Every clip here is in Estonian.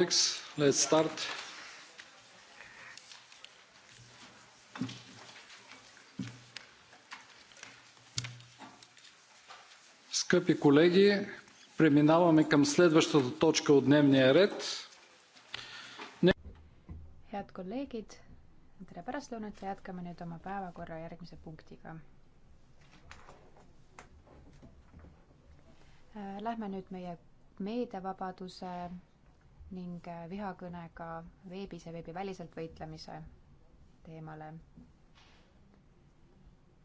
Let's start. Скъпи колеги, преминаваме към следващата точка от дневния ред. Head kolleegid, tere pärastlõunat ja jätkame nüüd oma päevakorra järgmise punktiga. Äh, lähme nüüd meie meediavabaduse ning äh, vihakõnega veebis ja veebiväliselt võitlemise teemale.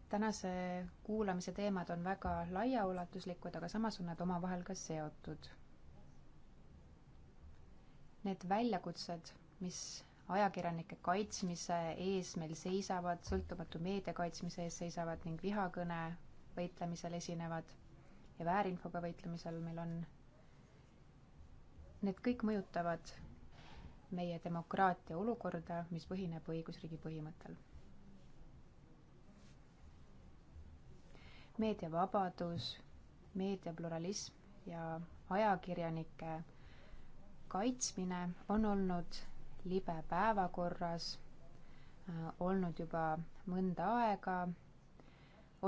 tänase kuulamise teemad on väga laiaulatuslikud, aga samas on nad omavahel ka seotud. Need väljakutsed, mis ajakirjanike kaitsmise ees meil seisavad, sõltumatu meedia kaitsmise ees seisavad ning vihakõne võitlemisel esinevad ja väärinfoga võitlemisel meil on Need kõik mõjutavad meie demokraatia olukorda, mis põhineb õigusriigi põhimõttel. meediavabadus, meediapluralism ja ajakirjanike kaitsmine on olnud libe päevakorras, äh, olnud juba mõnda aega,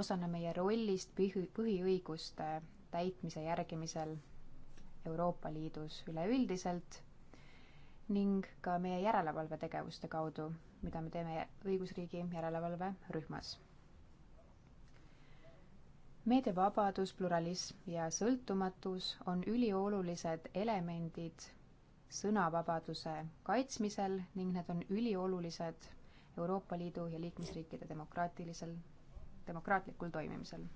osana meie rollist põhi, põhiõiguste täitmise järgimisel Euroopa Liidus üleüldiselt ning ka meie järelevalvetegevuste kaudu, mida me teeme õigusriigi järelevalverühmas. meediavabadus, pluralism ja sõltumatus on üliolulised elemendid sõnavabaduse kaitsmisel ning need on üliolulised Euroopa Liidu ja liikmesriikide demokraatilisel, demokraatlikul toimimisel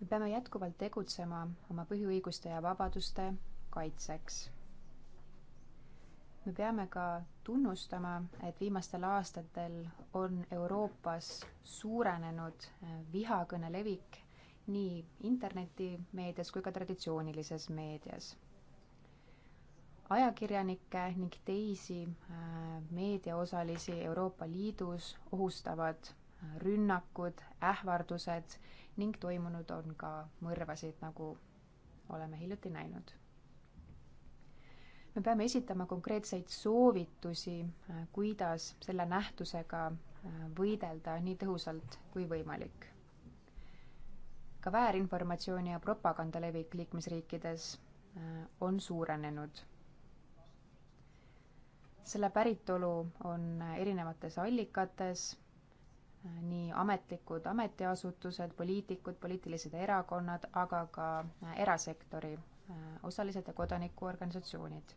me peame jätkuvalt tegutsema oma põhiõiguste ja vabaduste kaitseks. me peame ka tunnustama, et viimastel aastatel on Euroopas suurenenud äh, vihakõne levik nii internetimeedias kui ka traditsioonilises meedias ajakirjanikke ning teisi äh, meediaosalisi Euroopa Liidus ohustavad äh, rünnakud, ähvardused ning toimunud on ka mõrvasid, nagu oleme hiljuti näinud. me peame esitama konkreetseid soovitusi, äh, kuidas selle nähtusega äh, võidelda nii tõhusalt kui võimalik. ka väärinformatsiooni ja propaganda levik liikmesriikides äh, on suurenenud. selle päritolu on erinevates allikates nii ametlikud ametiasutused, poliitikud, poliitilised erakonnad, aga ka äh, erasektori äh, osalised ja kodanikuorganisatsioonid.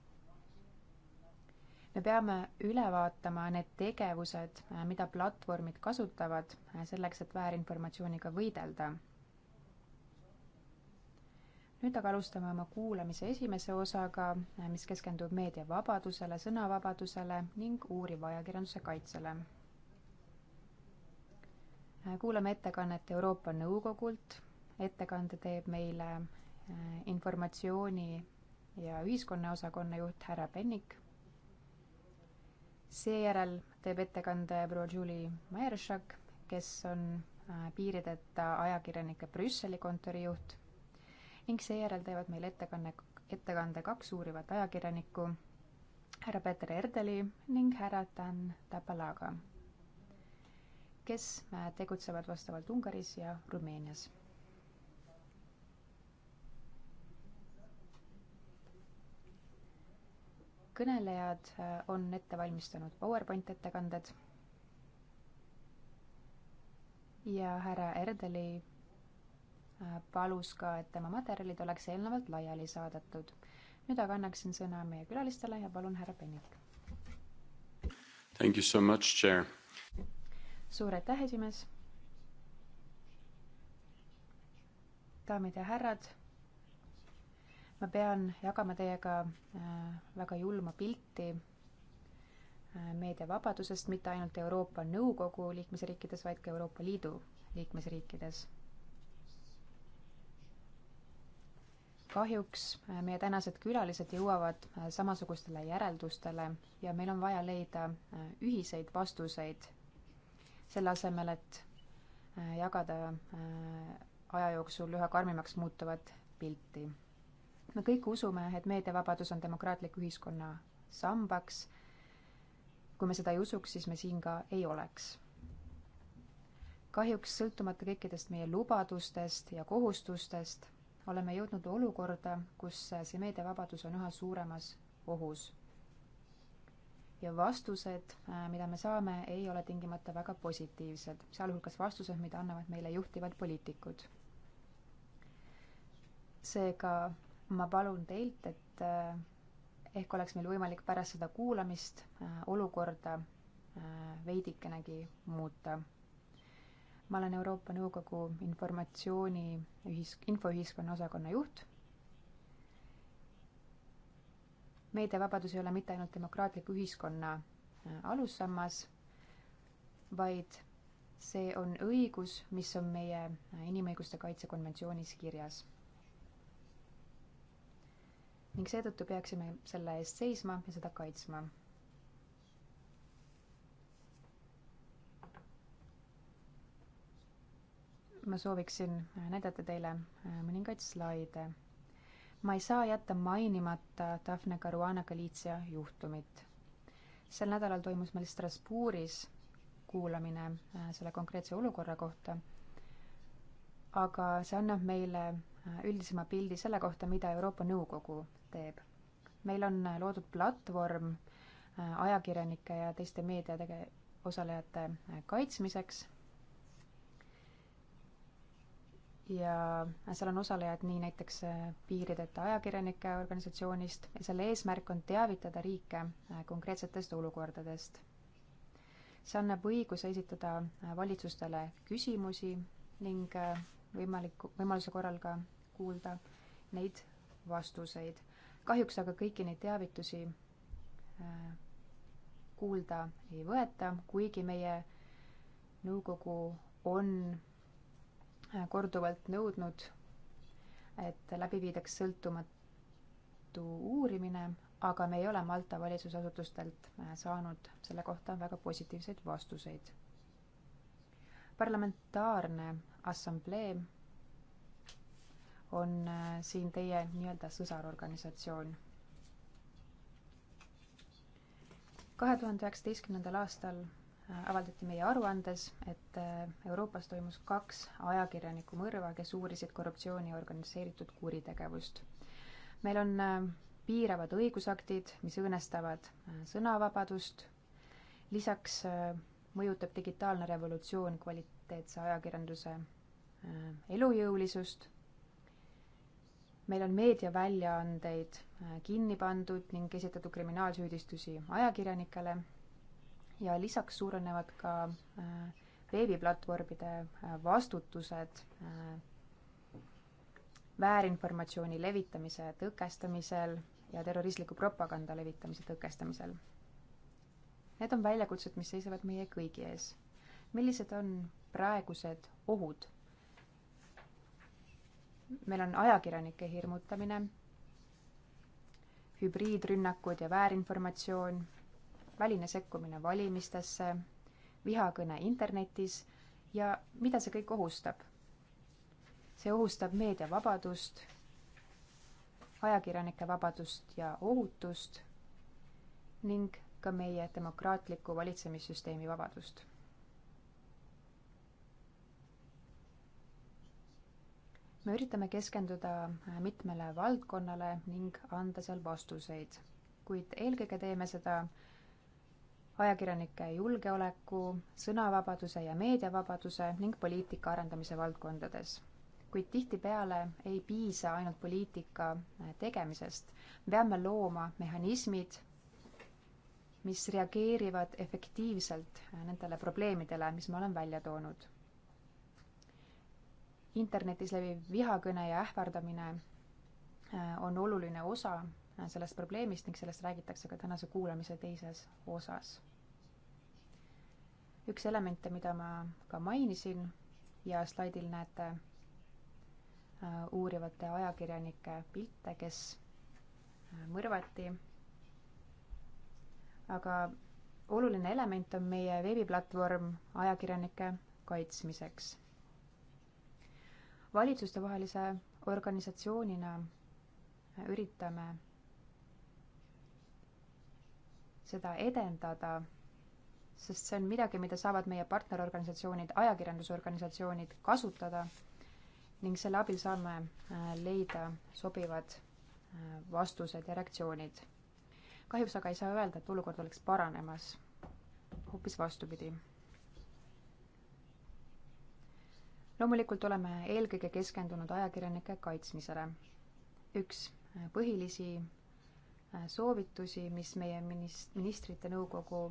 me peame üle vaatama need tegevused, äh, mida platvormid kasutavad selleks, et väärinformatsiooniga võidelda. nüüd aga alustame oma kuulamise esimese osaga, mis keskendub meediavabadusele, sõnavabadusele ning uuriva ajakirjanduse kaitsele Äh, kuulame ettekannet Euroopa Nõukogult, ettekande teeb meile äh, informatsiooni ja ühiskonnaosakonna juht härra Pennik. seejärel teeb ettekande proua Julie Majeršak, kes on äh, piirideta ajakirjanike Brüsseli kontori juht ning seejärel teevad meile ettekanne, ettekande kaks uurivat ajakirjanikku, härra Peeter Erdeli ning härra Dan Tapalaga kes äh, tegutsevad vastavalt Ungaris ja Rumeenias. kõnelejad äh, on ette valmistanud PowerPoint ettekanded ja härra Erdeli äh, palus ka, et tema materjalid oleks eelnevalt laiali saadetud. nüüd aga annaksin sõna meie külalistele ja palun, härra Pennik. Thank you so much, chair suur aitäh, esimees. daamid ja härrad, ma pean jagama teiega äh, väga julma pilti äh, meediavabadusest mitte ainult Euroopa Nõukogu liikmesriikides, vaid ka Euroopa Liidu liikmesriikides. kahjuks äh, meie tänased külalised jõuavad samasugustele järeldustele ja meil on vaja leida ühiseid vastuseid selle asemel, et äh, jagada äh, aja jooksul üha karmimaks muutuvat pilti. me kõik usume, et meediavabadus on demokraatliku ühiskonna sambaks. kui me seda ei usuks, siis me siin ka ei oleks. kahjuks sõltumata kõikidest meie lubadustest ja kohustustest, oleme jõudnud olukorda, kus see meediavabadus on üha suuremas ohus ja vastused, äh, mida me saame, ei ole tingimata väga positiivsed, sealhulgas vastused, mida annavad meile juhtivad poliitikud. seega ma palun teilt, et äh, ehk oleks meil võimalik pärast seda kuulamist äh, olukorda veidikenegi muuta. ma olen Euroopa Nõukogu informatsiooni ühis-, infoühiskonna osakonna juht meediavabadus ei ole mitte ainult demokraatliku ühiskonna äh, alussammas, vaid see on õigus, mis on meie äh, inimõiguste kaitse konventsioonis kirjas. ning seetõttu peaksime selle eest seisma ja seda kaitsma ma sooviksin äh, näidata teile mõningaid slaide ma ei saa jätta mainimata Daphne Caruana Galizia juhtumit. sel nädalal toimus meil Strasbourgis kuulamine äh, selle konkreetse olukorra kohta, aga see annab meile äh, üldisema pildi selle kohta, mida Euroopa Nõukogu teeb. meil on äh, loodud platvorm ajakirjanike ja teiste meediatege-, osalejate kaitsmiseks ja seal on osalejad nii näiteks äh, piirideta ajakirjanike organisatsioonist ja selle eesmärk on teavitada riike äh, konkreetsetest olukordadest. see annab õiguse esitada äh, valitsustele küsimusi ning võimaliku, võimaluse korral ka kuulda neid vastuseid. kahjuks aga kõiki neid teavitusi kuulda ei võeta, kuigi meie nõukogu on Äh, korduvalt nõudnud, et läbi viidaks sõltumatu uurimine, aga me ei ole Malta valitsusasutustelt äh, saanud selle kohta väga positiivseid vastuseid. parlamentaarne assamblee on äh, siin teie nii-öelda sõsarorganisatsioon kahe tuhande üheksateistkümnendal aastal avaldati meie aruandes, et äh, Euroopas toimus kaks ajakirjaniku mõrva, kes uurisid korruptsiooni ja organiseeritud kuritegevust. meil on äh, piiravad õigusaktid, mis õõnestavad äh, sõnavabadust, lisaks mõjutab digitaalne revolutsioon kvaliteetse ajakirjanduse elujõulisust, meil on meediaväljaandeid kinni pandud ning esitatud kriminaalsüüdistusi ajakirjanikele ja lisaks suurenevad ka äh, veebiplatvormide äh, vastutused äh, väärinformatsiooni levitamise tõkestamisel ja terroristliku propaganda levitamise tõkestamisel. Need on väljakutsed, mis seisavad meie kõigi ees. millised on praegused ohud? meil on ajakirjanike hirmutamine, hübriidrünnakud ja väärinformatsioon, väline sekkumine valimistesse, vihakõne internetis ja mida see kõik ohustab? see ohustab meediavabadust, ajakirjanike vabadust ja ohutust ning ka meie demokraatliku valitsemissüsteemi vabadust. me üritame keskenduda mitmele valdkonnale ning anda seal vastuseid, kuid eelkõige teeme seda äh, ajakirjanike julgeoleku, sõnavabaduse ja meediavabaduse ning poliitika arendamise valdkondades. kuid tihtipeale ei piisa ainult poliitika äh, tegemisest. me peame looma mehhanismid, mis reageerivad efektiivselt äh, nendele probleemidele, mis ma olen välja toonud. internetis leviv vihakõne ja ähvardamine äh, on oluline osa sellest probleemist ning sellest räägitakse ka tänase kuulamise teises osas üks elemente, mida ma ka mainisin ja slaidil näete äh, uurivate ajakirjanike pilte, kes äh, mõrvati. aga oluline element on meie veebiplatvorm ajakirjanike kaitsmiseks. valitsustevahelise organisatsioonina üritame seda edendada sest see on midagi, mida saavad meie partnerorganisatsioonid, ajakirjandusorganisatsioonid kasutada ning selle abil saame äh, leida sobivad äh, vastused ja reaktsioonid. kahjuks aga ei saa öelda, et olukord oleks paranemas, hoopis vastupidi. loomulikult oleme eelkõige keskendunud ajakirjanike kaitsmisele. üks äh, põhilisi soovitusi, mis meie minist-, ministrite nõukogu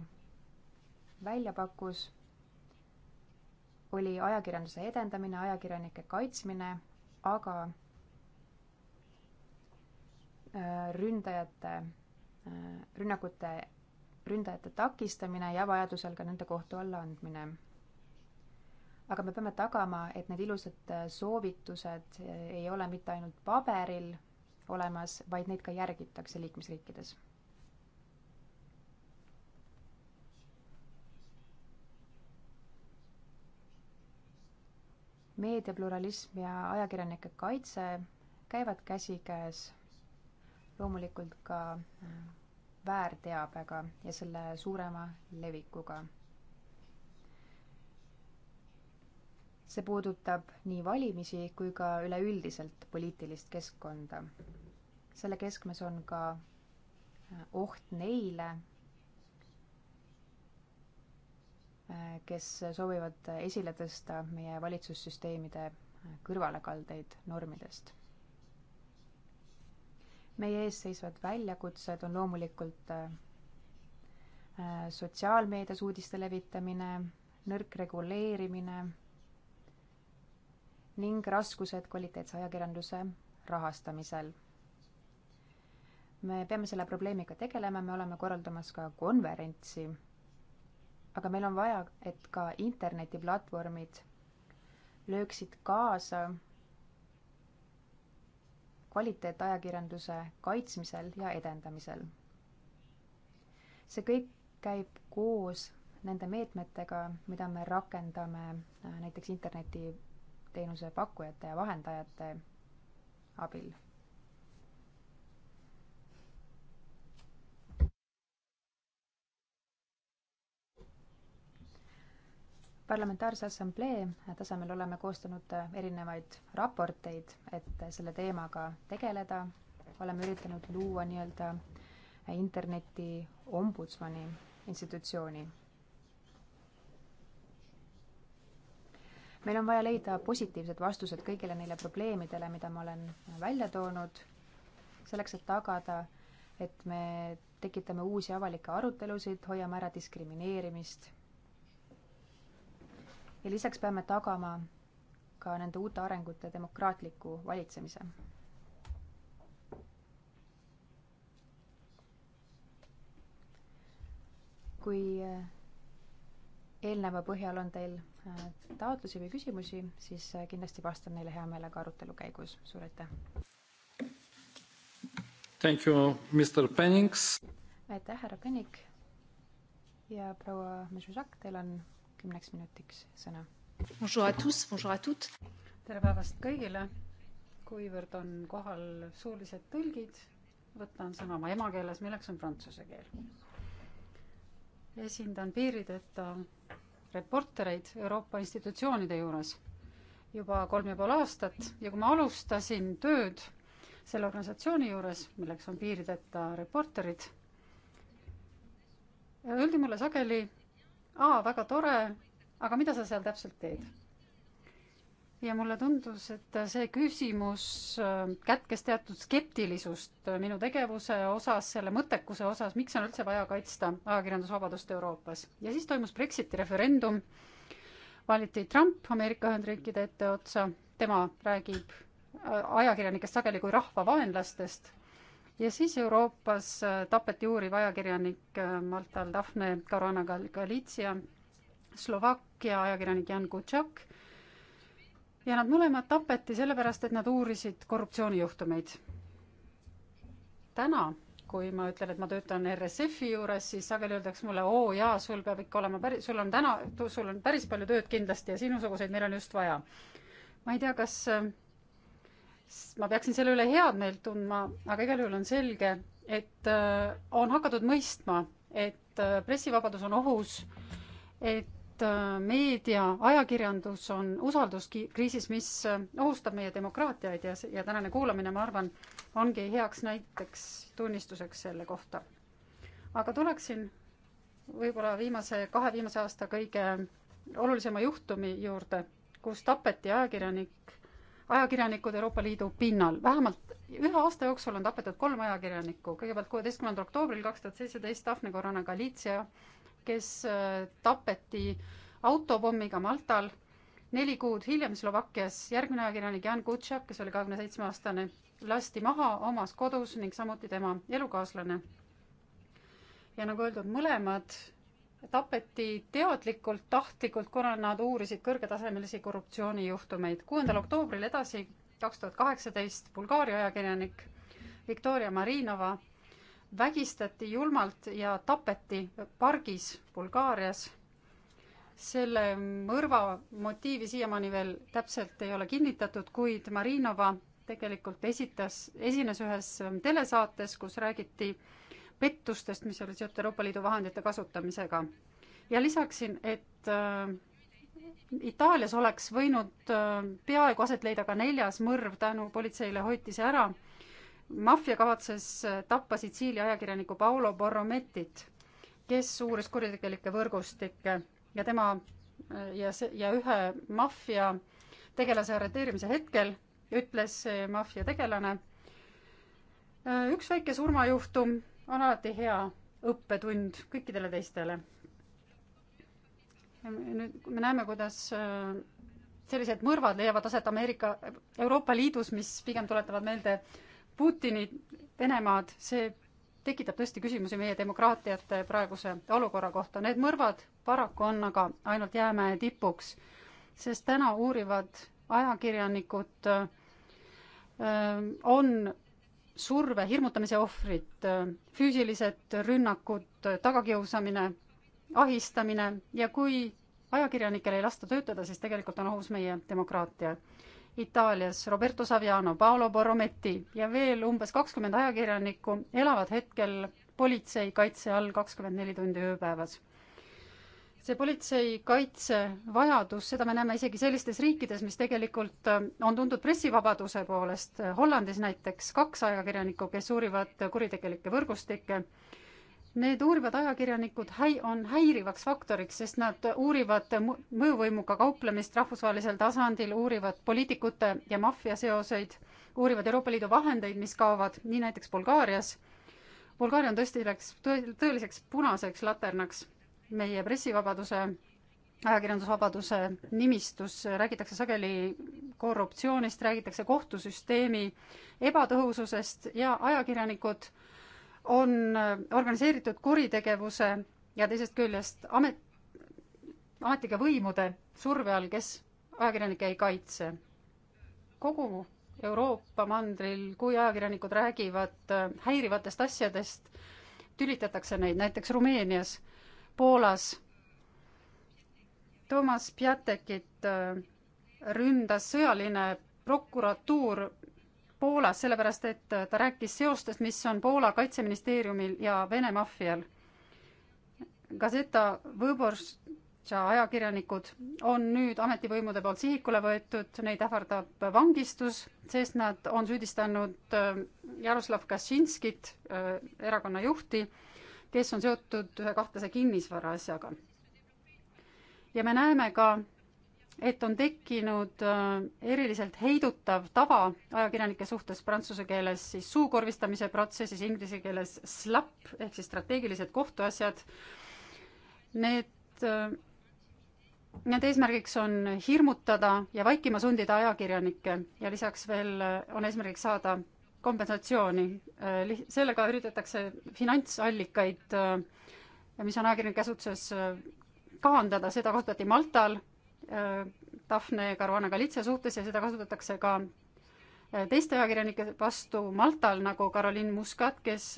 välja pakkus, oli ajakirjanduse edendamine, ajakirjanike kaitsmine, aga äh, ründajate, äh, rünnakute, ründajate takistamine ja vajadusel ka nende kohtu alla andmine. aga me peame tagama, et need ilusad äh, soovitused ei ole mitte ainult paberil olemas, vaid neid ka järgitakse liikmesriikides meediapluralism ja ajakirjanike kaitse käivad käsikäes loomulikult ka äh, väärteabega ja selle suurema levikuga. see puudutab nii valimisi kui ka üleüldiselt poliitilist keskkonda. selle keskmes on ka äh, oht neile, kes soovivad esile tõsta meie valitsussüsteemide kõrvalekaldeid normidest. meie ees seisvad väljakutsed on loomulikult äh, sotsiaalmeedias uudiste levitamine, nõrk reguleerimine ning raskused kvaliteetse ajakirjanduse rahastamisel. me peame selle probleemiga tegelema, me oleme korraldamas ka konverentsi aga meil on vaja, et ka internetiplatvormid lööksid kaasa kvaliteetajakirjanduse kaitsmisel ja edendamisel. see kõik käib koos nende meetmetega, mida me rakendame äh, näiteks internetiteenuse pakkujate ja vahendajate abil parlamentaarse assamblee tasemel oleme koostanud äh, erinevaid raporteid, et äh, selle teemaga tegeleda. oleme üritanud luua nii-öelda äh, interneti ombudsmani institutsiooni. meil on vaja leida positiivsed vastused kõigile neile probleemidele, mida ma olen välja toonud, selleks et tagada, et me tekitame uusi avalikke arutelusid, hoiame ära diskrimineerimist ja lisaks peame tagama ka nende uute arengute demokraatliku valitsemise. kui eelneva põhjal on teil äh, taotlusi või küsimusi, siis äh, kindlasti vastan neile hea meelega arutelu käigus. suur aitäh! Thank you, Mr Pennings! aitäh, härra Penning! ja proua Mežužak, teil on kümneks minutiks sõna. tere päevast kõigile. kuivõrd on kohal suulised tõlgid, võtan sõna oma emakeeles, milleks on prantsuse keel. esindan piirideta reportereid Euroopa institutsioonide juures juba kolm ja pool aastat ja kui ma alustasin tööd selle organisatsiooni juures, milleks on piirideta reporterid, öeldi mulle sageli, aa, väga tore, aga mida sa seal täpselt teed? ja mulle tundus, et see küsimus äh, kätkes teatud skeptilisust äh, minu tegevuse osas, selle mõttekuse osas, miks on üldse vaja kaitsta ajakirjandusvabadust Euroopas. ja siis toimus Brexiti referendum, valiti Trump Ameerika Ühendriikide etteotsa, tema räägib äh, ajakirjanikest sageli kui rahva vaenlastest, ja siis Euroopas äh, tapeti uuriv ajakirjanik äh, Maltal Daphne Caruana Galizia, Slovakkia ajakirjanik Jan Kutšak ja nad mõlemad tapeti sellepärast, et nad uurisid korruptsioonijuhtumeid. täna, kui ma ütlen, et ma töötan RSF-i juures, siis sageli öeldakse mulle, oo jaa, sul peab ikka olema päris, sul on täna, sul on päris palju tööd kindlasti ja sinusuguseid meil on just vaja. ma ei tea, kas äh, ma peaksin selle üle head meelt tundma, aga igal juhul on selge, et äh, on hakatud mõistma, et äh, pressivabadus on ohus, et äh, meedia, ajakirjandus on usalduskriisis, mis ohustab meie demokraatiaid ja, ja tänane kuulamine, ma arvan, ongi heaks näiteks tunnistuseks selle kohta. aga tuleksin võib-olla viimase, kahe viimase aasta kõige olulisema juhtumi juurde, kus tapeti ajakirjanik ajakirjanikud Euroopa Liidu pinnal. vähemalt ühe aasta jooksul on tapetud kolm ajakirjanikku, kõigepealt kuueteistkümnendal oktoobril kaks tuhat seitseteist Daphne Corona Galizia, kes äh, tapeti autopommiga Maltal, neli kuud hiljem Slovakkias järgmine ajakirjanik Jan Kutšak, kes oli kahekümne seitsme aastane, lasti maha omas kodus ning samuti tema elukaaslane. ja nagu öeldud, mõlemad tapeti teadlikult, tahtlikult, kuna nad uurisid kõrgetasemelisi korruptsioonijuhtumeid. kuuendal oktoobril edasi, kaks tuhat kaheksateist, Bulgaaria ajakirjanik Viktoria Marinova vägistati julmalt ja tapeti pargis Bulgaarias. selle mõrva motiivi siiamaani veel täpselt ei ole kinnitatud, kuid Marinova tegelikult esitas, esines ühes telesaates, kus räägiti äh, pettustest, mis olid seotud Euroopa Liidu vahendite kasutamisega. ja lisaksin, et äh, Itaalias oleks võinud äh, peaaegu aset leida ka neljas mõrv, tänu politseile hoiti see ära. maffia kavatses äh, tappa Sitsiilia ajakirjaniku Paolo Borrometit, kes uuris kuritegelikke võrgustikke ja tema äh, ja see, ja ühe maffia tegelase arreteerimise hetkel ütles see maffia tegelane, äh, üks väike surmajuhtum on alati hea õppetund kõikidele teistele. nüüd me näeme, kuidas äh, sellised mõrvad leiavad aset Ameerika, Euroopa Liidus, mis pigem tuletavad meelde Putini Venemaad, see tekitab tõesti küsimusi meie demokraatiate praeguse olukorra kohta. Need mõrvad paraku on aga ainult jäämäe tipuks, sest täna uurivad ajakirjanikud äh, äh, on surve, hirmutamise ohvrid, füüsilised rünnakud, tagakiusamine, ahistamine ja kui ajakirjanikel ei lasta töötada, siis tegelikult on ohus meie demokraatia. Itaalias Roberto Saviano, Paolo Borrometti ja veel umbes kakskümmend ajakirjanikku elavad hetkel politsei kaitse all kakskümmend neli tundi ööpäevas see politsei kaitsevajadus, seda me näeme isegi sellistes riikides, mis tegelikult äh, on tuntud pressivabaduse poolest. Hollandis näiteks kaks ajakirjanikku, kes uurivad kuritegelikke võrgustikke. Need uurivad ajakirjanikud häi-, on häirivaks faktoriks, sest nad uurivad mõjuvõimuga kauplemist rahvusvahelisel tasandil, uurivad poliitikute ja maffia seoseid, uurivad Euroopa Liidu vahendeid, mis kaovad, nii näiteks Bulgaarias. Bulgaaria on tõesti, läks tõeliseks punaseks laternaks meie pressivabaduse, ajakirjandusvabaduse nimistus räägitakse sageli korruptsioonist, räägitakse kohtusüsteemi ebatõhususest ja ajakirjanikud on organiseeritud kuritegevuse ja teisest küljest amet, ametlike võimude surve all, kes ajakirjanikke ei kaitse. kogu Euroopa mandril, kui ajakirjanikud räägivad äh, häirivatest asjadest, tülitatakse neid, näiteks Rumeenias Poolas. Toomas Pjatekit äh, ründas sõjaline prokuratuur Poolas, sellepärast et ta rääkis seostest, mis on Poola kaitseministeeriumil ja Vene maffial. Gazeta Võborša ajakirjanikud on nüüd ametivõimude poolt sihikule võetud, neid ähvardab vangistus, sest nad on süüdistanud äh, Jaroslav Kaczynskit, äh, erakonna juhti kes on seotud ühe kahtlase kinnisvara asjaga. ja me näeme ka, et on tekkinud äh, eriliselt heidutav tava ajakirjanike suhtes prantsuse keeles siis suukorvistamise protsessis, inglise keeles slap ehk siis strateegilised kohtuasjad. Need, äh, nende eesmärgiks on hirmutada ja vaikima sundida ajakirjanikke ja lisaks veel äh, on eesmärgiks saada kompensatsiooni. Äh, sellega üritatakse finantsallikaid, äh, mis on ajakirjanike käsutuses, äh, kahandada, seda kasutati Maltal Daphne Caruana Galizia suhtes ja seda kasutatakse ka teiste ajakirjanike vastu Maltal, nagu Caroline Muscat, kes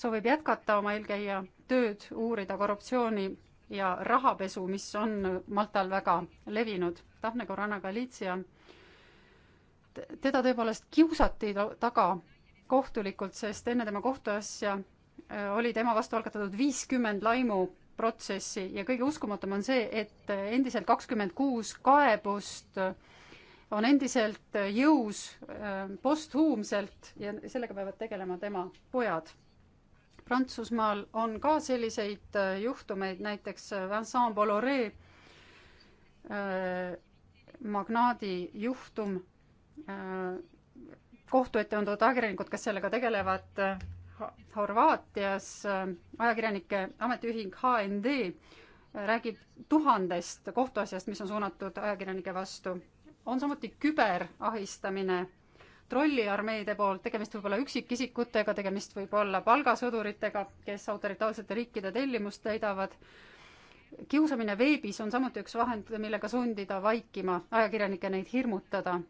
soovib jätkata oma eelkäija tööd, uurida korruptsiooni ja rahapesu, mis on Maltal väga levinud. Daphne Caruana Galizia et teda tõepoolest kiusati taga kohtulikult, sest enne tema kohtuasja äh, oli tema vastu algatatud viiskümmend laimuprotsessi ja kõige uskumatum on see, et endiselt kakskümmend kuus kaebust on endiselt jõus äh, posthuumselt ja sellega peavad tegelema tema pojad. Prantsusmaal on ka selliseid äh, juhtumeid, näiteks Vincent Bolloré magnaadi juhtum Äh, kohtu ette on toodud ajakirjanikud, kes sellega tegelevad äh, Horvaatias, äh, ajakirjanike ametiühing HND räägib tuhandest kohtuasjast, mis on suunatud ajakirjanike vastu. on samuti küberahistamine trolliarmeede poolt, tegemist võib olla üksikisikutega, tegemist võib olla palgasõduritega, kes autoritaarsete riikide tellimust täidavad. kiusamine veebis on samuti üks vahend, millega sundida vaikima, ajakirjanikke neid hirmutada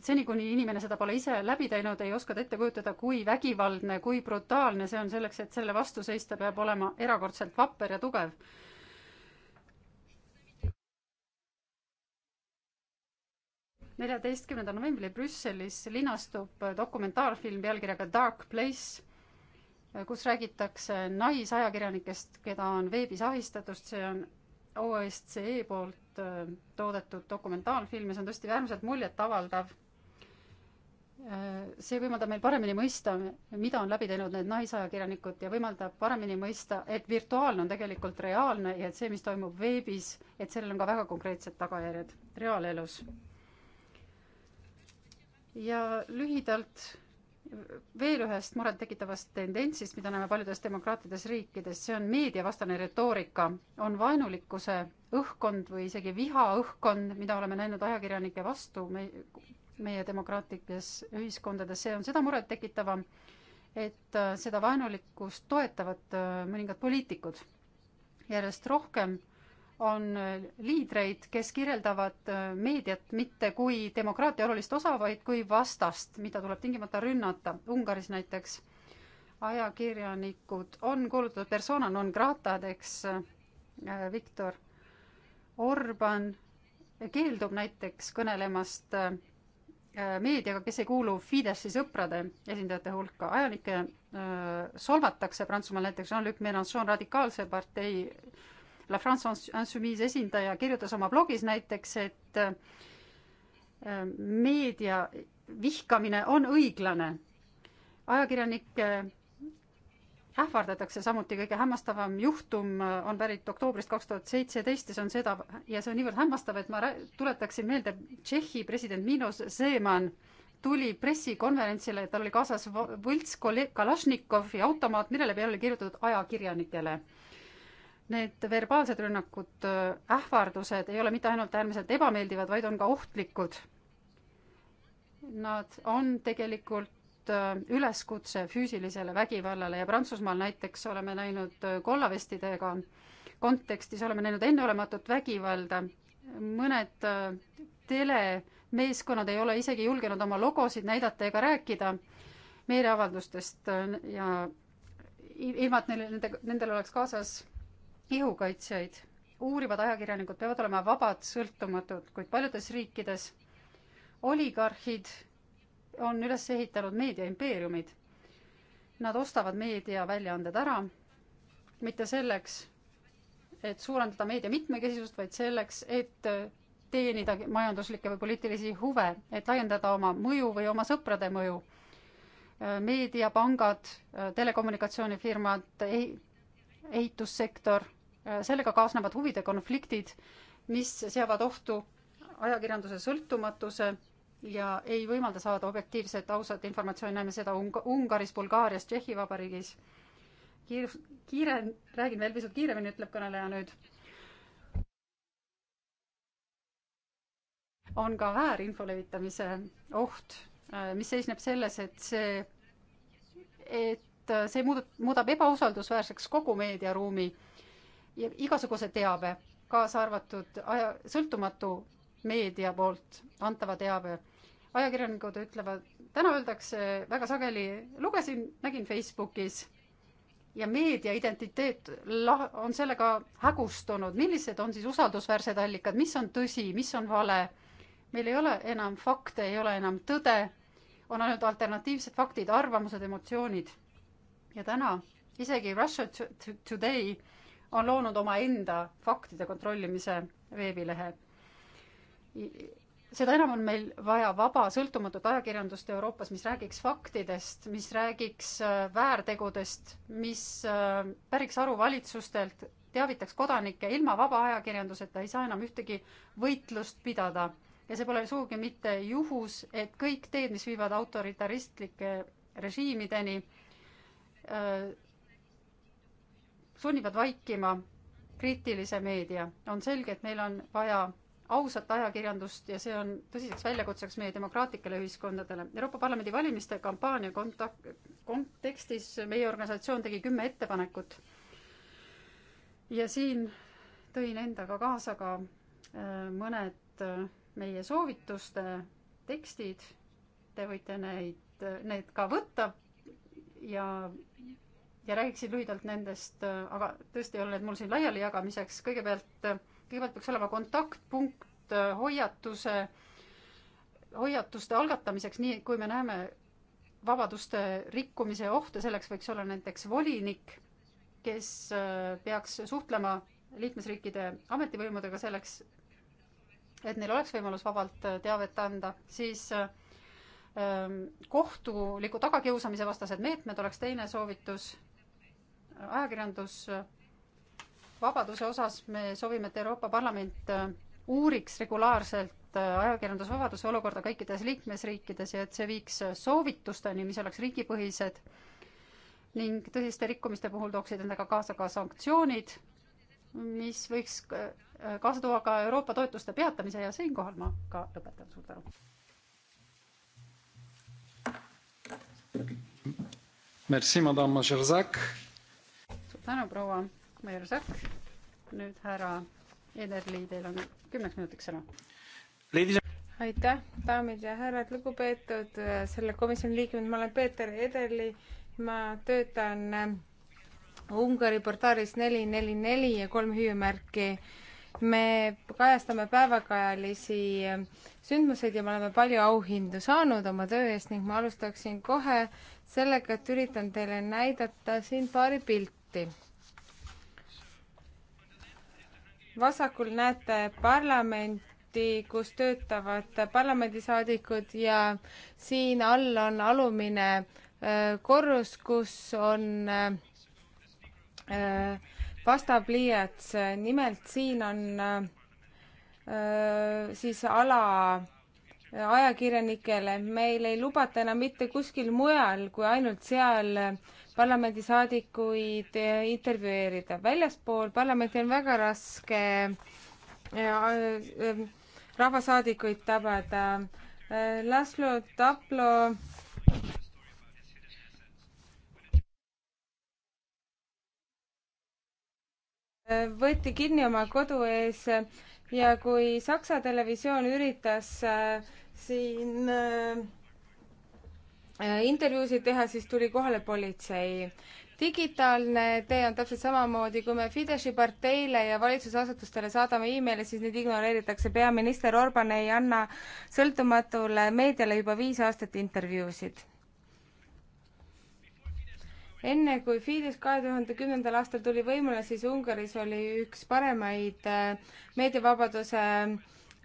seni, kuni inimene seda pole ise läbi teinud, ei oska ta ette kujutada, kui vägivaldne, kui brutaalne see on, selleks et selle vastu seista, peab olema erakordselt vapper ja tugev. neljateistkümnendal novembril Brüsselis linastub dokumentaalfilm pealkirjaga Dark Place, kus räägitakse naisajakirjanikest, keda on veebis ahistatud, see on OSCE poolt äh, toodetud dokumentaalfilm ja see on tõesti äärmiselt muljetavaldav. Äh, see võimaldab meil paremini mõista, mida on läbi teinud need naisajakirjanikud ja võimaldab paremini mõista, et virtuaalne on tegelikult reaalne ja et see, mis toimub veebis, et sellel on ka väga konkreetsed tagajärjed reaalelus. ja lühidalt veel ühest murettekitavast tendentsist, mida näeme paljudes demokraatides riikides, see on meediavastane retoorika, on vaenulikkuse õhkkond või isegi viha õhkkond, mida oleme näinud ajakirjanike vastu me, meie demokraatlikes ühiskondades, see on seda murettekitavam, et äh, seda vaenulikkust toetavad äh, mõningad poliitikud. järjest rohkem on äh, liidreid, kes kirjeldavad äh, meediat mitte kui demokraatia olulist osa, vaid kui vastast, mida tuleb tingimata rünnata. Ungaris näiteks ajakirjanikud on kuulutatud persona non gratadeks. Äh, Viktor Orban keeldub näiteks kõnelemast meediaga, kes ei kuulu Fideszi sõprade esindajate hulka, ajanikke solvatakse Prantsusmaal näiteks Jean-Luc Mélenchon radikaalse partei La France Insoumise esindaja kirjutas oma blogis näiteks, et äh, meedia vihkamine on õiglane. ajakirjanikke ähvardatakse samuti, kõige hämmastavam juhtum äh, on pärit oktoobrist kaks tuhat seitseteist ja see on seda, ja see on niivõrd hämmastav, et ma tuletaksin meelde, Tšehhi president Minos Zeman tuli pressikonverentsile, tal oli kaasas võlts Kalašnikov ja automaat, millele peale oli kirjutatud ajakirjanikele. Need verbaalsed rünnakud, äh, ähvardused ei ole mitte ainult äärmiselt ebameeldivad, vaid on ka ohtlikud. Nad on tegelikult äh, üleskutse füüsilisele vägivallale ja Prantsusmaal näiteks oleme näinud äh, kollavestidega kontekstis, oleme näinud enneolematut vägivalda. mõned telemeeskonnad ei ole isegi julgenud oma logosid näidata ega rääkida meeleavaldustest ja ilma, et neil, nende, nendel oleks kaasas ihukaitsjaid. uurivad ajakirjanikud peavad olema vabad, sõltumatud, kuid paljudes riikides oligarhid on üles ehitanud meediaimpeeriumid. Nad ostavad meediaväljaanded ära, mitte selleks, et suurendada meedia mitmekesisust, vaid selleks, et teenida majanduslikke või poliitilisi huve, et laiendada oma mõju või oma sõprade mõju. meediapangad, telekommunikatsioonifirmad, ehitussektor Äh, sellega kaasnevad huvide konfliktid, mis seavad ohtu ajakirjanduse sõltumatuse ja ei võimalda saada objektiivset, ausat informatsiooni, näeme seda Ung-, Ungaris, Bulgaarias, Tšehhi Vabariigis. kiir-, kiire, räägin veel pisut kiiremini, ütleb kõneleja nüüd. on ka väärinfo levitamise oht, äh, mis seisneb selles, et see, et äh, see muudab, muudab ebausaldusväärseks kogu meediaruumi ja igasuguse teabe, kaasa arvatud aja, sõltumatu meedia poolt antava teabe. ajakirjanikud ütlevad, täna öeldakse väga sageli, lugesin, nägin Facebookis ja meedia identiteet lah-, on sellega hägustunud, millised on siis usaldusväärsed allikad, mis on tõsi, mis on vale, meil ei ole enam fakte, ei ole enam tõde, on ainult alternatiivsed faktid, arvamused, emotsioonid. ja täna isegi Russia Today on loonud omaenda faktide kontrollimise veebilehe. seda enam on meil vaja vaba sõltumatut ajakirjandust Euroopas, mis räägiks faktidest, mis räägiks äh, väärtegudest, mis äh, päriks aru valitsustelt, teavitaks kodanikke, ilma vaba ajakirjanduseta ei saa enam ühtegi võitlust pidada. ja see pole sugugi mitte juhus, et kõik teed, mis viivad autoritaristlike režiimideni, äh, sunnivad vaikima kriitilise meedia. on selge, et meil on vaja ausat ajakirjandust ja see on tõsiseks väljakutseks meie demokraatlikele ühiskondadele. Euroopa Parlamendi valimiste kampaania kontak-, kontekstis meie organisatsioon tegi kümme ettepanekut. ja siin tõin endaga kaasa ka äh, mõned äh, meie soovituste tekstid, te võite neid, äh, need ka võtta ja ja räägiksin lühidalt nendest, äh, aga tõesti ei ole need mul siin laialijagamiseks, kõigepealt, äh, kõigepealt peaks olema kontaktpunkt äh, hoiatuse, hoiatuste algatamiseks, nii kui me näeme vabaduste rikkumise ohte, selleks võiks olla näiteks volinik, kes peaks suhtlema liikmesriikide ametivõimudega selleks, et neil oleks võimalus vabalt teavet anda, siis ähm, kohtuliku tagakiusamise vastased meetmed oleks teine soovitus ajakirjandusvabaduse osas me soovime, et Euroopa Parlament äh, uuriks regulaarselt äh, ajakirjandusvabaduse olukorda kõikides liikmesriikides ja et see viiks äh, soovitusteni, mis oleks riigipõhised ning tõsiste rikkumiste puhul tooksid endaga kaasa ka sanktsioonid, mis võiks kaasa tuua ka Euroopa toetuste peatamise ja siinkohal ma ka lõpetan, suur tänu. Merci, madame Gerzac tänu, proua Meersak. nüüd härra Ederli, teil on kümneks minutiks sõna. aitäh, daamid ja härrad, lugupeetud äh, selle komisjoni liikmed, ma olen Peeter Ederli, ma töötan äh, Ungari portaalis neli, neli, neli ja kolm hüüumärki me kajastame päevakajalisi äh, sündmuseid ja me oleme palju auhindu saanud oma töö eest ning ma alustaksin kohe sellega, et üritan teile näidata siin paari pilti raporti. vasakul näete parlamenti, kus töötavad parlamendisaadikud ja siin all on alumine äh, korrus, kus on pastapliiats, äh, nimelt siin on äh, siis ala ajakirjanikele, meil ei lubata enam mitte kuskil mujal kui ainult seal parlamendisaadikuid intervjueerida. väljaspool parlamenti on väga raske äh, äh, rahvasaadikuid tabada. Äh, Laslo Taplo võeti kinni oma kodu ees ja kui Saksa televisioon üritas siin Äh, intervjuusid teha, siis tuli kohale politsei. digitaalne tee on täpselt samamoodi, kui me Fideszi parteile ja valitsusasutustele saadame emaili, siis neid ignoreeritakse. peaminister Orban ei anna sõltumatule meediale juba viis aastat intervjuusid enne kui Fidesz kahe tuhande kümnendal aastal tuli võimule, siis Ungaris oli üks paremaid äh, meediavabaduse äh,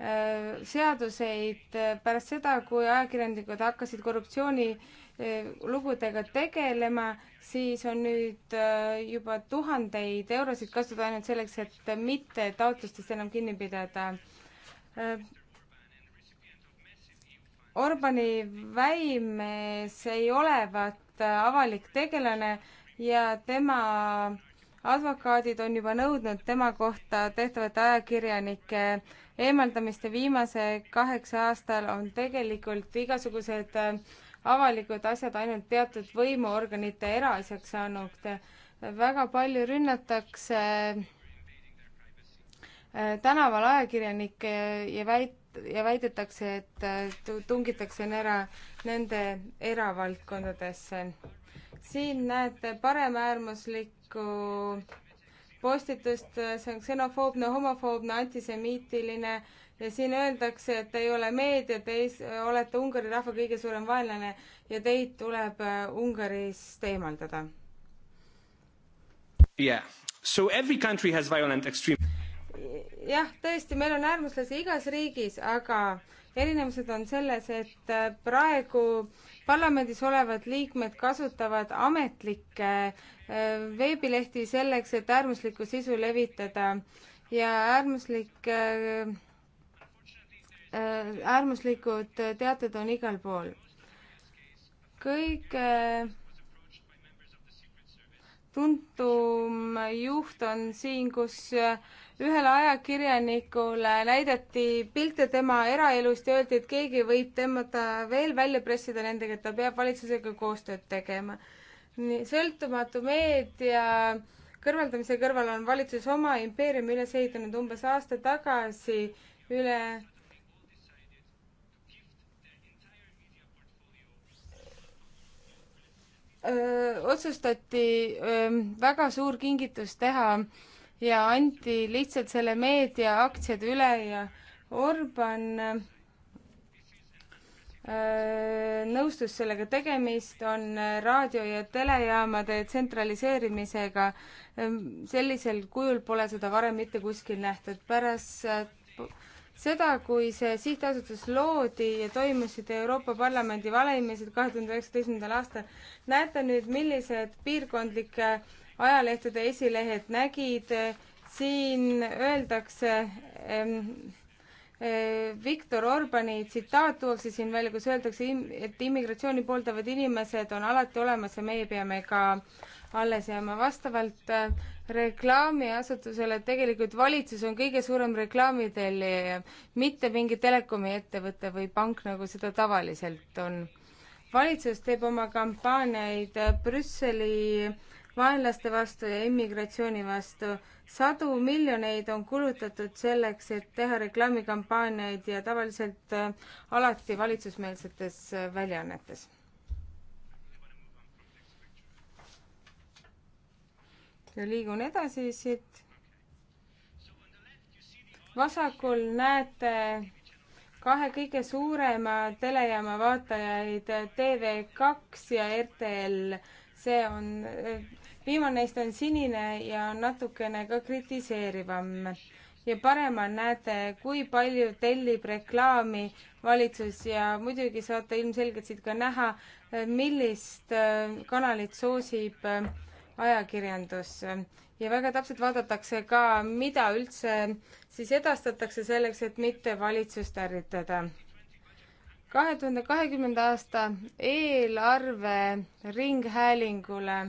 Äh, seaduseid äh, pärast seda, kui ajakirjanikud hakkasid korruptsioonilugudega äh, tegelema, siis on nüüd juba tuhandeid eurosid kasutada ainult selleks, et mitte taotlustest enam kinni pidada. Orbani väimees ei olevat avalik tegelane ja tema advokaadid on juba nõudnud tema kohta tehtavate ajakirjanike eemaldamiste viimase kaheksa aastal on tegelikult igasugused äh, avalikud asjad ainult teatud võimuorganite eraasjaks saanud. väga palju rünnatakse äh, tänaval ajakirjanikke ja väit-, ja väidetakse, et äh, tungitakse ära nende eravaldkondadesse. siin näete paremäärmuslikku postitust, see on ksenofoobne, homofoobne, antisemiitiline ja siin öeldakse, et ei ole meedia, te ei, olete Ungari rahva kõige suurem vaenlane ja teid tuleb äh, Ungarist eemaldada. jah, tõesti, meil on äärmuslasi igas riigis, aga erinevused on selles, et äh, praegu äh, parlamendis olevad liikmed kasutavad ametlikke äh, veebilehti selleks, et äärmuslikku sisu levitada ja äärmuslik, äh, äh, äärmuslikud teated on igal pool. kõige tuntum juht on siin, kus ühele ajakirjanikule näidati pilte tema eraelust ja öeldi, et keegi võib tõmmata veel välja pressida nendega, et ta peab valitsusega koostööd tegema. nii, sõltumatu meedia kõrvaldamise kõrval on valitsus oma impeeriumi üles ehitanud umbes aasta tagasi üle öö, otsustati öö, väga suur kingitus teha öö, ja anti lihtsalt selle meedia aktsiad üle ja Orban äh, nõustus sellega, tegemist on äh, raadio- ja telejaamade tsentraliseerimisega. Ähm, sellisel kujul pole seda varem mitte kuskil nähtud. pärast äh, seda, kui see sihtasutus loodi ja toimusid Euroopa Parlamendi valimised kahe tuhande üheksateistkümnendal aastal, näete nüüd, millised piirkondlike äh, ajalehtede esilehed nägid, siin öeldakse ähm, äh, Viktor Orbani tsitaat tuuakse siin välja, kus öeldakse, et immigratsiooni pooldavad inimesed on alati olemas ja meie peame ka alles jääma. vastavalt äh, reklaamiasutusele tegelikult valitsus on kõige suurem reklaamitellija, mitte mingi telekomiettevõte või pank, nagu seda tavaliselt on. valitsus teeb oma kampaaniaid eh, Brüsseli äh, vaenlaste vastu ja immigratsiooni vastu. sadu miljoneid on kulutatud selleks, et teha reklaamikampaaniaid ja tavaliselt äh, alati valitsusmeelsetes äh, väljaannetes. ja liigun edasi siit. vasakul näete kahe kõige suurema telejaama vaatajaid TV2 ja RTL. see on äh, viimane neist on sinine ja natukene ka kritiseerivam ja paremal näete, kui palju tellib reklaami valitsus ja muidugi saate ilmselgelt siit ka näha, millist äh, kanalit soosib äh, ajakirjandus. ja väga täpselt vaadatakse ka, mida üldse siis edastatakse selleks, et mitte valitsust ärritada. kahe tuhande kahekümnenda aasta eelarve ringhäälingule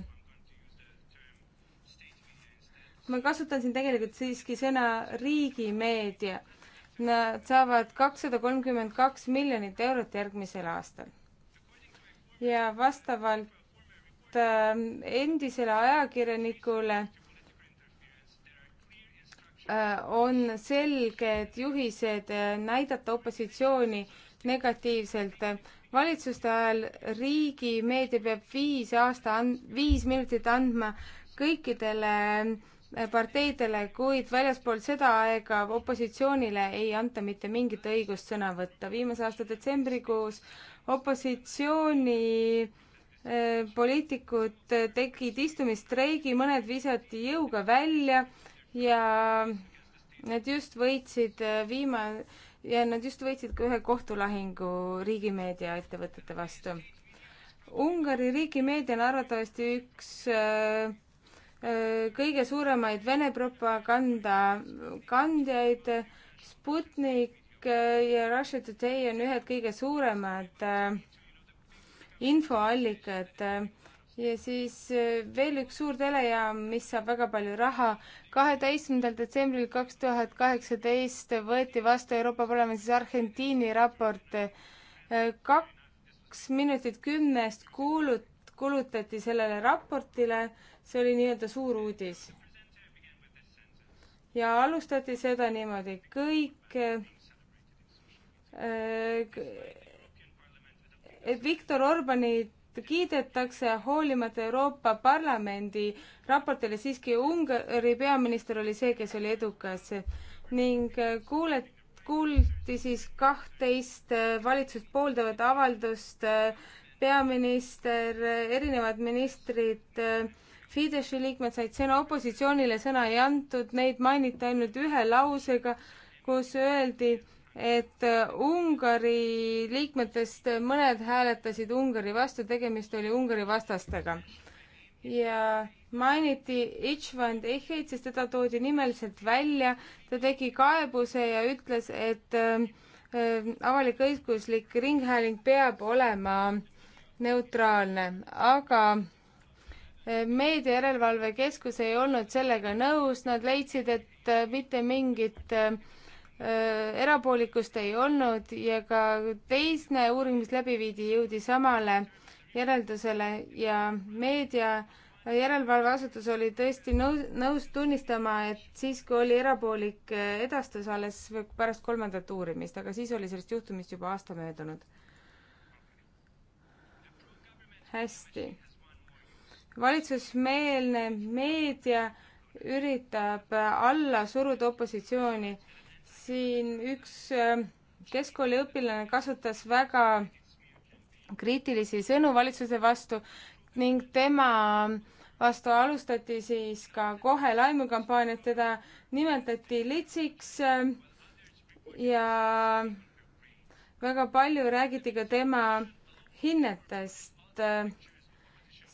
ma kasutan siin tegelikult siiski sõna riigimeedia. Nad saavad kakssada kolmkümmend kaks miljonit eurot järgmisel aastal. ja vastavalt äh, endisele ajakirjanikule äh, on selged juhised äh, näidata opositsiooni negatiivselt äh, valitsuste ajal riigi meedia peab viis aasta and-, viis minutit andma kõikidele ähm, parteidele, kuid väljaspool seda aega opositsioonile ei anta mitte mingit õigust sõna võtta. viimase aasta detsembrikuus opositsiooni äh, poliitikud tegid istumistreigi, mõned visati jõuga välja ja nad just võitsid äh, viima- ja nad just võitsid ka ühe kohtulahingu riigimeedia ettevõtete vastu. Ungari riigimeedia on arvatavasti üks äh, Äh, kõige suuremaid Vene propaganda kandjaid. Sputnik äh, ja Russia Today on ühed kõige suuremad äh, infoallikad. ja siis veel üks suur telejaam, mis saab väga palju raha. kaheteistkümnendal detsembril kaks tuhat kaheksateist võeti vastu Euroopa Parlamendis Argentiini raport. kaks minutit kümnest kuulut-, kulutati sellele raportile see oli nii-öelda suur uudis. ja alustati seda niimoodi, kõik et äh, Viktor Orbanit kiidetakse hoolimata Euroopa Parlamendi raportile, siiski Ungari peaminister oli see, kes oli edukas ning äh, kuulet-, kuuldi siis kahtteist äh, valitsust pooldavat avaldust, peaminister, erinevad ministrid Fideszi liikmed said sõna, opositsioonile sõna ei antud, neid mainiti ainult ühe lausega, kus öeldi, et äh, Ungari liikmetest mõned hääletasid Ungari vastu, tegemist oli Ungari vastastega. ja mainiti Ichvand Echeid, sest teda toodi nimeliselt välja, ta tegi kaebuse ja ütles, et äh, avalik-õiguslik ringhääling peab olema neutraalne, aga meediajärelevalve keskus ei olnud sellega nõus, nad leidsid, et äh, mitte mingit äh, erapoolikust ei olnud ja ka teisne uuring, mis läbi viidi, jõudis samale järeldusele ja meedia järelevalveasutus oli tõesti nõus, nõus tunnistama, et siis, kui oli erapoolik äh, edastus alles pärast kolmandat uurimist, aga siis oli sellest juhtumist juba aasta möödunud. hästi valitsusmeelne meedia üritab alla suruda opositsiooni. siin üks äh, keskkooliõpilane kasutas väga kriitilisi sõnu valitsuse vastu ning tema vastu alustati siis ka kohe laimukampaaniat, teda nimetati litsiks äh, ja väga palju räägiti ka tema hinnetest äh,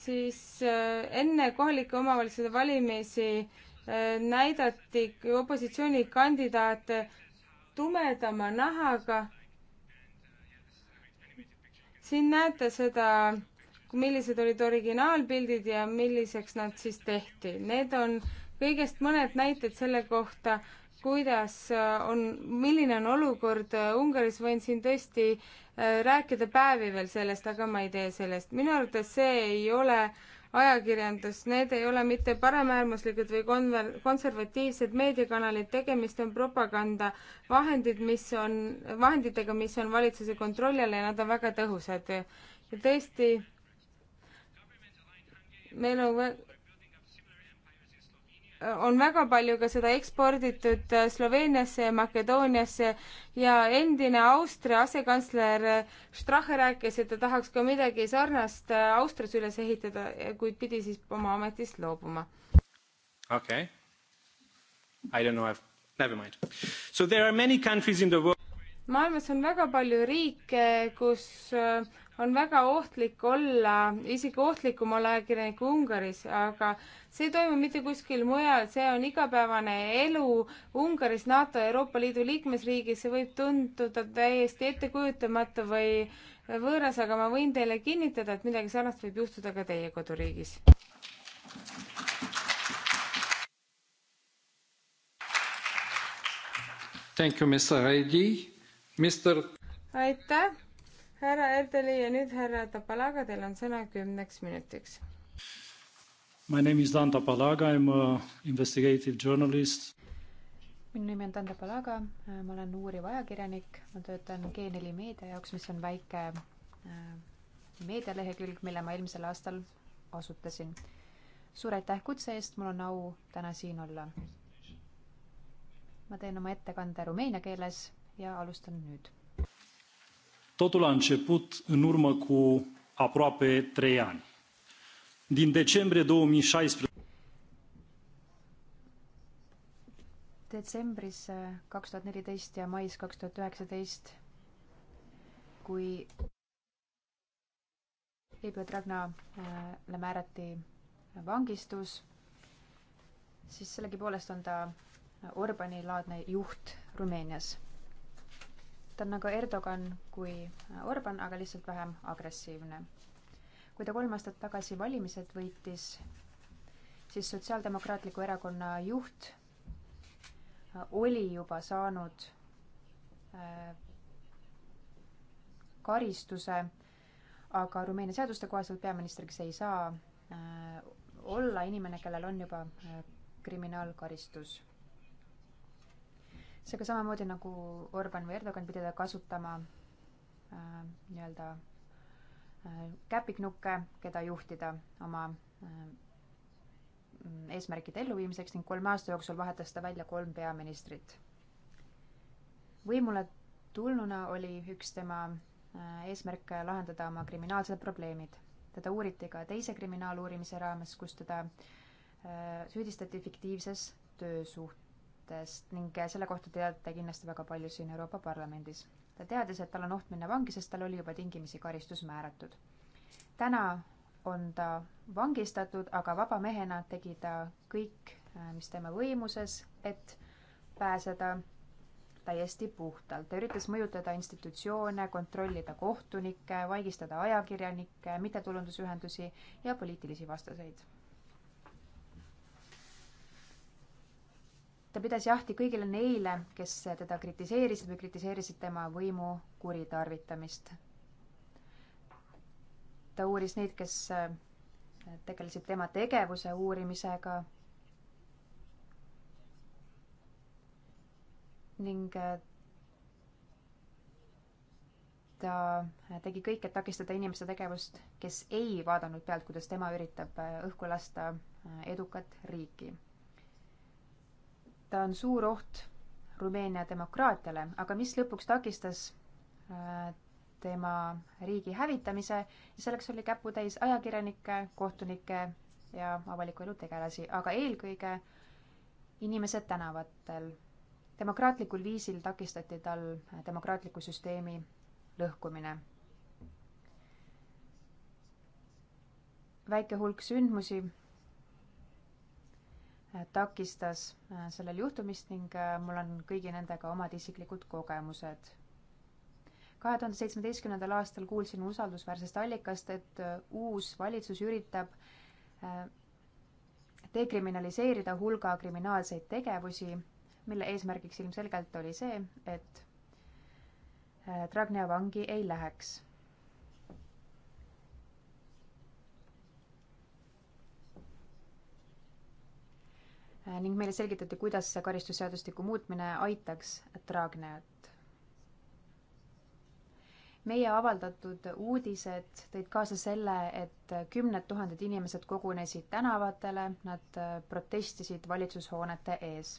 siis äh, enne kohalike omavalitsuste valimisi äh, näidati opositsioonikandidaate tumedama nahaga. siin näete seda, millised olid originaalpildid ja milliseks nad siis tehti. Need on kõigest mõned näited selle kohta, kuidas äh, on, milline on olukord äh, Ungaris, võin siin tõesti äh, rääkida päevi veel sellest, aga ma ei tee sellest. minu arvates see ei ole ajakirjandus, need ei ole mitte paremäärmuslikud või konver-, konservatiivsed meediakanalid, tegemist on propagandavahendid, mis on, vahenditega, mis on valitsuse kontrolli all ja nad on väga tõhusad. ja tõesti, meil on on väga palju ka seda eksporditud äh, Sloveeniasse ja Makedooniasse ja endine Austria asekantsler äh, Strache rääkis, et ta tahaks ka midagi sarnast äh, Austrias üles ehitada, kuid pidi siis oma ametist loobuma. okei okay.. I don't know, I have, never mind. So there are many countries in the world maailmas on väga palju riike, kus on väga ohtlik olla, isegi ohtlikum olla ajakirjanik Ungaris, aga see ei toimu mitte kuskil mujal, see on igapäevane elu Ungaris, NATO, Euroopa Liidu liikmesriigis, see võib tunduda täiesti ettekujutamatu või võõras, aga ma võin teile kinnitada, et midagi sarnast võib juhtuda ka teie koduriigis. Thank you, Mr Reidi. Mr. aitäh härra Erdeli ja nüüd härra Tapalaga, teil on sõna kümneks minutiks. My name is Dan Tapalaga, I am a investigative journalist. minu nimi on Dan Tapalaga, ma olen uuriv ajakirjanik, ma töötan G4 meedia jaoks, mis on väike äh, meedialehekülg, mille ma eelmisel aastal asutasin. suur aitäh kutse eest, mul on au täna siin olla. ma teen oma ettekande rumeenia keeles ja alustan nüüd Totul a început în urmă cu aproape trei ani. Din decembrie 2016 detsembris kaks tuhat neliteist ja mais kaks tuhat üheksateist, kui Heibert Ragnale määrati vangistus, siis sellegipoolest on ta eh, Orbani laadne juht Rumeenias ta on nagu Erdogan kui äh, Orban, aga lihtsalt vähem agressiivne. kui ta kolm aastat tagasi valimised võitis, siis Sotsiaaldemokraatliku Erakonna juht äh, oli juba saanud äh, karistuse, aga Rumeenia seaduste kohaselt peaministriks ei saa olla inimene, kellel on juba kriminaalkaristus seega samamoodi nagu Orban või Erdogan pidada kasutama äh, nii-öelda äh, käpiknukke, keda juhtida oma äh, eesmärkide elluviimiseks ning kolme aasta jooksul vahetas ta välja kolm peaministrit. võimule tulnuna oli üks tema äh, eesmärk lahendada oma kriminaalsed probleemid. teda uuriti ka teise kriminaaluurimise raames, kus teda äh, süüdistati fiktiivses töösuht-, mõtetest ning selle kohta teab ta kindlasti väga palju siin Euroopa Parlamendis. ta teadis, et tal on oht minna vangi, sest tal oli juba tingimisi karistus määratud. täna on ta vangistatud, aga vaba mehena tegi ta kõik, äh, mis tema võimuses, et pääseda täiesti puhtalt. ta üritas mõjutada institutsioone, kontrollida kohtunikke, vaigistada ajakirjanikke, mittetulundusühendusi ja poliitilisi vastaseid ta pidas jahti kõigile neile, kes teda kritiseerisid või kritiseerisid tema võimu kuritarvitamist. ta uuris neid, kes äh, tegelesid tema tegevuse uurimisega. ning äh, ta äh, tegi kõik, et takistada inimeste tegevust, kes ei vaadanud pealt, kuidas tema üritab õhku lasta edukat riiki ta on suur oht Rumeenia demokraatiale, aga mis lõpuks takistas äh, tema riigi hävitamise ja selleks oli käputäis ajakirjanikke, kohtunikke ja avaliku elu tegelasi, aga eelkõige inimesed tänavatel. demokraatlikul viisil takistati tal demokraatliku süsteemi lõhkumine. väike hulk sündmusi Äh, takistas äh, sellel juhtumist ning äh, mul on kõigi nendega omad isiklikud kogemused. kahe tuhande seitsmeteistkümnendal aastal kuulsin usaldusväärsest allikast, et uus valitsus üritab dekriminaliseerida hulga kriminaalseid tegevusi, mille eesmärgiks ilmselgelt oli see, et Dragnea vangi ei läheks Äh, ning meile selgitati, kuidas see karistusseadustiku muutmine aitaks Dragnejat. meie avaldatud uudised tõid kaasa selle, et kümned tuhanded inimesed kogunesid tänavatele, nad protestisid valitsushoonete ees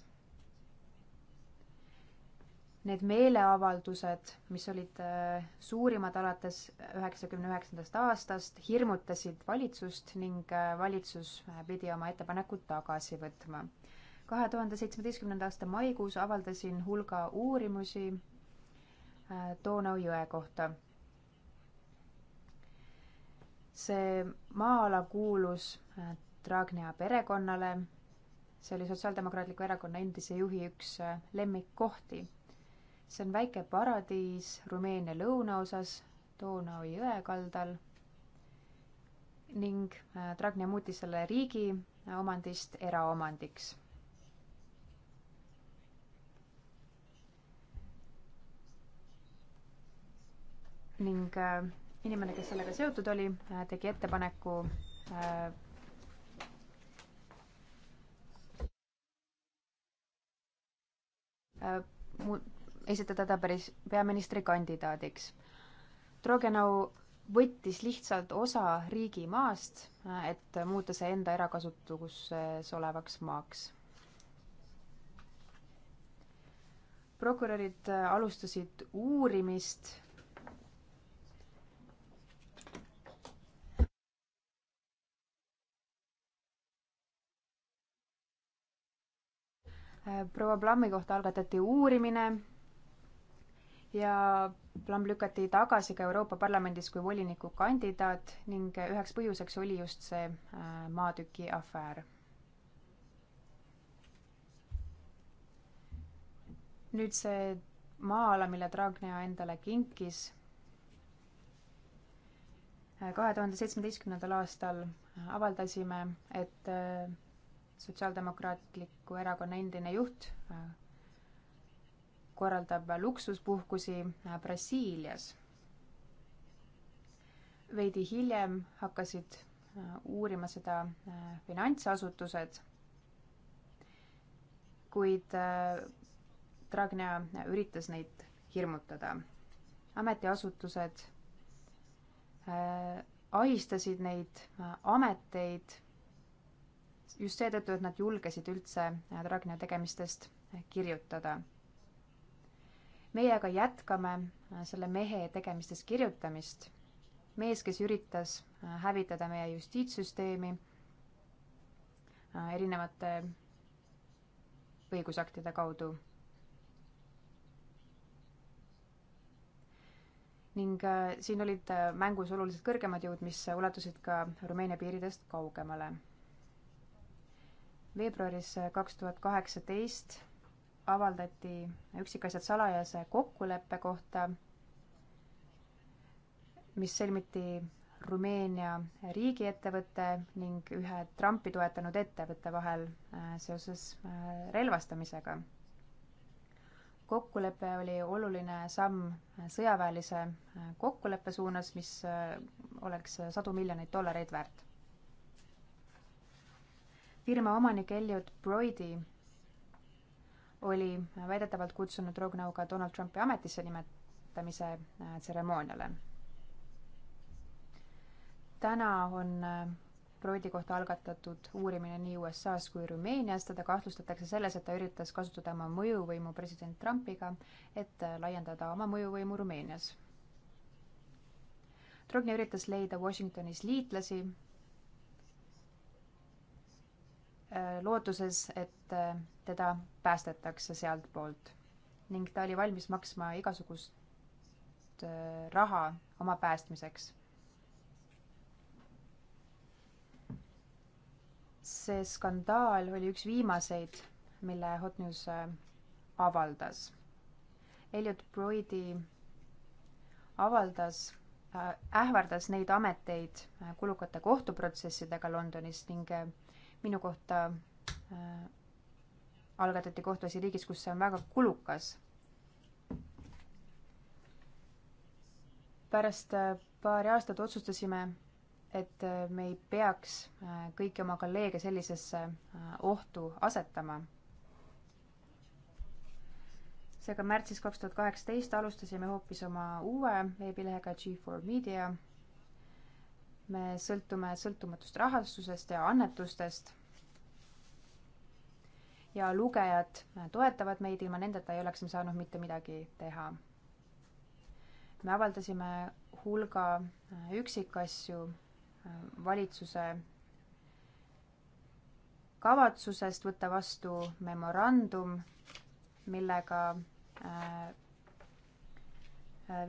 need meeleavaldused, mis olid äh, suurimad alates üheksakümne üheksandast aastast, hirmutasid valitsust ning äh, valitsus äh, pidi oma ettepanekud tagasi võtma. kahe tuhande seitsmeteistkümnenda aasta maikuus avaldasin hulga uurimusi Donau jõe kohta. see maa-ala kuulus Dragnea perekonnale, see oli Sotsiaaldemokraatliku Erakonna endise juhi üks lemmikkohti see on väike paradiis Rumeenia lõunaosas, Donau jõe kaldal ning äh, Dragnea muutis selle riigi äh, omandist eraomandiks. ning äh, inimene, kes sellega seotud oli, tegi ettepaneku mu-, esitada ta päris peaministrikandidaadiks. Trogenau võttis lihtsalt osa riigimaast, et muuta see enda erakasutuses olevaks maaks. prokurörid alustasid uurimist proua Plammi kohta algatati uurimine ja Plumb lükati tagasi ka Euroopa Parlamendis kui volinikukandidaat ning üheks põhjuseks oli just see äh, maatüki afäär. nüüd see maa-ala, mille Dragnea endale kinkis äh, kahe tuhande seitsmeteistkümnendal aastal avaldasime, et äh, Sotsiaaldemokraatliku Erakonna endine juht korraldab luksuspuhkusi äh, Brasiilias. veidi hiljem hakkasid äh, uurima seda äh, finantsasutused, kuid Dragnea üritas neid hirmutada. ametiasutused ahistasid neid ameteid just seetõttu, et nad julgesid üldse Dragnea tegemistest kirjutada meie aga jätkame äh, selle mehe tegemistes kirjutamist. mees, kes üritas äh, hävitada meie justiitssüsteemi äh, erinevate õigusaktide kaudu. ning siin olid mängus oluliselt kõrgemad jõud, mis ulatusid ka Rumeenia piiridest kaugemale. veebruaris kaks tuhat kaheksateist avaldati üksikasjad salajase kokkuleppe kohta, mis sõlmiti Rumeenia riigiettevõtte ning ühe Trumpi toetanud ettevõtte vahel äh, seoses äh, relvastamisega. kokkulepe oli oluline samm äh, sõjaväelise kokkuleppe suunas, mis oleks sadu miljoneid dollareid väärt. firma omanik Elliot Broidi oli väidetavalt kutsunud Rognauga Donald Trumpi ametisse nimetamise äh, tseremooniale. täna on äh, Broidi kohta algatatud uurimine nii USA-s kui Rumeenias, teda kahtlustatakse selles, et ta üritas kasutada oma mõjuvõimu president Trumpiga, et äh, laiendada oma mõjuvõimu Rumeenias. Trogni üritas leida Washingtonis liitlasi Äh, lootuses, et äh, teda päästetakse sealtpoolt ning ta oli valmis maksma igasugust äh, raha oma päästmiseks. see skandaal oli üks viimaseid, mille Hot News avaldas. Elliot Broidi avaldas ähvardas neid ameteid kulukate kohtuprotsessidega Londonis ning minu kohta äh, algatati kohtuasi riigis, kus see on väga kulukas. pärast äh, paari aastat otsustasime, et äh, me ei peaks äh, kõiki oma kolleege sellisesse ohtu asetama seega märtsis kaks tuhat kaheksateist alustasime hoopis oma uue veebilehega G4 Media me sõltume sõltumatust rahastusest ja annetustest. ja lugejad toetavad meid, ilma nendeta ei oleks me saanud mitte midagi teha. me avaldasime hulga üksikasju äh, valitsuse kavatsusest võtta vastu memorandum, millega äh, äh,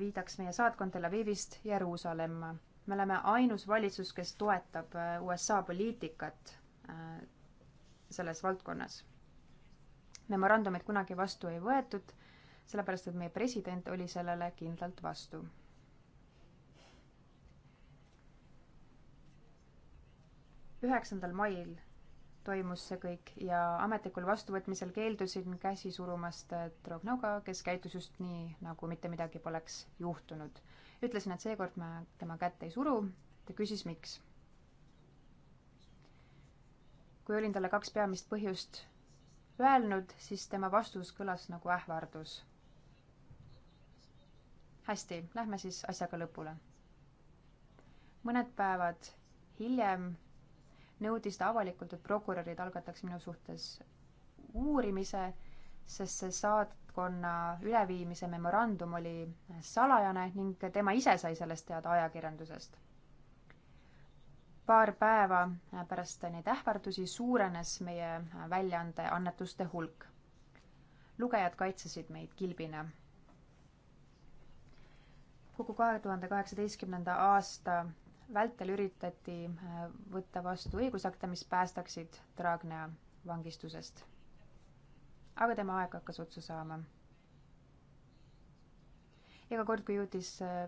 viidaks meie saatkond Tel Avivist Jeruusalemma me oleme ainus valitsus, kes toetab äh, USA poliitikat äh, selles valdkonnas. memorandumit kunagi vastu ei võetud, sellepärast et meie president oli sellele kindlalt vastu. üheksandal mail toimus see kõik ja ametlikul vastuvõtmisel keeldusin käsi surumast Drognauga, kes käitus just nii, nagu mitte midagi poleks juhtunud ütlesin, et seekord ma tema kätt ei suru. ta küsis, miks. kui olin talle kaks peamist põhjust öelnud, siis tema vastus kõlas nagu ähvardus. hästi, lähme siis asjaga lõpule. mõned päevad hiljem nõudis ta avalikult, et prokurörid algataks minu suhtes uurimise, sest see saat-, saatkonna üleviimise memorandum oli salajane ning tema ise sai sellest teada ajakirjandusest. paar päeva pärast neid ähvardusi suurenes meie väljaande annetuste hulk. lugejad kaitsesid meid kilbina. kogu kahe tuhande kaheksateistkümnenda aasta vältel üritati võtta vastu õigusakte, mis päästaksid Dragnea vangistusest aga tema aeg hakkas otsa saama. iga kord, kui jõudis äh,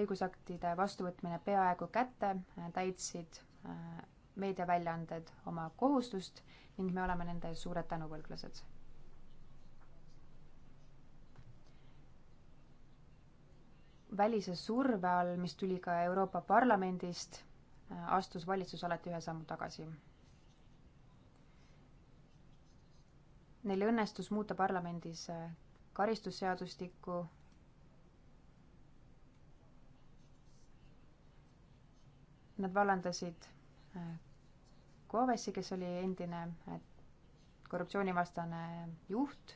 õigusaktide vastuvõtmine peaaegu kätte, äh, täitsid äh, meediaväljaanded oma kohustust ning me oleme nende ees suured tänuvõlglased. välise surve all, mis tuli ka Euroopa Parlamendist, astus valitsus alati ühe sammu tagasi Neil õnnestus muuta parlamendis äh, karistusseadustikku, Nad vallandasid äh, Kovesi, kes oli endine äh, korruptsioonivastane juht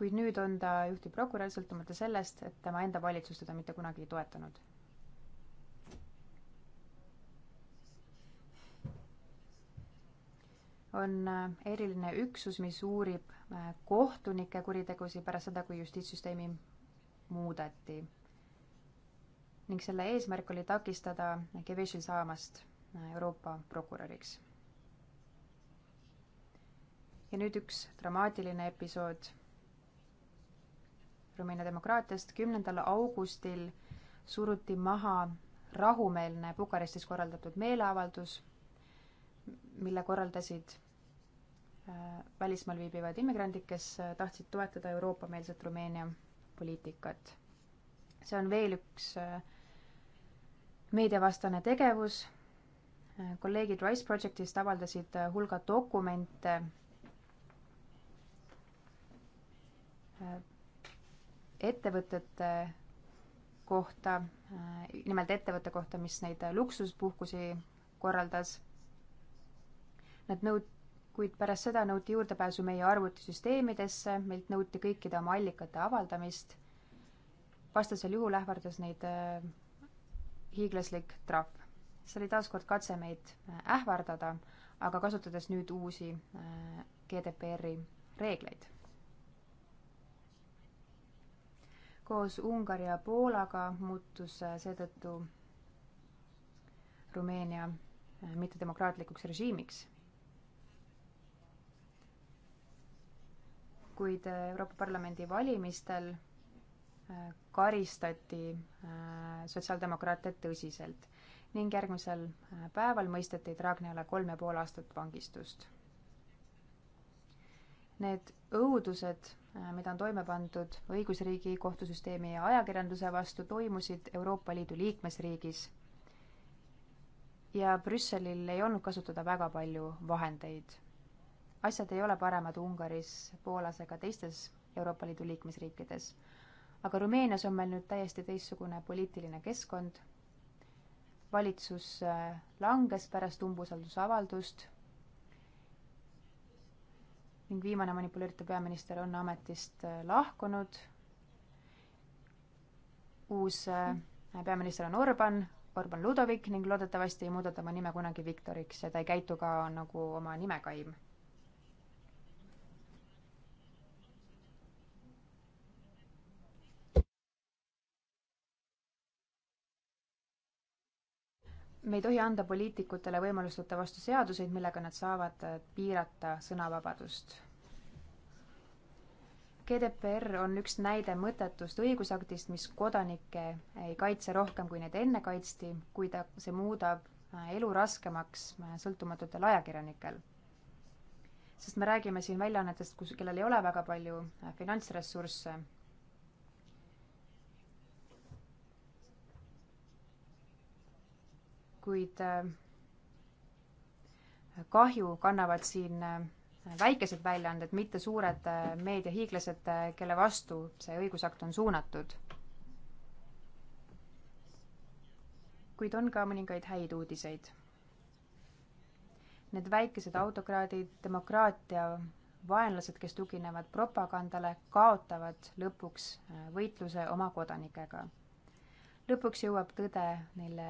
kuid nüüd on ta juhtivprokurör, sõltumata sellest, et tema enda valitsus teda mitte kunagi ei toetanud. on äh, eriline üksus, mis uurib äh, kohtunike kuritegusid pärast seda, kui justiitssüsteemi muudeti. ning selle eesmärk oli takistada Keveshil saamast äh, Euroopa prokuröriks. ja nüüd üks dramaatiline episood Rumeenia demokraatiast. kümnendal augustil suruti maha rahumeelne Bukarestis korraldatud meeleavaldus mille korraldasid äh, välismaal viibivad immigrandid, kes äh, tahtsid toetada Euroopa-meelset Rumeenia poliitikat. see on veel üks äh, meediavastane tegevus. kolleegid Rice Projectist avaldasid hulga dokumente ettevõtete kohta, nimelt ettevõtte kohta, mis neid luksuspuhkusi korraldas Nad nõud-, kuid pärast seda nõuti juurdepääsu meie arvutisüsteemidesse, meilt nõuti kõikide oma allikate avaldamist. vastasel juhul ähvardas neid äh, hiiglaslik trahv. see oli taas kord katse meid äh, ähvardada, aga kasutades nüüd uusi äh, GDPR-i reegleid. koos Ungari ja Poolaga muutus seetõttu Rumeenia mittedemokraatlikuks režiimiks kuid äh, Euroopa Parlamendi valimistel äh, karistati äh, sotsiaaldemokraate tõsiselt ning järgmisel päeval mõisteti Dragnale kolm ja pool aastat vangistust. Need õudused, mida on toime pandud õigusriigi, kohtusüsteemi ja ajakirjanduse vastu, toimusid Euroopa Liidu liikmesriigis ja Brüsselil ei olnud kasutada väga palju vahendeid asjad ei ole paremad Ungaris, Poolas ega teistes Euroopa Liidu liikmesriikides. aga Rumeenias on meil nüüd täiesti teistsugune poliitiline keskkond, valitsus äh, langes pärast umbusaldusavaldust ning viimane manipuleeritav peaminister on ametist äh, lahkunud, uus äh, peaminister on Orban, Orban Ludovik ning loodetavasti ei muuda ta oma nime kunagi Viktoriks ja ta ei käitu ka nagu oma nimekaim me ei tohi anda poliitikutele võimalust võtta vastu seaduseid, millega nad saavad äh, piirata sõnavabadust. GDPR on üks näide mõttetust õigusaktist, mis kodanikke ei kaitse rohkem, kui neid enne kaitsti, kui ta, see muudab äh, elu raskemaks äh, sõltumatutel ajakirjanikel. sest me räägime siin väljaannetest, kus, kellel ei ole väga palju finantsressursse kuid äh, kahju kannavad siin äh, väikesed väljaanded, mitte suured äh, meediahiiglased, kelle vastu see õigusakt on suunatud. kuid on ka mõningaid häid uudiseid. Need väikesed autokraadid, demokraatia vaenlased, kes tuginevad propagandale, kaotavad lõpuks võitluse oma kodanikega. lõpuks jõuab tõde neile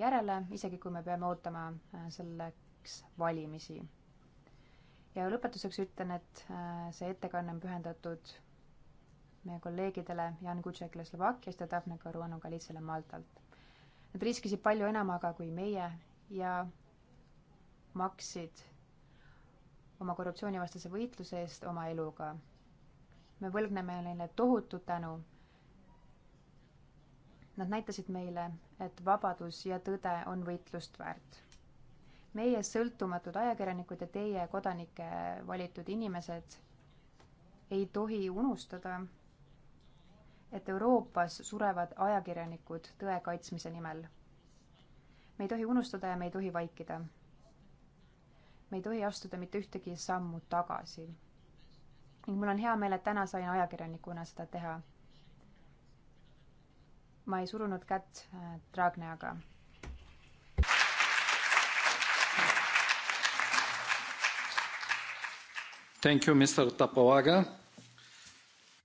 järele, isegi kui me peame ootama äh, selleks valimisi. ja lõpetuseks ütlen, et äh, see ettekanne on pühendatud meie kolleegidele Jan Kutšekile Slovakkiast ja Daphne Caruana Galitsele Maltalt. Nad riskisid palju enamaga kui meie ja maksid oma korruptsioonivastase võitluse eest oma eluga. me võlgneme neile tohutu tänu Nad näitasid meile, et vabadus ja tõde on võitlust väärt. meie sõltumatud ajakirjanikud ja teie kodanike valitud inimesed ei tohi unustada, et Euroopas surevad ajakirjanikud tõe kaitsmise nimel. me ei tohi unustada ja me ei tohi vaikida. me ei tohi astuda mitte ühtegi sammu tagasi. ning mul on hea meel, et täna sain ajakirjanikuna seda teha ma ei surunud kätt äh, Dragneaga. Thank you, Mr Tapovaga.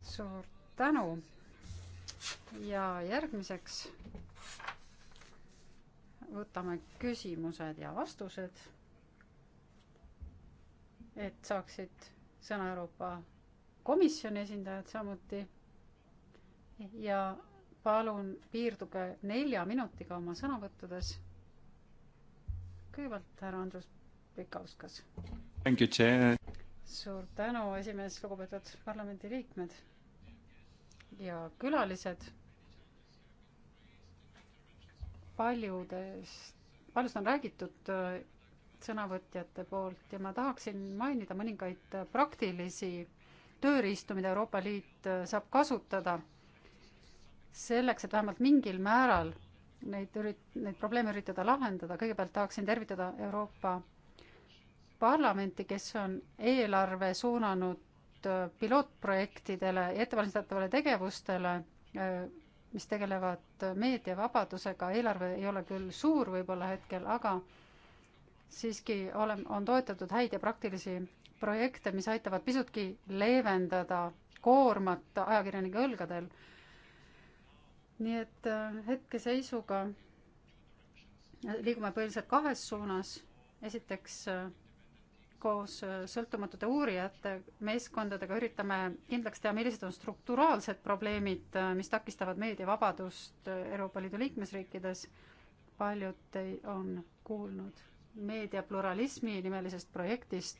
suur tänu. ja järgmiseks võtame küsimused ja vastused. et saaksid sõna Euroopa Komisjoni esindajad samuti ja palun piirduge nelja minutiga oma sõnavõttudes. kõigepealt härra Andrus Pikauskas. suur tänu, esimees, lugupeetud parlamendiliikmed ja külalised. paljudest, paljust on räägitud äh, sõnavõtjate poolt ja ma tahaksin mainida mõningaid praktilisi tööriistu, mida Euroopa Liit äh, saab kasutada selleks, et vähemalt mingil määral neid ürit-, neid probleeme üritada lahendada, kõigepealt tahaksin tervitada Euroopa Parlamenti, kes on eelarve suunanud äh, pilootprojektidele ja ettevalmistatavale tegevustele, äh, mis tegelevad äh, meediavabadusega, eelarve ei ole küll suur võib-olla hetkel, aga siiski ole, on toetatud häid ja praktilisi projekte, mis aitavad pisutki leevendada koormat ajakirjanike õlgadel nii et äh, hetkeseisuga liigume põhiliselt kahes suunas. esiteks äh, koos äh, sõltumatute uurijate meeskondadega üritame kindlaks teha, millised on strukturaalsed probleemid, mis takistavad meediavabadust Euroopa Liidu liikmesriikides. paljud on kuulnud meediapluralismi nimelisest projektist.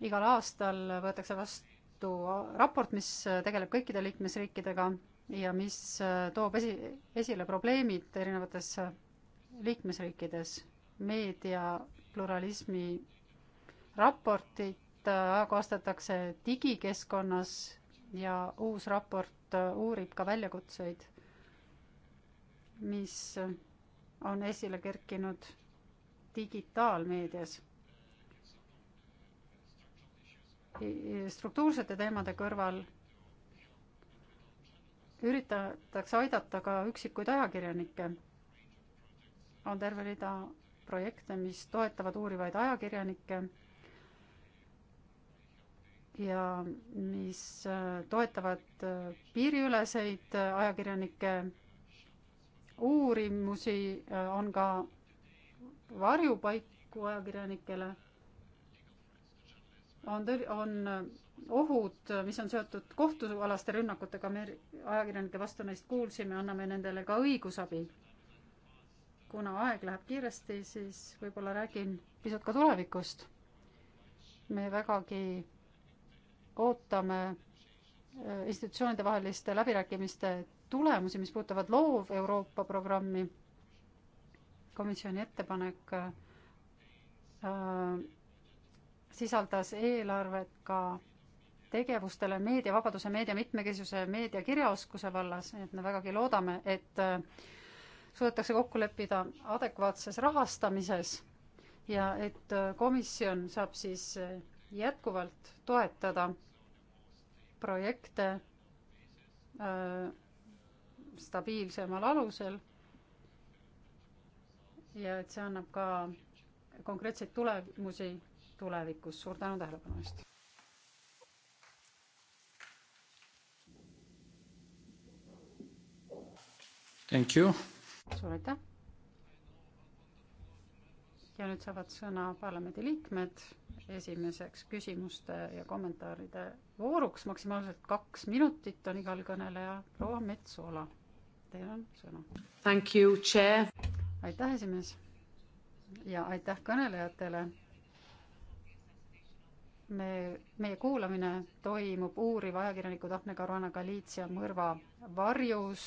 igal aastal võetakse vastu raport, mis tegeleb kõikide liikmesriikidega ja mis äh, toob esi, esile probleemid erinevates äh, liikmesriikides. meedia pluralismi raportit äh, ajakohastatakse digikeskkonnas ja uus raport uurib ka väljakutseid, mis on esile kerkinud digitaalmeedias struktuursete teemade kõrval üritatakse aidata ka üksikuid ajakirjanikke. on terve rida projekte, mis toetavad uurivaid ajakirjanikke ja mis äh, toetavad äh, piiriüleseid äh, ajakirjanike uurimusi, on ka varjupaiku ajakirjanikele, on, on ohud, mis on seotud kohtualaste rünnakutega, me ajakirjanike vastu neist kuulsime, anname nendele ka õigusabi. kuna aeg läheb kiiresti, siis võib-olla räägin pisut ka tulevikust. me vägagi ootame äh, institutsioonide vaheliste läbirääkimiste tulemusi, mis puudutavad loov Euroopa programmi. komisjoni ettepanek äh, äh sisaldas eelarvet ka tegevustele meediavabaduse, meedia mitmekesisuse, meedia kirjaoskuse vallas, et me vägagi loodame, et äh, suudetakse kokku leppida adekvaatses rahastamises ja et äh, komisjon saab siis äh, jätkuvalt toetada projekte äh, stabiilsemal alusel ja et see annab ka konkreetseid tulemusi tulevikus. suur tänu tähelepanu eest! Thank you. suur aitäh. ja nüüd saavad sõna parlamendi liikmed esimeseks küsimuste ja kommentaaride vooruks. maksimaalselt kaks minutit on igal kõneleja. proua Metsola, teil on sõna. Thank you, chair. aitäh, esimees. ja aitäh kõnelejatele me, meie kuulamine toimub uuriva ajakirjaniku Daphne Caruana Galizia mõrva varjus.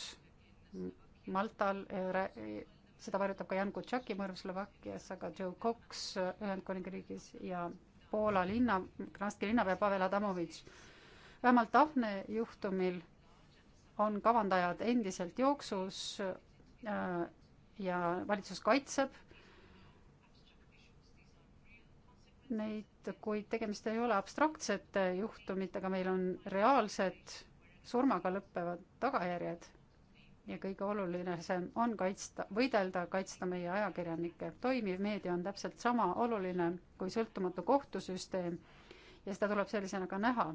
Maltal eh, eh, seda varjutab ka Jan Kutšaki mõrv Slovakkias, aga Joe Cox eh, Ühendkuningriigis ja Poola linna, Gdanski linnapea Pavel Adamovitš. vähemalt Daphne juhtumil on kavandajad endiselt jooksus ja valitsus kaitseb neid, kuid tegemist ei ole abstraktsete juhtumitega, meil on reaalsed surmaga lõppevad tagajärjed ja kõige olulisem on kaitsta, võidelda, kaitsta meie ajakirjanikke. toimiv meedia on täpselt sama oluline kui sõltumatu kohtusüsteem ja seda tuleb sellisena ka näha.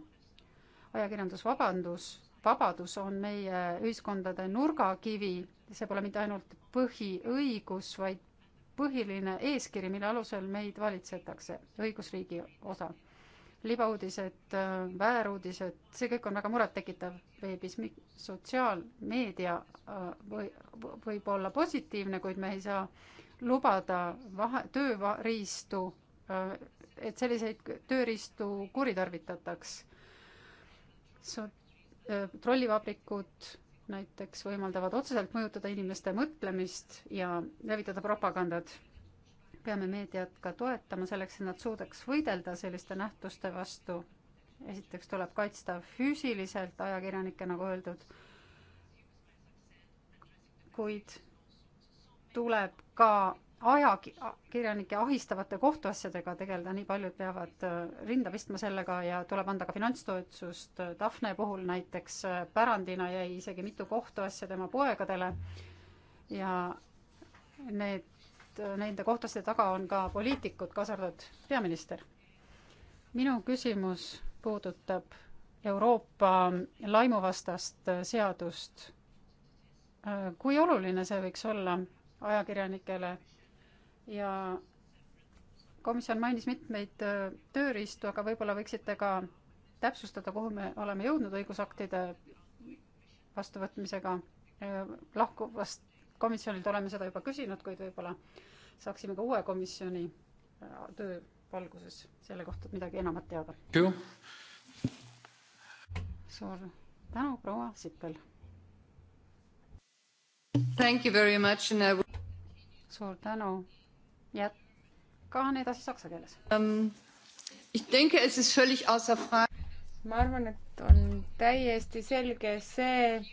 ajakirjandusvabandus, vabadus on meie ühiskondade nurgakivi, see pole mitte ainult põhiõigus, vaid põhiline eeskiri, mille alusel meid valitsetakse, õigusriigi osa libauudised, vääruudised, see kõik on väga murettekitav veebis. sotsiaalmeedia äh, või, võib olla positiivne, kuid me ei saa lubada vahe, tööriistu, äh, et selliseid tööriistu kuritarvitataks. so-, äh, trollivabrikud näiteks võimaldavad otseselt mõjutada inimeste mõtlemist ja levitada propagandat peame meediat ka toetama selleks, et nad suudaks võidelda selliste nähtuste vastu. esiteks tuleb kaitsta füüsiliselt ajakirjanikke, nagu öeldud, kuid tuleb ka ajakirjanike ahistavate kohtuasjadega tegeleda, nii paljud peavad äh, rinda pistma sellega ja tuleb anda ka finantstoetust. Äh, Daphne puhul näiteks äh, pärandina jäi isegi mitu kohtuasja tema poegadele ja need et äh, nende kohtaste taga on ka poliitikud, kaasa arvatud peaminister. minu küsimus puudutab Euroopa laimuvastast äh, seadust. Äh, kui oluline see võiks olla ajakirjanikele ja komisjon mainis mitmeid tööriistu, aga võib-olla võiksite ka täpsustada, kuhu me oleme jõudnud õigusaktide vastuvõtmisega lahkuvast komisjonilt oleme seda juba küsinud, kuid võib-olla saaksime ka uue komisjoni äh, töö valguses selle kohta midagi enamat teada. suur tänu, proua Sippel. suur tänu. jätkan edasi saksa keeles um,. ma arvan, et on täiesti selge see,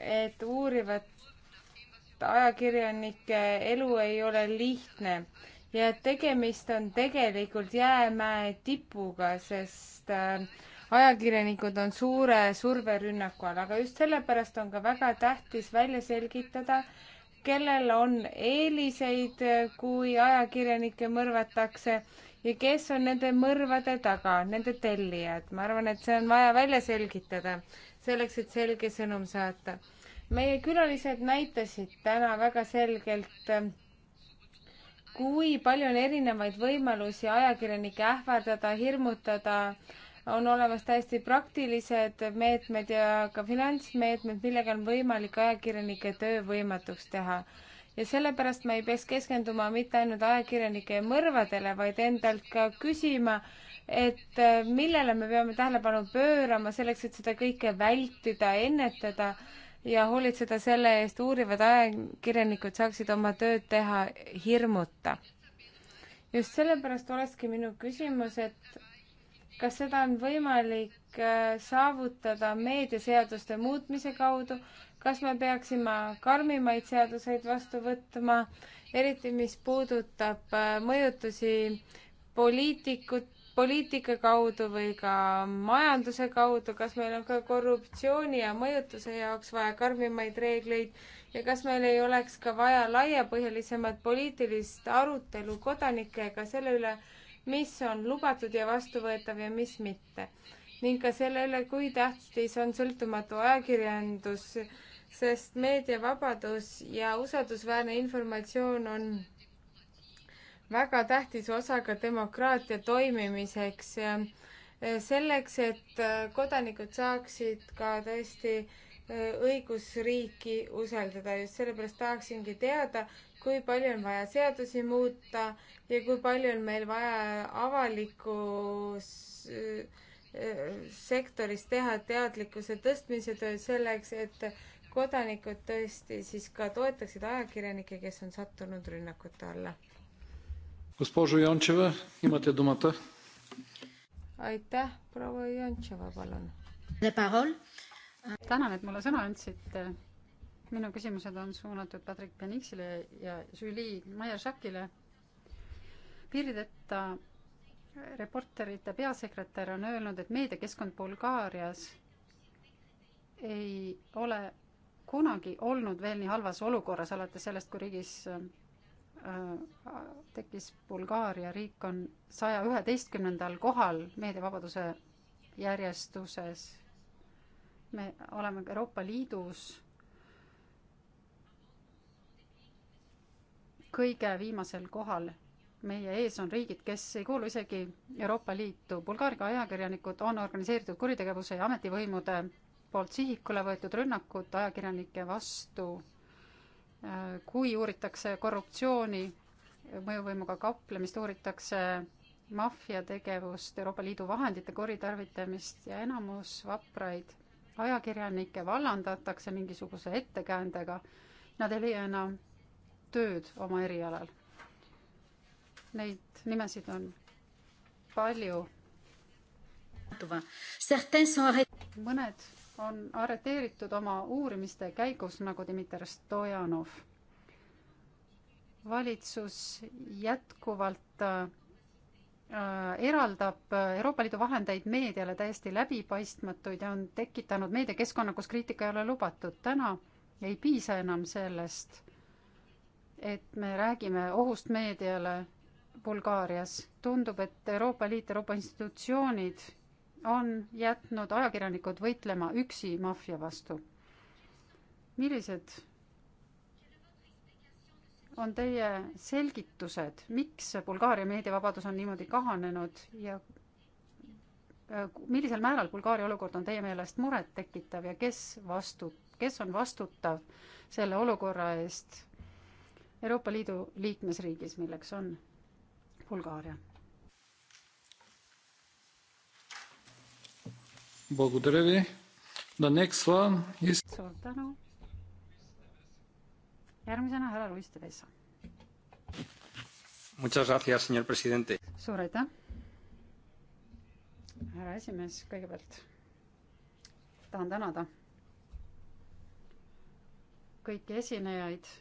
et uurivat ajakirjanike elu ei ole lihtne ja tegemist on tegelikult jäämäe tipuga, sest äh, ajakirjanikud on suure surverünnaku all, aga just sellepärast on ka väga tähtis välja selgitada, kellel on eeliseid, äh, kui ajakirjanikke mõrvatakse ja kes on nende mõrvade taga, nende tellijad. ma arvan, et see on vaja välja selgitada selleks, et selge sõnum saata meie külalised näitasid täna väga selgelt, äh, kui palju on erinevaid võimalusi ajakirjanikke ähvardada, hirmutada, on olemas täiesti praktilised meetmed ja ka finantsmeetmed, millega on võimalik ajakirjanike töö võimatuks teha. ja sellepärast me ei peaks keskenduma mitte ainult ajakirjanike mõrvadele, vaid endalt ka küsima, et äh, millele me peame tähelepanu pöörama selleks, et seda kõike vältida, ennetada ja hoolitseda selle eest, uurivad ajakirjanikud saaksid oma tööd teha hirmuta. just sellepärast olekski minu küsimus, et kas seda on võimalik äh, saavutada meediaseaduste muutmise kaudu, kas me peaksime karmimaid seaduseid vastu võtma, eriti mis puudutab äh, mõjutusi poliitikut, poliitika kaudu või ka majanduse kaudu, kas meil on ka korruptsiooni ja mõjutuse jaoks vaja karmimaid reegleid ja kas meil ei oleks ka vaja laiapõhjalisemat poliitilist arutelu kodanikega selle üle, mis on lubatud ja vastuvõetav ja mis mitte. ning ka selle üle, kui tähtis on sõltumatu ajakirjandus, sest meediavabadus ja usaldusväärne informatsioon on väga tähtis osa ka demokraatia toimimiseks, eh, selleks, et eh, kodanikud saaksid ka tõesti eh, õigusriiki usaldada, just sellepärast tahaksingi teada, kui palju on vaja seadusi muuta ja kui palju on meil vaja avalikus sektoris teha teadlikkuse tõstmise tööd selleks, et kodanikud tõesti siis ka toetaksid ajakirjanikke, kes on sattunud rünnakute alla. Госпожо Йончева, имате думата. aitäh, proua Jontšova, palun. tänan, et mulle sõna andsite. minu küsimused on suunatud Patrick Peniksile ja Julie Maier-Šakile. piirideta reporterite peasekretär on öelnud, et meediakeskkond Bulgaarias ei ole kunagi olnud veel nii halvas olukorras, alates sellest, kui riigis Äh, tekkis Bulgaaria, riik on saja üheteistkümnendal kohal meediavabaduse järjestuses. me oleme Euroopa Liidus kõige viimasel kohal. meie ees on riigid, kes ei kuulu isegi Euroopa Liitu. Bulgaaria ajakirjanikud on organiseeritud kuritegevuse ja ametivõimude poolt sihikule võetud rünnakud ajakirjanike vastu kui uuritakse korruptsiooni, mõjuvõimuga kauplemist, uuritakse maffia tegevust, Euroopa Liidu vahendite kuritarvitamist ja enamus vapraid ajakirjanikke vallandatakse mingisuguse ettekäändega. Nad ei leia enam tööd oma erialal. Neid nimesid on palju. mõned on arreteeritud oma uurimiste käigus, nagu Dmitri Stojanov. valitsus jätkuvalt äh, eraldab Euroopa Liidu vahendeid meediale täiesti läbipaistmatuid ja on tekitanud meediakeskkonna, kus kriitika ei ole lubatud. täna ei piisa enam sellest, et me räägime ohust meediale Bulgaarias. tundub, et Euroopa Liit, Euroopa institutsioonid on jätnud ajakirjanikud võitlema üksi maffia vastu. millised on teie selgitused, miks Bulgaaria meediavabadus on niimoodi kahanenud ja äh, millisel määral Bulgaaria olukord on teie meelest murettekitav ja kes vastu, kes on vastutav selle olukorra eest Euroopa Liidu liikmesriigis, milleks on Bulgaaria? Благодаря ви. The next one is... suur tänu. järgmisena härra Ruiz de Vesa. Muchas gracias, señor presidente. suur aitäh. härra esimees, kõigepealt tahan tänada kõiki esinejaid.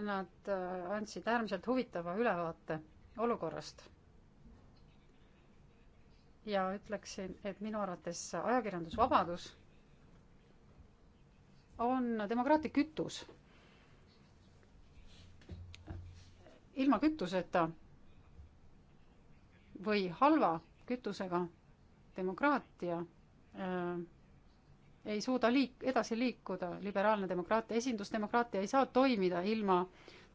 Nad äh, andsid äärmiselt huvitava ülevaate olukorrast ja ütleksin, et minu arvates ajakirjandusvabadus on demokraatlik kütus. ilma kütuseta või halva kütusega demokraatia äh, ei suuda liik-, edasi liikuda, liberaalne demokraatia, esindusdemokraatia ei saa toimida ilma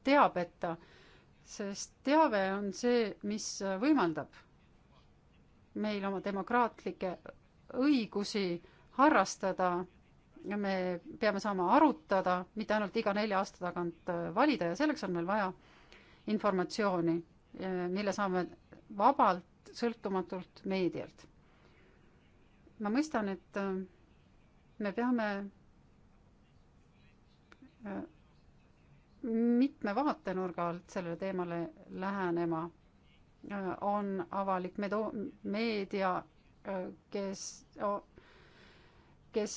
teabeta, sest teave on see, mis võimaldab meil oma demokraatlikke õigusi harrastada ja me peame saama arutada, mitte ainult iga nelja aasta tagant äh, valida ja selleks on meil vaja informatsiooni, äh, mille saame vabalt, sõltumatult meedialt. ma mõistan, et äh, me peame mitme vaatenurga alt sellele teemale lähenema on avalik medo-, meedia, kes, kes,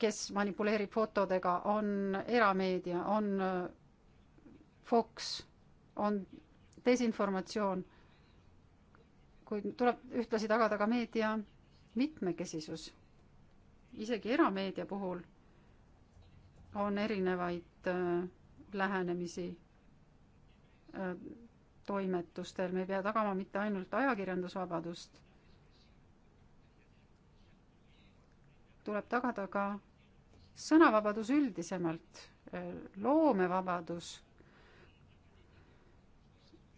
kes manipuleerib fotodega, on erameedia, on Fox, on desinformatsioon, kuid tuleb ühtlasi tagada ka meedia mitmekesisus. isegi erameedia puhul on erinevaid äh, lähenemisi äh, toimetustel, me ei pea tagama mitte ainult ajakirjandusvabadust, tuleb tagada ka sõnavabadus üldisemalt, loomevabadus,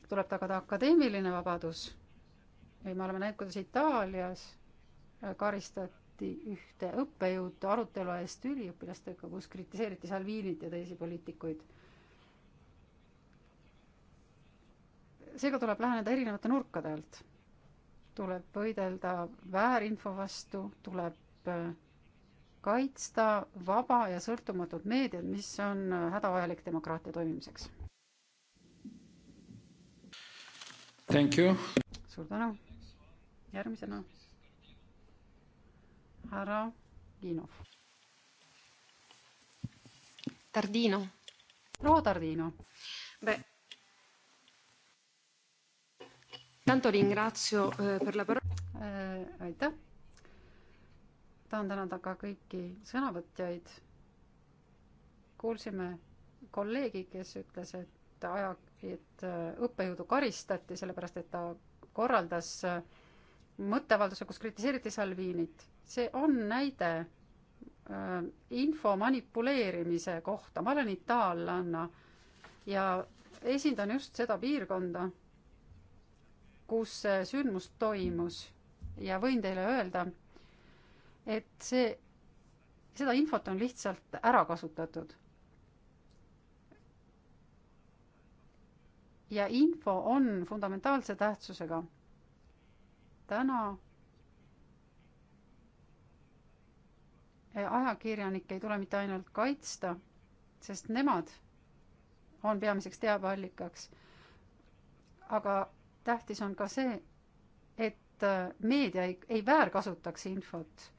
tuleb tagada akadeemiline vabadus. ei, me oleme näinud, kuidas Itaalias äh, karistati ühte õppejõudu arutelu eest üliõpilastega, kus kritiseeriti Salvinit ja teisi poliitikuid seega tuleb läheneda erinevate nurkade alt. tuleb võidelda väärinfo vastu, tuleb äh, kaitsta vaba ja sõltumatut meediat, mis on äh, hädavajalik demokraatia toimimiseks. suur tänu. järgmisena härra Ginov. Tardino. proua Tardino. Tanto ringrazio eh, per la parola. Eh, aitäh. tahan tänada ka kõiki sõnavõtjaid. kuulsime kolleegi, kes ütles, et aja, et eh, õppejõudu karistati sellepärast, et ta korraldas mõtteavalduse, kus kritiseeriti Salvinit. see on näide äh, info manipuleerimise kohta. ma olen itaallanna ja esindan just seda piirkonda kus see sündmus toimus ja võin teile öelda, et see, seda infot on lihtsalt ära kasutatud. ja info on fundamentaalse tähtsusega. täna ajakirjanikke ei tule mitte ainult kaitsta, sest nemad on peamiseks teabeallikaks, aga tähtis on ka see, et äh, meedia ei, ei väärkasutaks infot.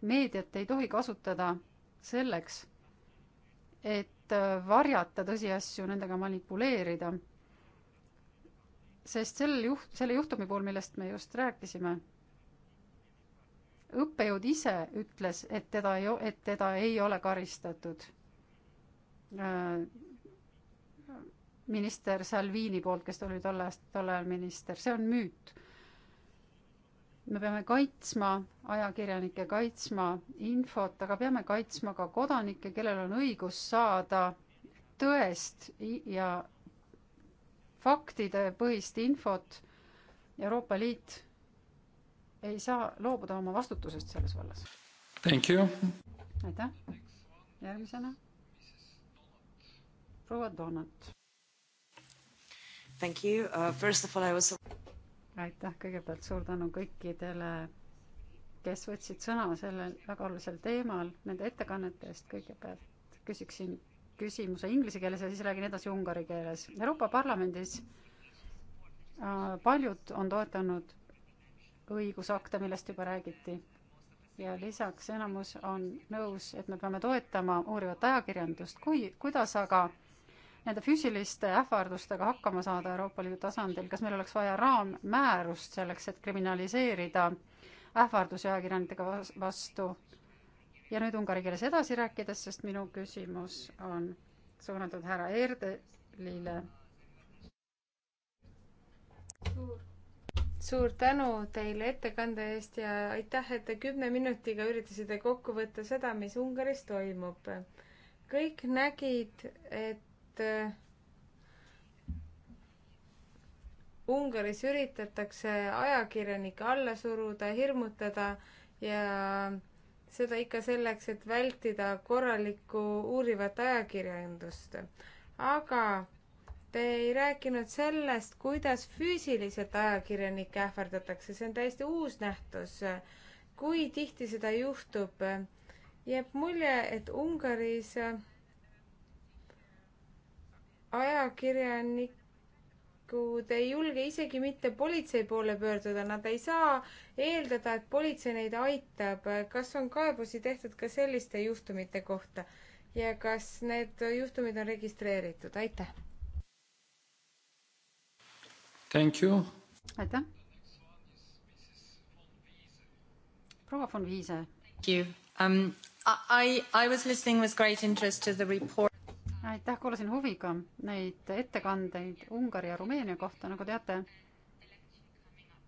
meediat ei tohi kasutada selleks, et äh, varjata tõsiasju, nendega manipuleerida. sest sel juht, selle juhtumi puhul, millest me just rääkisime, õppejõud ise ütles, et teda ei, et teda ei ole karistatud äh, minister Salvini poolt, kes oli tol ajast, tol ajal minister, see on müüt. me peame kaitsma ajakirjanikke, kaitsma infot, aga peame kaitsma ka kodanikke, kellel on õigus saada tõest ja faktidepõhist infot. Euroopa Liit ei saa loobuda oma vastutusest selles vallas. aitäh, järgmisena proua Donat. Thank you uh,. First of all I was. aitäh, kõigepealt suur tänu kõikidele, kes võtsid sõna sellel väga olulisel teemal, nende ettekannete eest. kõigepealt küsiksin küsimuse inglise keeles ja siis räägin edasi ungari keeles. Euroopa Parlamendis äh, paljud on toetanud õigusakte, millest juba räägiti. ja lisaks enamus on nõus, et me peame toetama uurivat ajakirjandust, kui, kuidas aga äh, nende füüsiliste ähvardustega hakkama saada Euroopa Liidu tasandil, kas meil oleks vaja raammäärust selleks, et kriminaliseerida ähvardusi ajakirjanikega vastu? ja nüüd ungari keeles edasi rääkides, sest minu küsimus on suunatud härra Erdelile. suur suur tänu teile ettekande eest ja aitäh, et te kümne minutiga üritasite kokku võtta seda, mis Ungaris toimub. kõik nägid, et et äh, Ungaris üritatakse ajakirjanikke alla suruda, hirmutada ja seda ikka selleks, et vältida korralikku uurivat ajakirjandust. aga te ei rääkinud sellest, kuidas füüsiliselt ajakirjanikke ähvardatakse, see on täiesti uus nähtus. kui tihti seda juhtub? jääb mulje, et Ungaris ajakirjanikud ei julge isegi mitte politsei poole pöörduda, nad ei saa eeldada, et politsei neid aitab. kas on kaebusi tehtud ka selliste juhtumite kohta ja kas need juhtumid on registreeritud? aitäh! aitäh! proua von Viise. Um, I, I was listening with great interest to the report aitäh, kuulasin huviga neid ettekandeid Ungari ja Rumeenia kohta, nagu teate,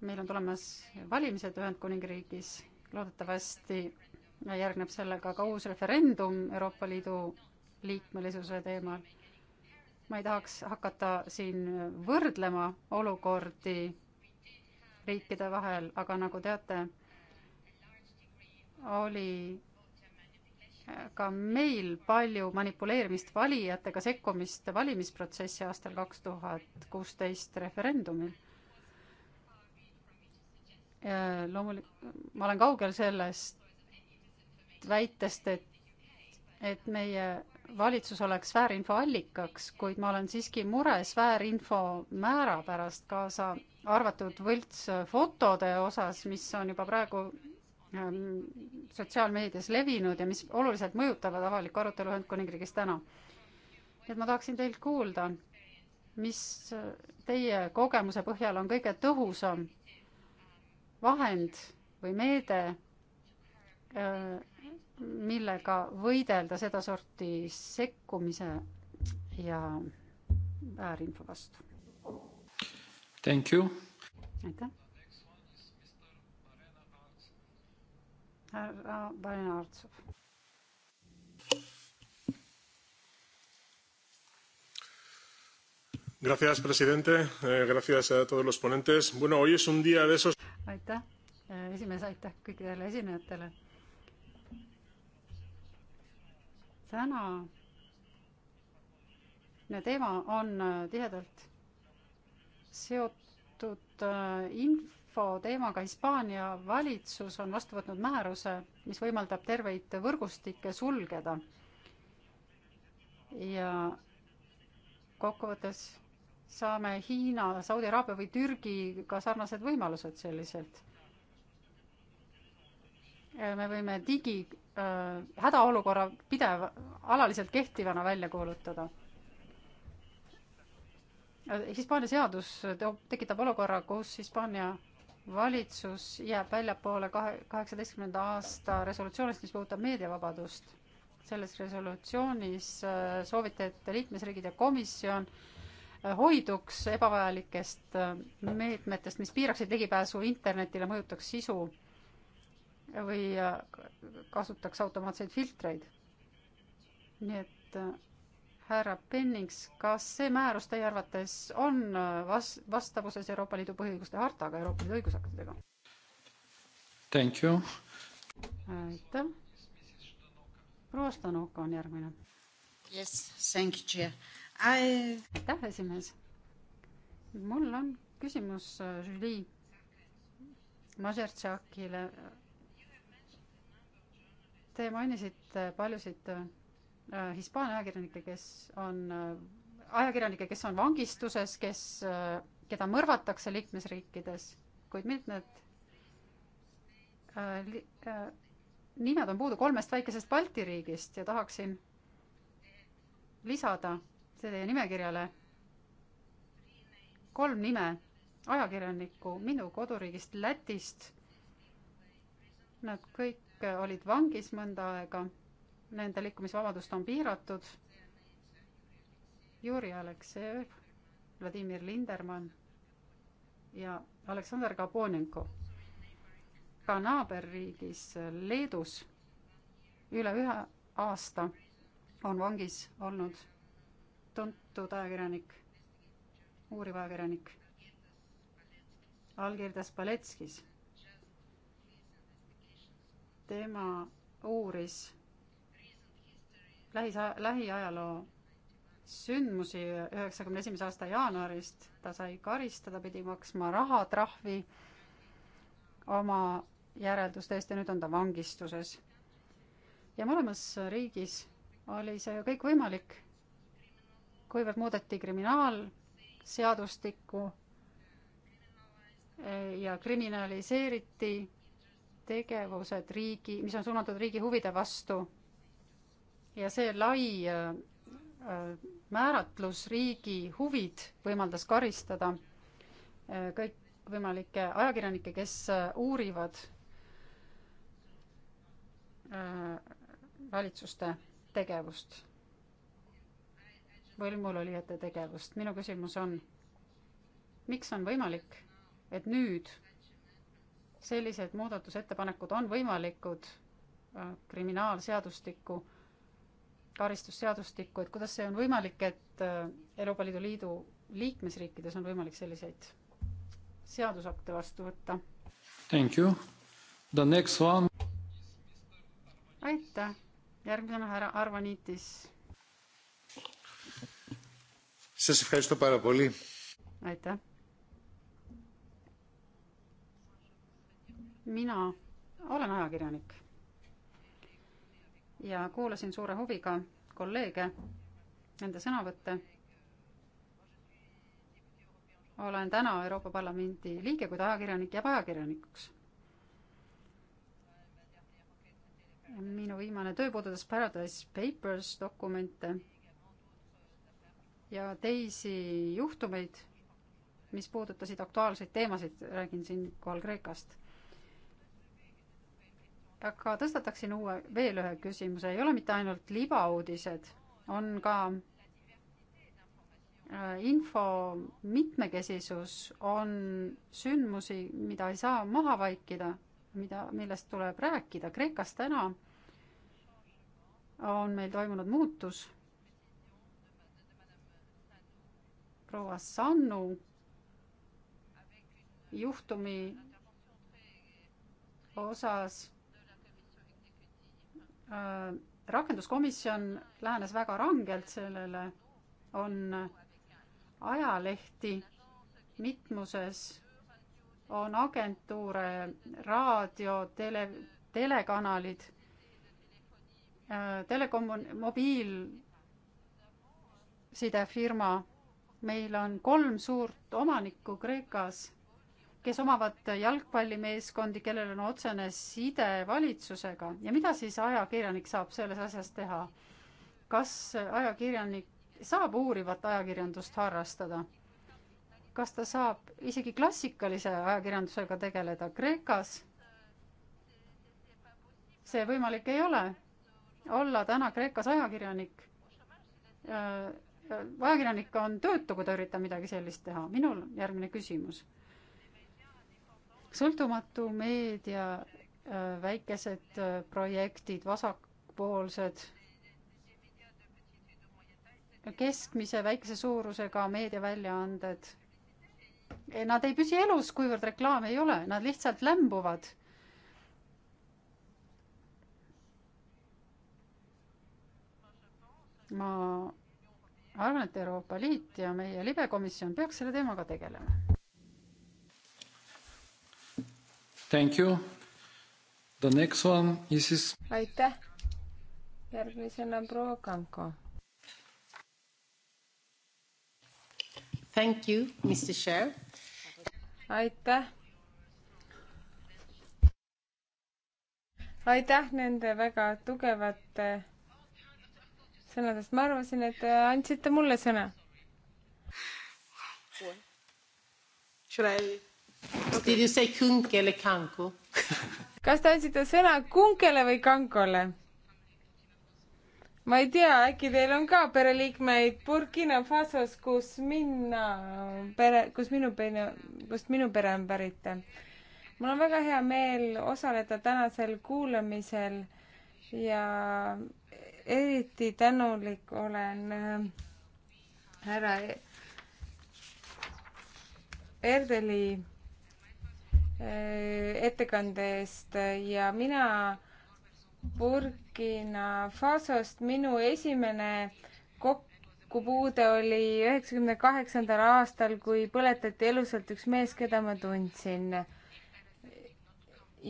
meil on tulemas valimised Ühendkuningriigis, loodetavasti järgneb sellega ka uus referendum Euroopa Liidu liikmelisuse teemal. ma ei tahaks hakata siin võrdlema olukordi riikide vahel, aga nagu teate, oli ka meil palju manipuleerimist valijatega, sekkumist valimisprotsessi aastal kaks tuhat kuusteist referendumil. loomulik-, ma olen kaugel sellest väitest, et, et meie valitsus oleks väärinfo allikaks, kuid ma olen siiski mures väärinfo määra pärast, kaasa arvatud võltsfotode osas, mis on juba praegu Ähm, sotsiaalmeedias levinud ja mis oluliselt mõjutavad avalikku arutelu Ühendkuningriigis täna. nii et ma tahaksin teilt kuulda, mis teie kogemuse põhjal on kõige tõhusam vahend või meede, äh, millega võidelda sedasorti sekkumise ja väärinfo vastu? aitäh! härra Barnartsov. Gracias, presidente. Eh, gracias a todos los ponentes. Bueno, hoy es un día de esos. aitäh, eh, esimees, aitäh kõikidele esinejatele. tänane teema on eh, tihedalt seotud inf-, info teemaga Hispaania valitsus on vastu võtnud määruse, mis võimaldab terveid võrgustikke sulgeda. ja kokkuvõttes saame Hiina, Saudi Araabia või Türgiga sarnased võimalused selliselt. me võime digi äh, hädaolukorra pidev, alaliselt kehtivana välja kuulutada äh, Hispaania seadus tekitab olukorra, kus Hispaania valitsus jääb väljapoole kahe, kaheksateistkümnenda aasta resolutsioonist, mis puudutab meediavabadust. selles resolutsioonis äh, soovite, et liikmesriigid ja komisjon äh, hoiduks ebavajalikest äh, meetmetest, mis piiraksid ligipääsu internetile, mõjutaks sisu või kasutaks automaatseid filtreid. nii et härra Pennings, kas see määrus teie arvates on äh, vas-, vastavuses Euroopa Liidu põhiõiguste hartaga, Euroopa Liidu õigusaktidega? Thank you. aitäh. proua Stanoka on järgmine. Yes, thank you, Chair I.... aitäh, esimees. mul on küsimus äh, Julie Mažertšakile. Te mainisite paljusid äh, Äh, hispaania ajakirjanikke, kes on, äh, ajakirjanikke, kes on vangistuses, kes, äh, keda mõrvatakse liikmesriikides, kuid mitmed li, nimed on puudu kolmest väikesest Balti riigist ja tahaksin lisada see teie nimekirjale kolm nime ajakirjanikku minu koduriigist Lätist. Nad kõik olid vangis mõnda aega nende liikumisvabadust on piiratud. Juri Aleksejev, Vladimir Lindermann ja Aleksandr Kabonenko. ka naaberriigis Leedus üle ühe aasta on vangis olnud tuntud ajakirjanik, uuriv ajakirjanik Algirdas Paletskis. tema uuris lähis, lähiajaloo sündmusi üheksakümne esimese aasta jaanuarist, ta sai karistada, pidi maksma rahatrahvi oma järelduste eest ja nüüd on ta vangistuses. ja mõlemas riigis oli see kõik võimalik, kuivõrd muudeti kriminaalseadustikku ja kriminaliseeriti tegevused riigi, mis on suunatud riigi huvide vastu ja see lai äh, äh, määratlus riigi huvid võimaldas karistada äh, kõikvõimalikke ajakirjanikke, kes uurivad valitsuste tegevust, võimulolijate tegevust. minu küsimus on, miks on võimalik, et nüüd sellised muudatusettepanekud on võimalikud kriminaalseadustiku karistusseadustikku, et kuidas see on võimalik, et äh, Euroopa Liidu Liidu liikmesriikides on võimalik selliseid seadusakte vastu võtta? Thank you. The next one. aitäh, järgmisena härra Arvanitis. aitäh. mina olen ajakirjanik ja kuulasin suure huviga kolleege, nende sõnavõtte. olen täna Euroopa Parlamendi liige, kuid ajakirjanik jääb ajakirjanikuks. minu viimane töö puudutas Paradise Papers dokumente ja teisi juhtumeid, mis puudutasid aktuaalseid teemasid, räägin siinkohal Kreekast aga tõstataksin uue, veel ühe küsimuse, ei ole mitte ainult libauudised, on ka äh, info mitmekesisus, on sündmusi, mida ei saa maha vaikida, mida, millest tuleb rääkida. Kreekas täna on meil toimunud muutus. proua Sannu juhtumi osas Äh, rakenduskomisjon lähenes väga rangelt sellele, on ajalehti mitmuses, on agentuure, raadio, tele, telekanalid, äh, telekom-, mobiilsidefirma, meil on kolm suurt omanikku Kreekas kes omavad jalgpallimeeskondi, kellel on otsene side valitsusega ja mida siis ajakirjanik saab selles asjas teha? kas ajakirjanik saab uurivat ajakirjandust harrastada? kas ta saab isegi klassikalise ajakirjandusega tegeleda Kreekas? see võimalik ei ole, olla täna Kreekas ajakirjanik äh, äh, ajakirjanik on töötu, kui ta üritab midagi sellist teha. minul järgmine küsimus sõltumatu meedia, äh, väikesed äh, projektid, vasakpoolsed, keskmise, väikese suurusega meediaväljaanded. Nad ei püsi elus, kuivõrd reklaami ei ole, nad lihtsalt lämbuvad ma arvan, et Euroopa Liit ja meie libekomisjon peaks selle teemaga tegelema. Thank you. The next one is is... aitäh. järgmisena proua Kanko. Thank you, Mr Chair. aitäh. aitäh nende väga tugevate sõnadest, ma arvasin, et andsite mulle sõna. Should I? Okay. Did you say kunke eller kanko? kas te andsite sõna kunkele või kankole? ma ei tea, äkki teil on ka pereliikmeid Burkina Fasos, kus minna pere, kus minu pere, kust minu pere on pärit. mul on väga hea meel osaleda tänasel kuulamisel ja eriti tänulik olen äh, härra e- Erdeli ettekande eest ja mina Burkina Fasost, minu esimene kokkupuude oli üheksakümne kaheksandal aastal, kui põletati elusalt üks mees, keda ma tundsin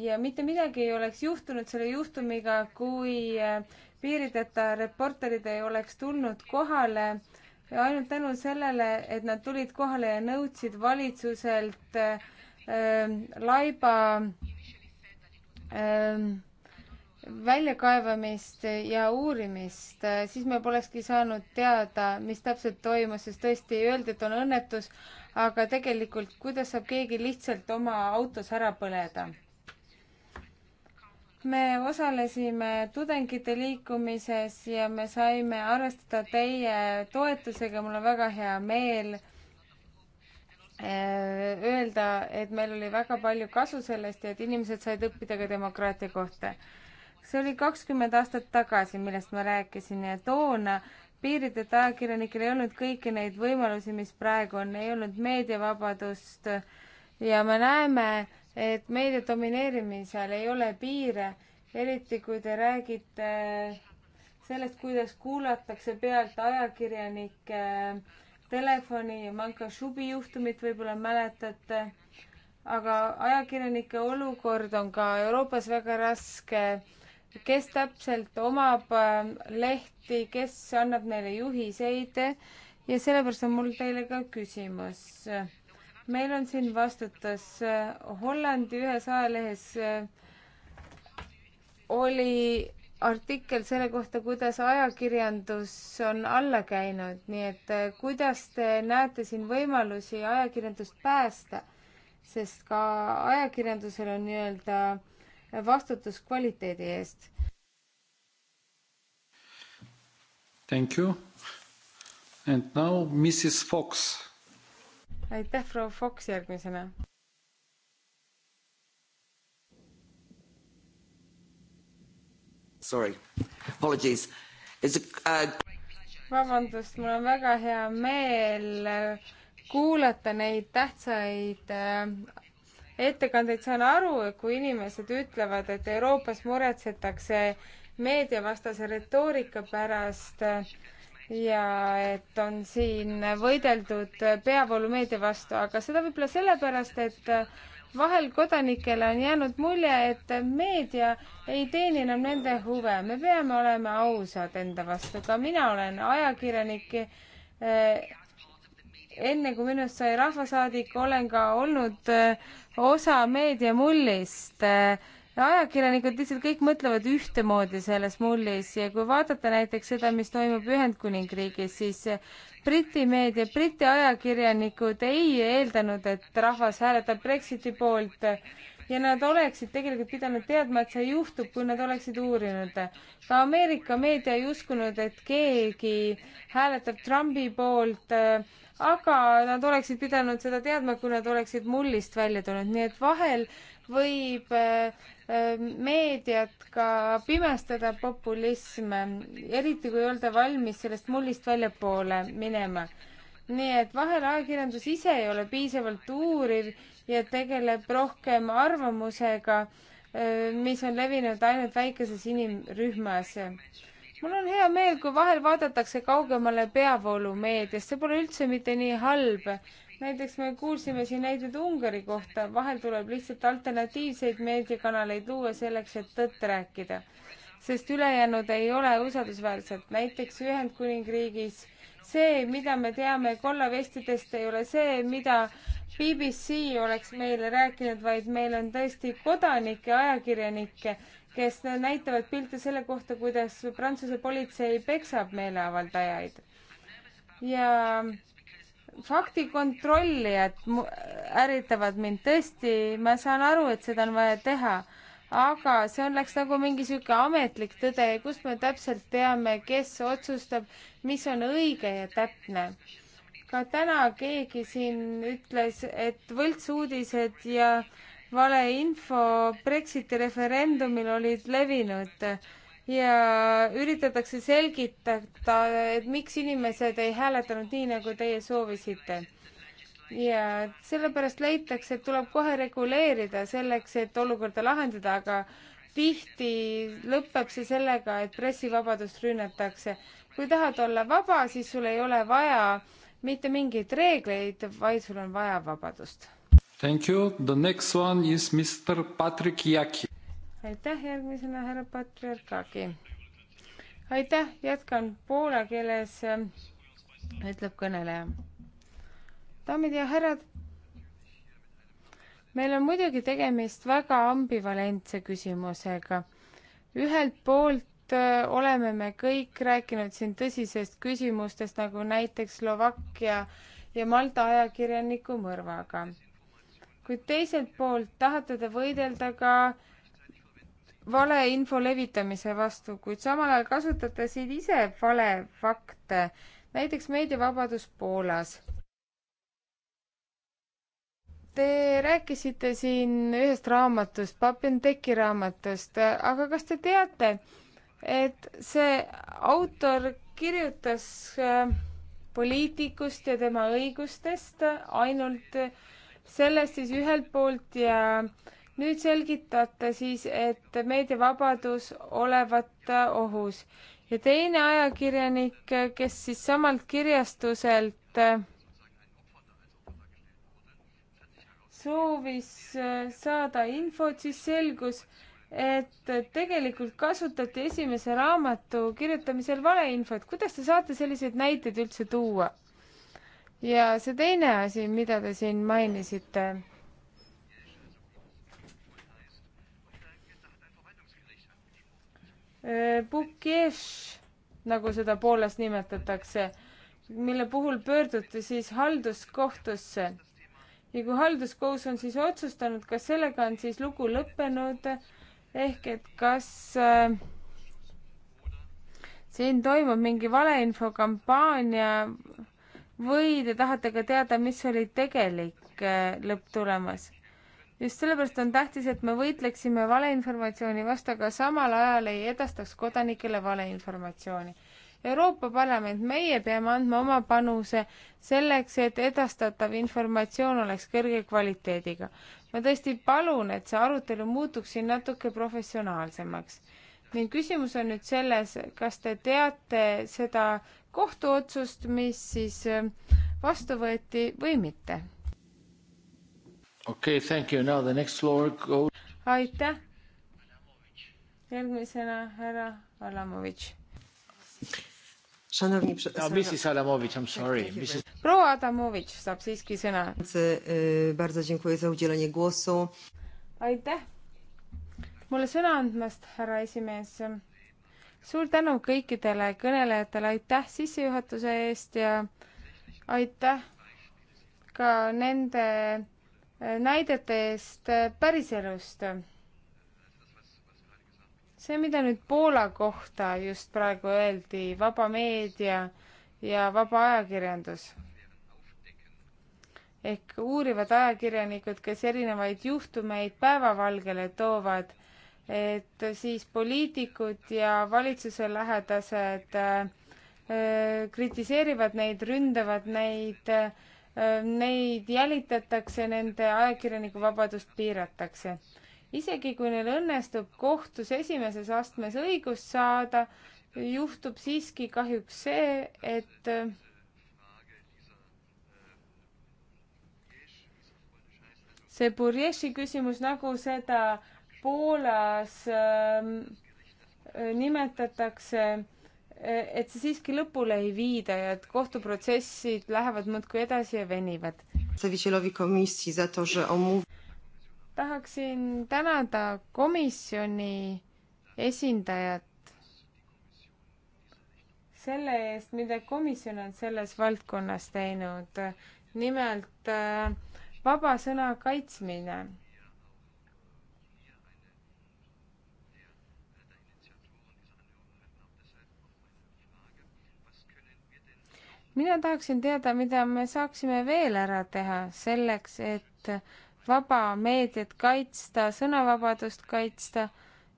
ja mitte midagi ei oleks juhtunud selle juhtumiga, kui äh, piirideta reporterid ei oleks tulnud kohale. ainult tänu sellele, et nad tulid kohale ja nõudsid valitsuselt äh, Ehm, laiba ehm, väljakaevamist ja uurimist, eh, siis me polekski saanud teada, mis täpselt toimus, sest tõesti öeldi, et on õnnetus, aga tegelikult, kuidas saab keegi lihtsalt oma autos ära põleda? me osalesime tudengite liikumises ja me saime arvestada teie toetusega, mul on väga hea meel Äh, öelda, et meil oli väga palju kasu sellest ja et inimesed said õppida ka demokraatia kohta. see oli kakskümmend aastat tagasi, millest ma rääkisin ja toona piirideta ajakirjanikel ei olnud kõiki neid võimalusi, mis praegu on, ei olnud meediavabadust ja me näeme, et meedia domineerimisel ei ole piire, eriti kui te räägite sellest, kuidas kuulatakse pealt ajakirjanike äh, telefoni Manka Šubi juhtumit võib-olla mäletate, aga ajakirjanike olukord on ka Euroopas väga raske. kes täpselt omab äh, lehti, kes annab neile juhiseid ja sellepärast on mul teile ka küsimus. meil on siin vastutus äh, Hollandi ühes ajalehes äh, oli artikkel selle kohta, kuidas ajakirjandus on alla käinud, nii et äh, kuidas te näete siin võimalusi ajakirjandust päästa, sest ka ajakirjandusel on nii-öelda vastutus kvaliteedi eest. Thank you. And now Mrs Fox. aitäh, proua Fox järgmisena Sorry, apologies. It's a uh... vabandust, mul on väga hea meel äh, kuulata neid tähtsaid äh, ettekandeid, saan aru, kui inimesed ütlevad, et Euroopas muretsetakse meediavastase retoorika pärast äh, ja et on siin võideldud peavoolumeedia vastu, aga seda võib-olla sellepärast, et vahel kodanikele on jäänud mulje, et meedia ei teeni enam nende huve. me peame olema ausad enda vastu, ka mina olen ajakirjanik. Eh, enne kui minust sai rahvasaadik, olen ka olnud eh, osa meediamullist eh, ajakirjanikud lihtsalt kõik mõtlevad ühtemoodi selles mullis ja kui vaadata näiteks seda, mis toimub Ühendkuningriigis, siis Briti meedia, Briti ajakirjanikud ei eeldanud, et rahvas hääletab Brexiti poolt ja nad oleksid tegelikult pidanud teadma, et see juhtub, kui nad oleksid uurinud. ka Ameerika meedia ei uskunud, et keegi hääletab Trumpi poolt, aga nad oleksid pidanud seda teadma, kui nad oleksid mullist välja tulnud, nii et vahel võib äh, meediat ka pimestada populism, eriti kui ei olda valmis sellest mullist väljapoole minema. nii et vahel ajakirjandus ise ei ole piisavalt uuriv ja tegeleb rohkem arvamusega, äh, mis on levinud ainult väikeses inimrühmas. mul on hea meel, kui vahel vaadatakse kaugemale peavoolumeediast, see pole üldse mitte nii halb näiteks me kuulsime siin näiteid Ungari kohta, vahel tuleb lihtsalt alternatiivseid meediakanaleid luua selleks, et tõtt rääkida, sest ülejäänud ei ole usaldusväärsed, näiteks Ühendkuningriigis see, mida me teame kollavestidest, ei ole see, mida BBC oleks meile rääkinud, vaid meil on tõesti kodanikke, ajakirjanikke, kes näitavad pilte selle kohta, kuidas Prantsuse politsei peksab meeleavaldajaid. ja faktikontrollijad ärritavad mind tõesti, ma saan aru, et seda on vaja teha, aga see oleks nagu mingi sihuke ametlik tõde, kust me täpselt teame, kes otsustab, mis on õige ja täpne. ka täna keegi siin ütles, et võltsuudised ja valeinfo Brexiti referendumil olid levinud ja üritatakse selgitada, et miks inimesed ei hääletanud nii, nagu teie soovisite. ja sellepärast leitakse, et tuleb kohe reguleerida selleks, et olukorda lahendada, aga tihti lõpeb see sellega, et pressivabadust rünnatakse. kui tahad olla vaba, siis sul ei ole vaja mitte mingeid reegleid, vaid sul on vaja vabadust. Thank you, the next one is Mr Patrick Jaki aitäh, järgmisena härra Patriarkagi. aitäh, jätkan poola keeles, ütleb kõneleja. daamid ja härrad, meil on muidugi tegemist väga ambivalentse küsimusega. ühelt poolt äh, oleme me kõik rääkinud siin tõsisest küsimustest, nagu näiteks Slovakkia ja Malta ajakirjaniku mõrvaga. kuid teiselt poolt tahate te võidelda ka valeinfo levitamise vastu, kuid samal ajal kasutate siin ise valefakte, näiteks meediavabadus Poolas. Te rääkisite siin ühest raamatust, Papendeki raamatust, aga kas te teate, et see autor kirjutas äh, poliitikust ja tema õigustest ainult sellest siis ühelt poolt ja äh, nüüd selgitate siis, et meediavabadus olevat äh, ohus ja teine ajakirjanik, äh, kes siis samalt kirjastuselt äh, soovis saada infot, siis selgus, et tegelikult kasutati esimese raamatu kirjutamisel valeinfot. kuidas te saate selliseid näiteid üldse tuua? ja see teine asi, mida te siin mainisite Äh, Bukeš, nagu seda Poolas nimetatakse, mille puhul pöörduti siis halduskohtusse. ja kui halduskohus on siis otsustanud, kas sellega on siis lugu lõppenud ehk et kas äh, siin toimub mingi valeinfokampaania või te tahate ka teada, mis oli tegelik äh, lõpptulemus? just sellepärast on tähtis, et me võitleksime valeinformatsiooni vastu, aga samal ajal ei edastaks kodanikele valeinformatsiooni. Euroopa Parlament, meie peame andma oma panuse selleks, et edastatav informatsioon oleks kõrge kvaliteediga. ma tõesti palun, et see arutelu muutuks siin natuke professionaalsemaks. ning küsimus on nüüd selles, kas te teate seda kohtuotsust, mis siis vastu võeti või mitte okei okay,, thank you, now the next floor go. aitäh. järgmisena härra Alamovitš. Šanovni no,. Mrs Alamovitš, I m sorry. proua Adamovitš saab siiski sõna. E, aitäh mulle sõna andmast, härra esimees. suur tänu kõikidele kõnelejatele, aitäh sissejuhatuse eest ja aitäh ka nende näidete eest päriselust. see, mida nüüd Poola kohta just praegu öeldi, vaba meedia ja vaba ajakirjandus. ehk uurivad ajakirjanikud, kes erinevaid juhtumeid päevavalgele toovad, et siis poliitikud ja valitsuse lähedased äh, kritiseerivad neid, ründavad neid äh, neid jälitatakse, nende ajakirjanikuvabadust piiratakse. isegi kui neil õnnestub kohtus esimeses astmes õigust saada, juhtub siiski kahjuks see, et see Burješi küsimus, nagu seda Poolas äh, nimetatakse, et see siiski lõpule ei viida ja et kohtuprotsessid lähevad muudkui edasi ja venivad. tahaksin tänada komisjoni esindajat selle eest, mida komisjon on selles valdkonnas teinud, nimelt äh, vaba sõna kaitsmine mina tahaksin teada, mida me saaksime veel ära teha selleks, et vaba meediat kaitsta, sõnavabadust kaitsta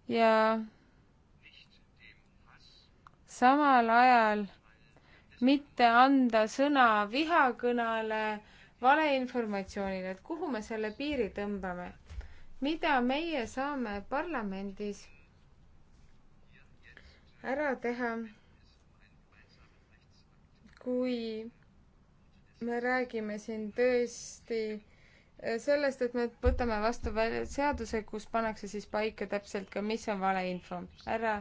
ja samal ajal mitte anda sõna vihakõnale, valeinformatsioonile, et kuhu me selle piiri tõmbame. mida meie saame parlamendis ära teha kui me räägime siin tõesti eh, sellest, et me võtame vastu seaduse, kus pannakse siis paika täpselt ka, mis on valeinfo. härra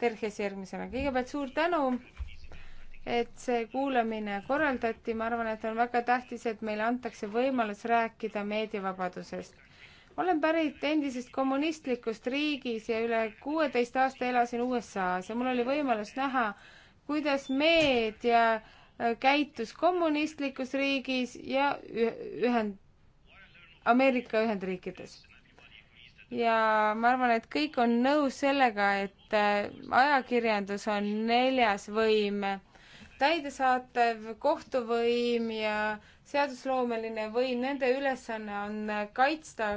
Terhes järgmisena, kõigepealt suur tänu, et see kuulamine korraldati, ma arvan, et on väga tähtis, et meile antakse võimalus rääkida meediavabadusest. olen pärit endisest kommunistlikust riigis ja üle kuueteist aasta elasin USA-s ja mul oli võimalus näha, kuidas meedia äh, käitus kommunistlikus riigis ja ühend-, Ameerika Ühendriikides. ja ma arvan, et kõik on nõus sellega, et äh, ajakirjandus on neljas võim, täidesaatev, kohtuvõim ja seadusloomeline võim, nende ülesanne on äh, kaitsta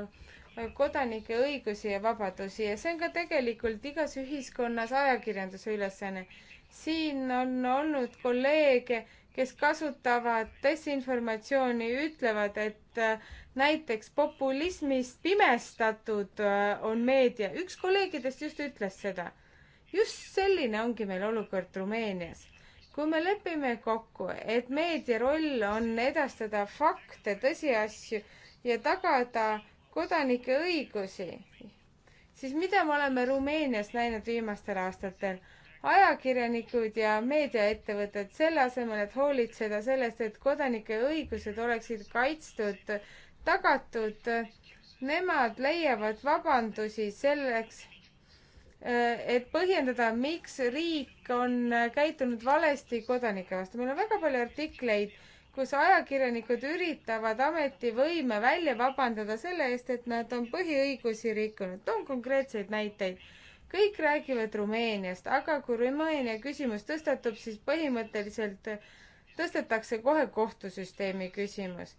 kodanike õigusi ja vabadusi ja see on ka tegelikult igas ühiskonnas ajakirjanduse ülesanne siin on olnud kolleege, kes kasutavad desinformatsiooni, ütlevad, et äh, näiteks populismist pimestatud äh, on meedia. üks kolleegidest just ütles seda. just selline ongi meil olukord Rumeenias. kui me lepime kokku, et meedia roll on edastada fakte, tõsiasju ja tagada kodanike õigusi, siis mida me oleme Rumeenias näinud viimastel aastatel? ajakirjanikud ja meediaettevõtted, selle asemel, et hoolitseda sellest, et kodanike õigused oleksid kaitstud, tagatud, nemad leiavad vabandusi selleks, eh, et põhjendada, miks riik on käitunud valesti kodanike vastu. meil on väga palju artikleid, kus ajakirjanikud üritavad ametivõime välja vabandada selle eest, et nad on põhiõigusi rikkunud. toon konkreetseid näiteid kõik räägivad Rumeeniast, aga kui Rumeenia küsimus tõstatub, siis põhimõtteliselt tõstetakse kohe kohtusüsteemi küsimus.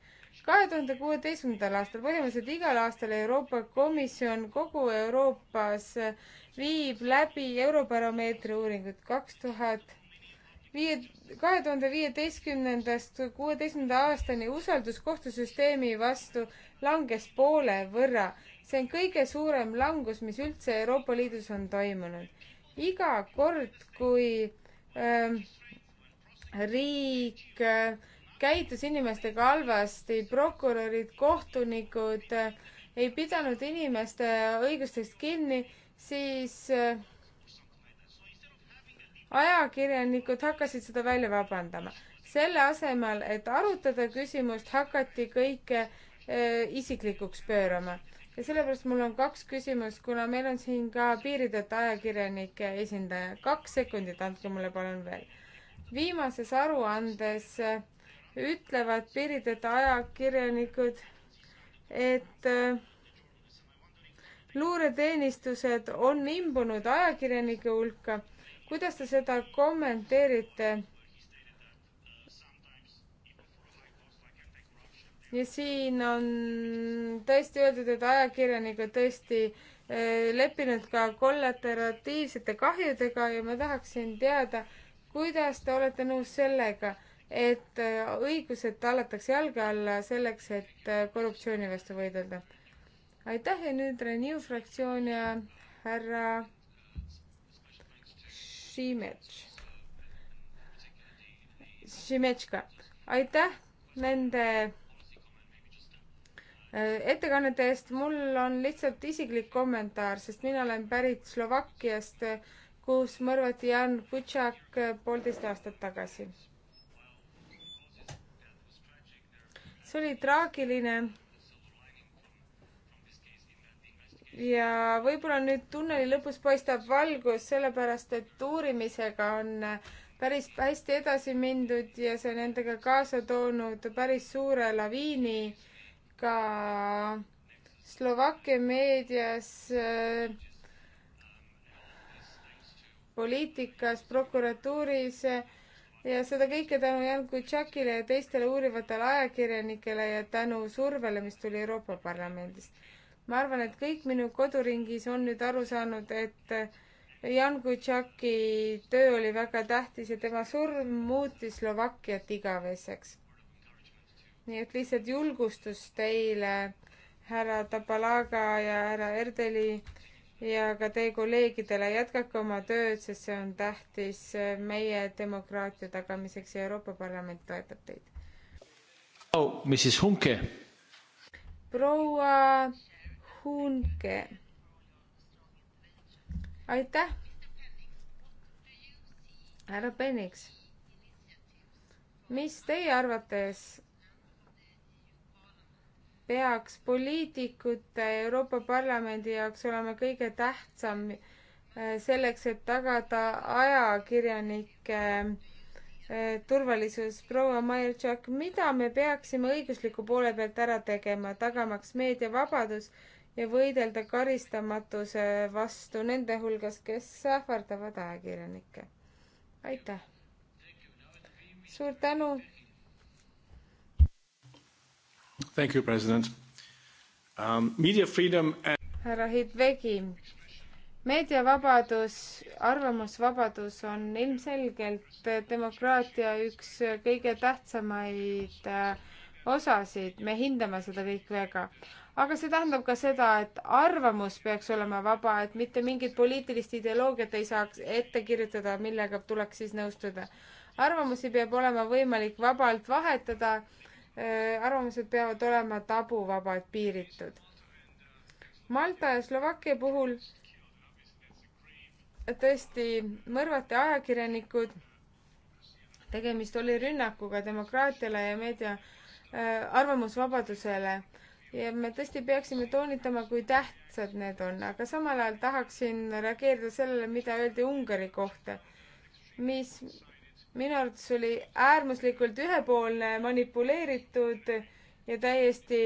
kahe tuhande kuueteistkümnendal aastal, põhimõtteliselt igal aastal Euroopa Komisjon kogu Euroopas viib läbi Eurobaromeetri uuringut kaks tuhat viie, kahe tuhande viieteistkümnendast kuueteistkümnenda aastani usaldus kohtusüsteemi vastu langes poole võrra see on kõige suurem langus, mis üldse Euroopa Liidus on toimunud. iga kord, kui äh, riik äh, käitus inimestega halvasti, prokurörid, kohtunikud äh, ei pidanud inimeste õigustest kinni, siis äh, ajakirjanikud hakkasid seda välja vabandama. selle asemel, et arutada küsimust, hakati kõike äh, isiklikuks pöörama ja sellepärast mul on kaks küsimust, kuna meil on siin ka piirideta ajakirjanike esindaja. kaks sekundit andke mulle palun veel. viimases aruandes ütlevad piirideta ajakirjanikud, et äh, luureteenistused on imbunud ajakirjanike hulka. kuidas te seda kommenteerite? ja siin on tõesti öeldud, et ajakirjanikud tõesti eh, leppinud ka kollateratiivsete kahjudega ja ma tahaksin teada, kuidas te olete nõus sellega, et eh, õigused tallatakse jalge alla selleks, et eh, korruptsiooni vastu võidelda. aitäh ja nüüd Renew fraktsioon ja härra Šimetš. Šimetška, aitäh nende ettekannete eest, mul on lihtsalt isiklik kommentaar, sest mina olen pärit Slovakkiast, kus mõrvati Jan Butšak poolteist aastat tagasi. see oli traagiline. ja võib-olla nüüd tunneli lõpus paistab valgus, sellepärast et uurimisega on päris hästi edasi mindud ja see on endaga kaasa toonud päris suure laviini äh, ka Slovakkia meedias, äh, poliitikas, prokuratuuris äh, ja seda kõike tänu Jan Kutšakile ja teistele uurivatele ajakirjanikele ja tänu survele, mis tuli Euroopa Parlamendist. ma arvan, et kõik minu koduringis on nüüd aru saanud, et äh, Jan Kutšaki töö oli väga tähtis ja tema surm muutis Slovakkiat igaveseks nii et lihtsalt julgustus teile, härra Tapalaga ja härra Erdeli ja ka teie kolleegidele, jätkake oma tööd, sest see on tähtis meie demokraatia tagamiseks ja Euroopa Parlament toetab teid oh,. Mrs Hunke. proua Hunke. aitäh. härra Peniks, mis teie arvates peaks poliitikute Euroopa Parlamendi jaoks olema kõige tähtsam äh, selleks, et tagada ajakirjanike äh, turvalisus. proua Majertšak, mida me peaksime õigusliku poole pealt ära tegema, tagamaks meediavabadus ja võidelda karistamatuse vastu nende hulgas, kes ähvardavad ajakirjanikke? aitäh! suur tänu! Thank you, president um,. Media freedom and.... härra Hidvegi, meediavabadus, arvamusvabadus on ilmselgelt demokraatia üks kõige tähtsamaid äh, osasid, me hindame seda kõik väga. aga see tähendab ka seda, et arvamus peaks olema vaba, et mitte mingit poliitilist ideoloogiat ei saaks ette kirjutada, millega tuleks siis nõustuda. arvamusi peab olema võimalik vabalt vahetada Äh, arvamused peavad olema tabuvabad, piiritud. Malta ja Slovakkia puhul tõesti mõrvati ajakirjanikud, tegemist oli rünnakuga demokraatiale ja meedia äh, arvamusvabadusele ja me tõesti peaksime toonitama, kui tähtsad need on, aga samal ajal tahaksin reageerida sellele, mida öeldi Ungari kohta, mis minu arvates oli äärmuslikult ühepoolne, manipuleeritud ja täiesti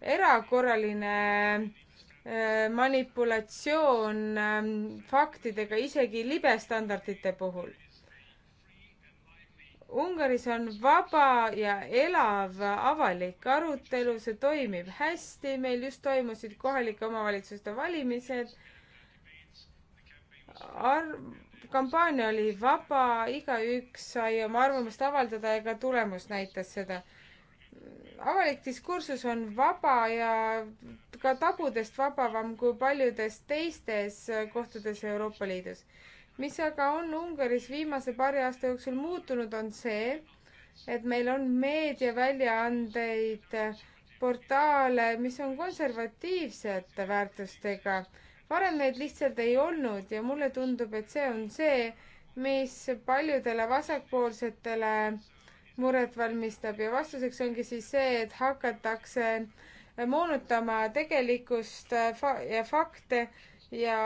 erakorraline äh, manipulatsioon ähm, faktidega isegi libestandardite puhul. Ungaris on vaba ja elav avalik arutelu, see toimib hästi, meil just toimusid kohalike omavalitsuste valimised Ar. arv kampaania oli vaba, igaüks sai oma arvamust avaldada ja ka tulemus näitas seda. avalik diskursus on vaba ja ka tabudest vabavam kui paljudes teistes kohtades Euroopa Liidus. mis aga on Ungaris viimase paari aasta jooksul muutunud, on see, et meil on meediaväljaandeid, portaale, mis on konservatiivsete väärtustega varem neid lihtsalt ei olnud ja mulle tundub, et see on see, mis paljudele vasakpoolsetele muret valmistab ja vastuseks ongi siis see, et hakatakse moonutama tegelikkust äh, fa ja fakte ja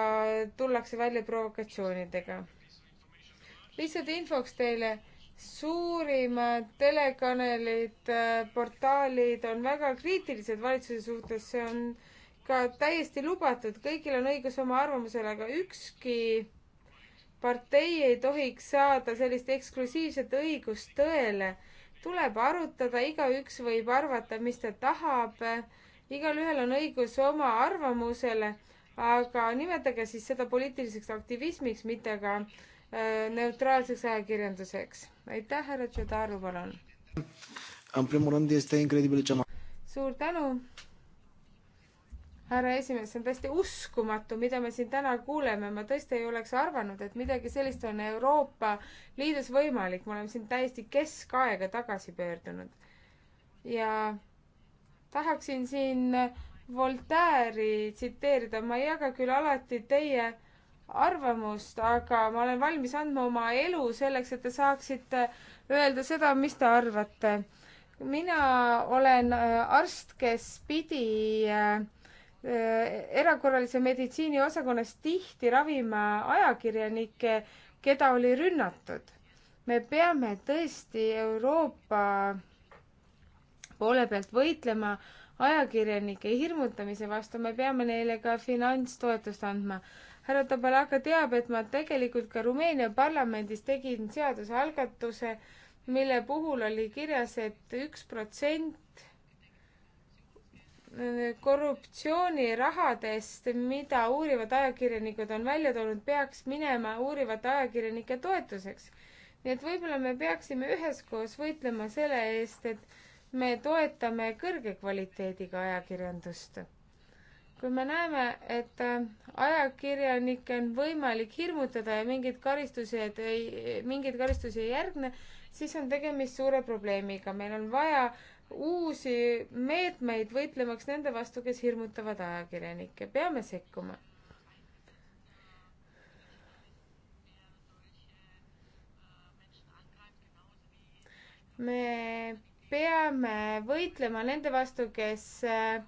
tullakse välja provokatsioonidega. lihtsalt infoks teile, suurimad telekanalid, äh, portaalid on väga kriitilised valitsuse suhtes, see on äh, ka täiesti lubatud, kõigil on õigus oma arvamusele, aga ükski partei ei tohiks saada sellist eksklusiivset õigust tõele. tuleb arutada, igaüks võib arvata, mis ta tahab. igalühel on õigus oma arvamusele, aga nimetage siis seda poliitiliseks aktivismiks, mitte aga äh, neutraalseks ajakirjanduseks. aitäh, härra Tšetaru, palun. suur tänu härra esimees, see on täiesti uskumatu, mida me siin täna kuuleme, ma tõesti ei oleks arvanud, et midagi sellist on Euroopa Liidus võimalik, me oleme siin täiesti keskaega tagasi pöördunud. ja tahaksin siin Voltaire'i tsiteerida, ma ei jaga küll alati teie arvamust, aga ma olen valmis andma oma elu selleks, et te saaksite öelda seda, mis te arvate. mina olen arst, kes pidi äh, Äh, erakorralise meditsiini osakonnas tihti ravima ajakirjanikke, keda oli rünnatud. me peame tõesti Euroopa poole pealt võitlema ajakirjanike hirmutamise vastu, me peame neile ka finantstoetust andma. härra Tabalaka teab, et ma tegelikult ka Rumeenia parlamendis tegin seadusealgatuse, mille puhul oli kirjas et, et üks protsent korruptsioonirahadest, mida uurivad ajakirjanikud on välja toonud, peaks minema uurivate ajakirjanike toetuseks. nii et võib-olla me peaksime üheskoos võitlema selle eest, et me toetame kõrge kvaliteediga ajakirjandust. kui me näeme, et ajakirjanikke on võimalik hirmutada ja mingeid karistusi, et ei, mingeid karistusi ei järgne, siis on tegemist suure probleemiga. meil on vaja äh, uusi meetmeid võitlemaks nende vastu, kes hirmutavad ajakirjanikke. peame sekkuma. me peame võitlema nende vastu, kes äh,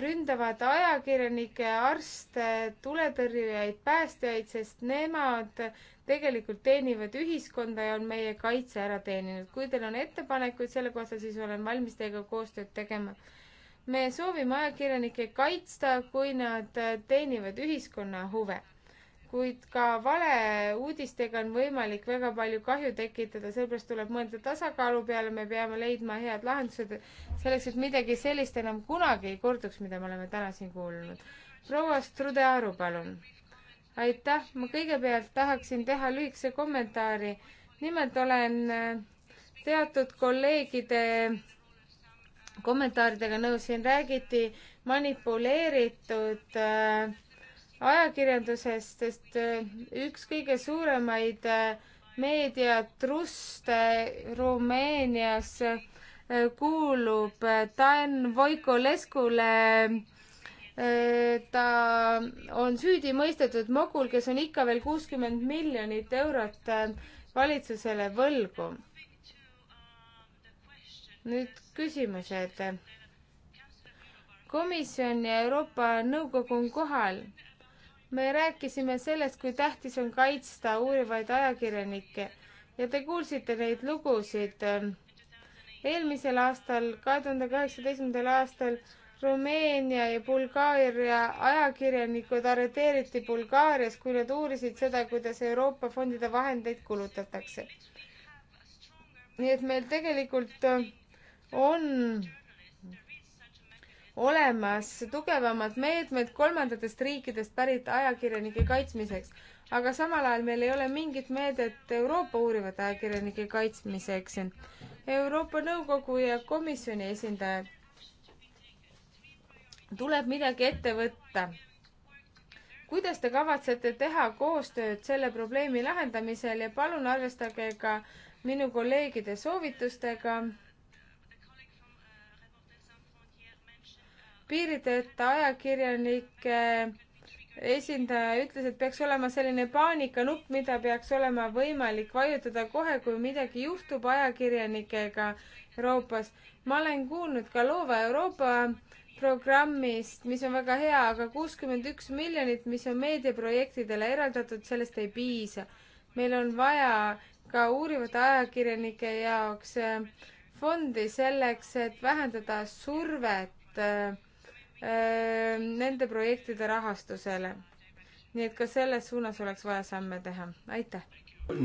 ründavad ajakirjanikke, arste, tuletõrjujaid, päästjaid, sest nemad tegelikult teenivad ühiskonda ja on meie kaitse ära teeninud. kui teil on ettepanekuid selle kohta, siis olen valmis teiega koostööd tegema. me soovime ajakirjanikke kaitsta, kui nad teenivad ühiskonna huve kuid ka valeuudistega on võimalik väga palju kahju tekitada, sellepärast tuleb mõelda tasakaalu peale, me peame leidma head lahendused selleks, et midagi sellist enam kunagi ei korduks, mida me oleme täna siin kuulnud. proua Strude-Aru, palun. aitäh, ma kõigepealt tahaksin teha lühikese kommentaari. nimelt olen äh, teatud kolleegide kommentaaridega nõus, siin räägiti manipuleeritud äh, ajakirjandusest, sest äh, üks kõige suuremaid äh, meediatruste Rumeenias äh, kuulub Dan Voikoleskule. ta on süüdi mõistetud mogul, kes on ikka veel kuuskümmend miljonit eurot valitsusele võlgu. nüüd küsimused komisjon ja Euroopa Nõukogu on kohal me rääkisime sellest, kui tähtis on kaitsta uurivaid ajakirjanikke ja te kuulsite neid lugusid. eelmisel aastal, kahe tuhande kaheksateistkümnendal aastal Rumeenia ja Bulgaaria ajakirjanikud arreteeriti Bulgaarias, kui nad uurisid seda, kuidas Euroopa fondide vahendeid kulutatakse. nii et meil tegelikult on olemas tugevamad meetmed kolmandatest riikidest pärit ajakirjanike kaitsmiseks, aga samal ajal meil ei ole mingit meedet Euroopa uurivate ajakirjanike kaitsmiseks. Euroopa Nõukogu ja komisjoni esindajad, tuleb midagi ette võtta. kuidas te kavatsete teha koostööd selle probleemi lahendamisel ja palun arvestage ka minu kolleegide soovitustega piirideta ajakirjanike esindaja ütles, et peaks olema selline paanikanupp, mida peaks olema võimalik vajutada kohe, kui midagi juhtub ajakirjanikega Euroopas. ma olen kuulnud ka Loova Euroopa programmist, mis on väga hea, aga kuuskümmend üks miljonit, mis on meediaprojektidele eraldatud, sellest ei piisa. meil on vaja ka uurivate ajakirjanike jaoks äh, fondi selleks, et vähendada survet äh, nende projektide rahastusele. nii et ka selles suunas oleks vaja samme teha. aitäh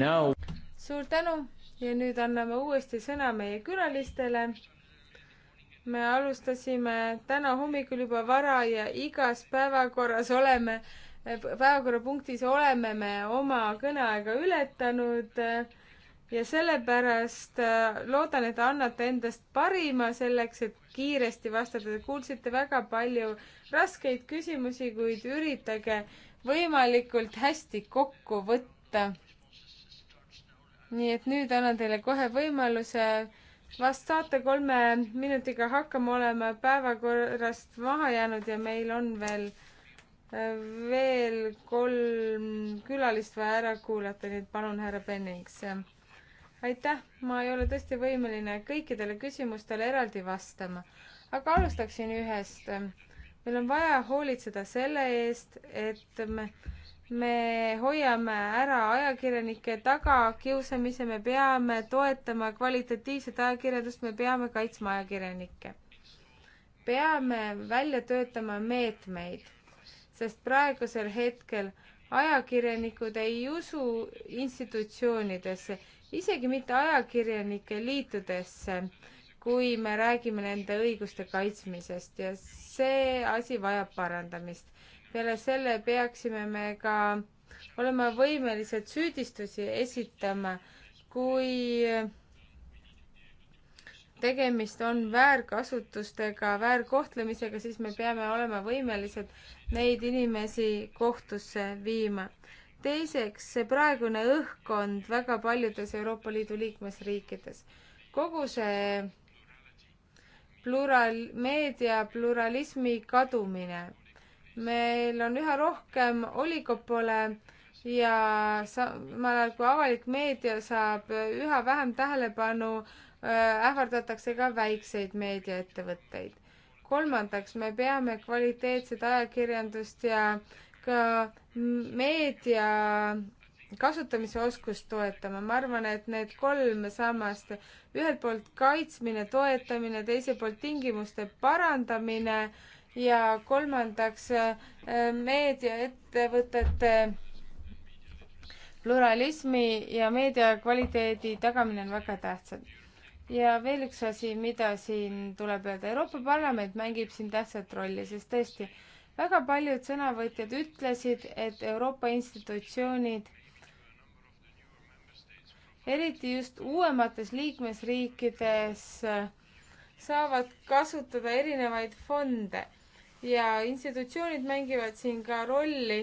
no.! suur tänu ja nüüd anname uuesti sõna meie külalistele. me alustasime täna hommikul juba vara ja igas päevakorras oleme, päevakorrapunktis oleme me oma kõneaega ületanud ja sellepärast äh, loodan, et annate endast parima selleks, et kiiresti vastada. Te kuulsite väga palju raskeid küsimusi, kuid üritage võimalikult hästi kokku võtta. nii et nüüd annan teile kohe võimaluse vast saate kolme minutiga hakkama olema päevakorrast maha jäänud ja meil on veel äh, veel kolm külalist vaja ära kuulata, nii et palun, härra Pennings aitäh, ma ei ole tõesti võimeline kõikidele küsimustele eraldi vastama, aga alustaksin ühest. meil on vaja hoolitseda selle eest, et me, me hoiame ära ajakirjanike tagakiusamise, me peame toetama kvalitatiivset ajakirjandust, me peame kaitsma ajakirjanikke. peame välja töötama meetmeid, sest praegusel hetkel ajakirjanikud ei usu institutsioonidesse isegi mitte ajakirjanike liitudesse, kui me räägime nende õiguste kaitsmisest ja see asi vajab parandamist. peale selle peaksime me ka olema võimelised süüdistusi esitama, kui tegemist on väärkasutustega, väärkohtlemisega, siis me peame olema võimelised neid inimesi kohtusse viima teiseks, see praegune õhkkond väga paljudes Euroopa Liidu liikmesriikides, kogu see plural, meedia pluralismi kadumine. meil on üha rohkem oligopole ja samal ajal kui avalik meedia saab üha vähem tähelepanu, äh, ähvardatakse ka väikseid meediaettevõtteid. kolmandaks, me peame kvaliteetset ajakirjandust ja äh, ka meedia kasutamise oskust toetama, ma arvan, et need kolm sammast, ühelt poolt kaitsmine, toetamine, teiselt poolt tingimuste parandamine ja kolmandaks äh, meediaettevõtete pluralismi ja meedia kvaliteedi tagamine on väga tähtsad. ja veel üks asi, mida siin tuleb öelda, Euroopa Parlament mängib siin tähtsat rolli, sest tõesti, väga paljud sõnavõtjad ütlesid, et Euroopa institutsioonid, eriti just uuemates liikmesriikides, saavad kasutada erinevaid fonde ja institutsioonid mängivad siin ka rolli,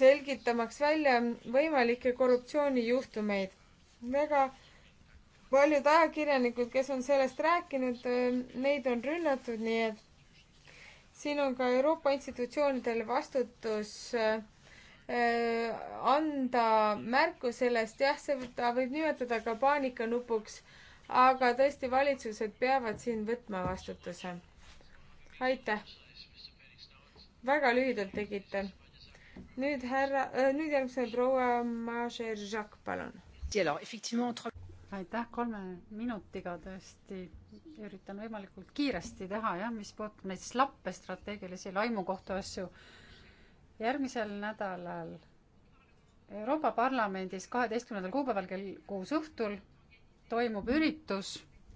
selgitamaks välja võimalikke korruptsioonijuhtumeid. väga paljud ajakirjanikud, kes on sellest rääkinud, neid on rünnatud, nii et siin on ka Euroopa institutsioonidel vastutus äh, anda märku sellest, jah, seda võib nimetada ka paanikanupuks, aga tõesti, valitsused peavad siin võtma vastutuse. aitäh. väga lühidalt tegite. nüüd härra, äh, nüüd järgmisena proua Mažer Žak, palun aitäh kolme minutiga tõesti, üritan võimalikult kiiresti teha jah, mis puudutab neid slappe strateegilisi laimukohtu asju. järgmisel nädalal Euroopa Parlamendis kaheteistkümnendal kuupäeval kell kuus õhtul toimub üritus,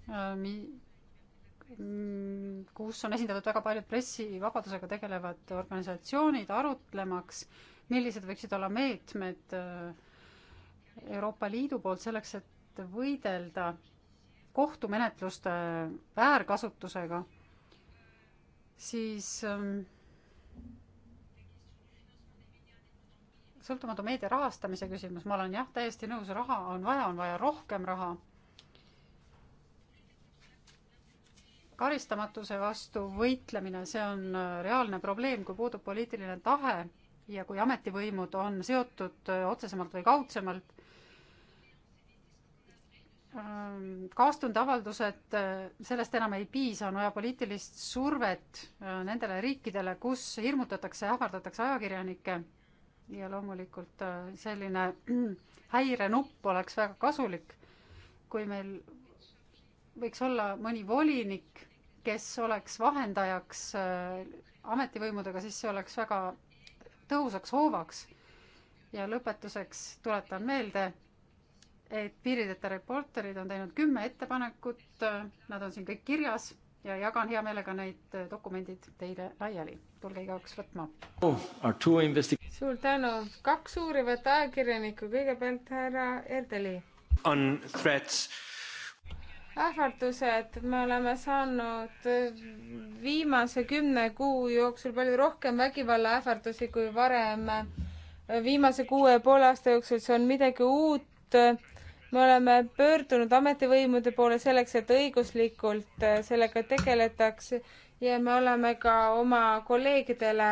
äh, mm, kus on esindatud väga paljud pressivabadusega tegelevad organisatsioonid, arutlemaks, millised võiksid olla meetmed äh, Euroopa Liidu poolt selleks, et et võidelda kohtumenetluste väärkasutusega, siis ähm, sõltumatu meedia rahastamise küsimus, ma olen jah, täiesti nõus, raha on vaja, on vaja rohkem raha. karistamatuse vastu võitlemine, see on äh, reaalne probleem, kui puudub poliitiline tahe ja kui ametivõimud on seotud äh, otsesemalt või kaudsemalt Äh, kaastunud avaldused, äh, sellest enam ei piisa, on vaja poliitilist survet äh, nendele riikidele, kus hirmutatakse, ähvardatakse ajakirjanikke ja loomulikult selline häirenupp oleks väga kasulik, kui meil võiks olla mõni volinik, kes oleks vahendajaks ametivõimudega, siis see oleks väga tõhusaks hoovaks. ja lõpetuseks tuletan meelde, et piirideta reporterid on teinud kümme ettepanekut, nad on siin kõik kirjas ja jagan hea meelega need dokumendid teile laiali. tulge igaüks võtma oh,. suur tänu, kaks uurivat ajakirjanikku, kõigepealt härra Erdeli. on threats ähvardused, me oleme saanud viimase kümne kuu jooksul palju rohkem vägivallaähvardusi kui varem. viimase kuue ja poole aasta jooksul, see on midagi uut me oleme pöördunud ametivõimude poole selleks, et õiguslikult äh, sellega tegeletaks ja me oleme ka oma kolleegidele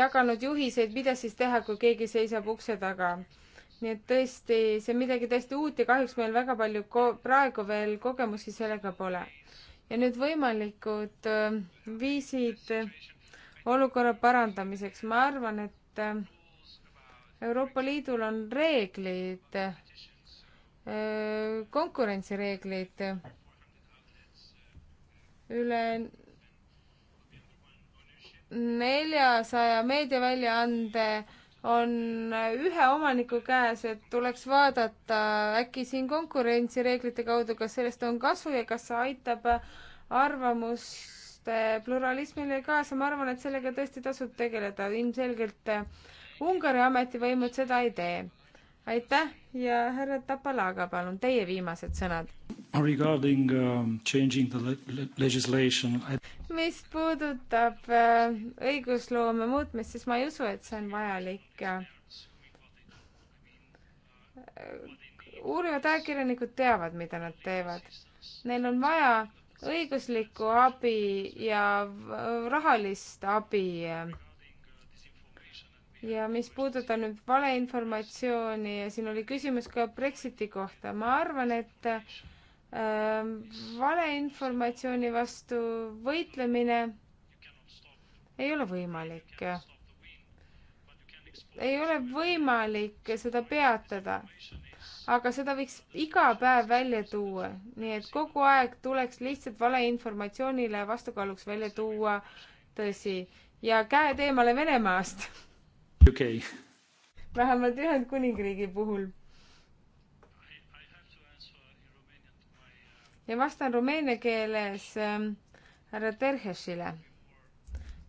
jaganud juhiseid, mida siis teha, kui keegi seisab ukse taga. nii et tõesti, see on midagi täiesti uut ja kahjuks meil väga palju ko-, praegu veel kogemusi sellega pole. ja nüüd võimalikud äh, viisid olukorra parandamiseks, ma arvan, et äh, Euroopa Liidul on reeglid konkurentsireeglid üle neljasaja meediaväljaande on ühe omaniku käes, et tuleks vaadata, äkki siin konkurentsireeglite kaudu, kas sellest on kasu ja kas see aitab arvamuste pluralismile kaasa, ma arvan, et sellega tõesti tasub tegeleda, ilmselgelt Ungari ametivõimud seda ei tee aitäh ja härra Tapalaga, palun, teie viimased sõnad. Regarding um, changing the le legislation I.... mis puudutab äh, õigusloome muutmist, siis ma ei usu, et see on vajalik äh,. äh uurivad ajakirjanikud teavad, mida nad teevad. Neil on vaja õiguslikku abi ja rahalist abi äh, ja mis puudutab nüüd valeinformatsiooni ja siin oli küsimus ka Brexiti kohta, ma arvan, et äh, valeinformatsiooni vastu võitlemine ei ole võimalik. ei ole võimalik seda peatada, aga seda võiks iga päev välja tuua, nii et kogu aeg tuleks lihtsalt valeinformatsioonile vastukaaluks välja tuua tõsi ja käed eemale Venemaast okay.. vähemalt Ühendkuningriigi puhul. ja vastan rumeenia keeles ähm, härra Terhesile.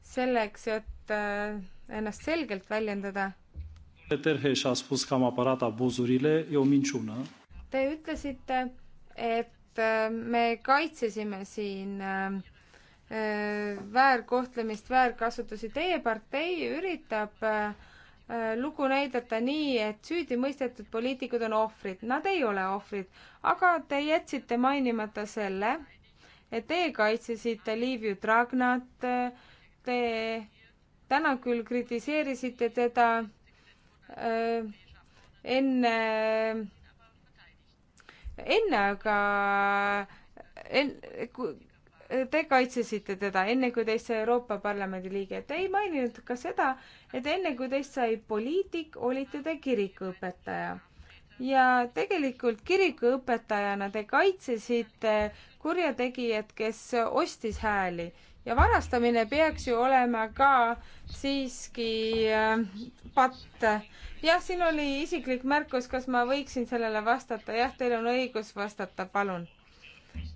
selleks, et äh, ennast selgelt väljendada. Terhes a spus că am apărat abuzurile, e o minciună. Te ütlesite, et äh, me kaitsesime siin äh, Äh, väärkohtlemist, väärkasutusi. Teie partei üritab äh, lugu näidata nii, et süüdi mõistetud poliitikud on ohvrid. Nad ei ole ohvrid, aga te jätsite mainimata selle, et teie kaitsesite Liiviu Dragnat, te täna küll kritiseerisite teda äh, enne, enne aga en, te kaitsesite teda, enne kui teist sai Euroopa Parlamendi liige. Te ei maininud ka seda, et enne kui teist sai poliitik, olite te kirikuõpetaja. ja tegelikult kirikuõpetajana te kaitsesite kurjategijat, kes ostis hääli ja varastamine peaks ju olema ka siiski äh, patt. jah, siin oli isiklik märkus, kas ma võiksin sellele vastata, jah, teil on õigus vastata, palun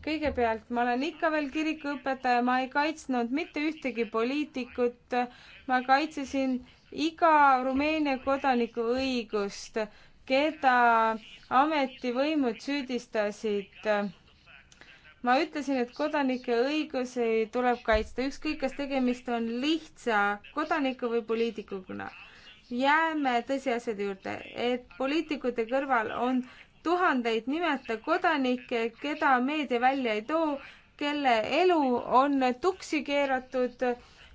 kõigepealt, ma olen ikka veel kirikuõpetaja, ma ei kaitsnud mitte ühtegi poliitikut, ma kaitsesin iga Rumeenia kodaniku õigust, keda ametivõimud süüdistasid. ma ütlesin, et kodanike õigusi tuleb kaitsta, ükskõik, kas tegemist on lihtsa kodaniku või poliitikuna jääme tõsiasjade juurde, et poliitikute kõrval on tuhandeid nimeta kodanikke, keda meedia välja ei too, kelle elu on tuksi keeratud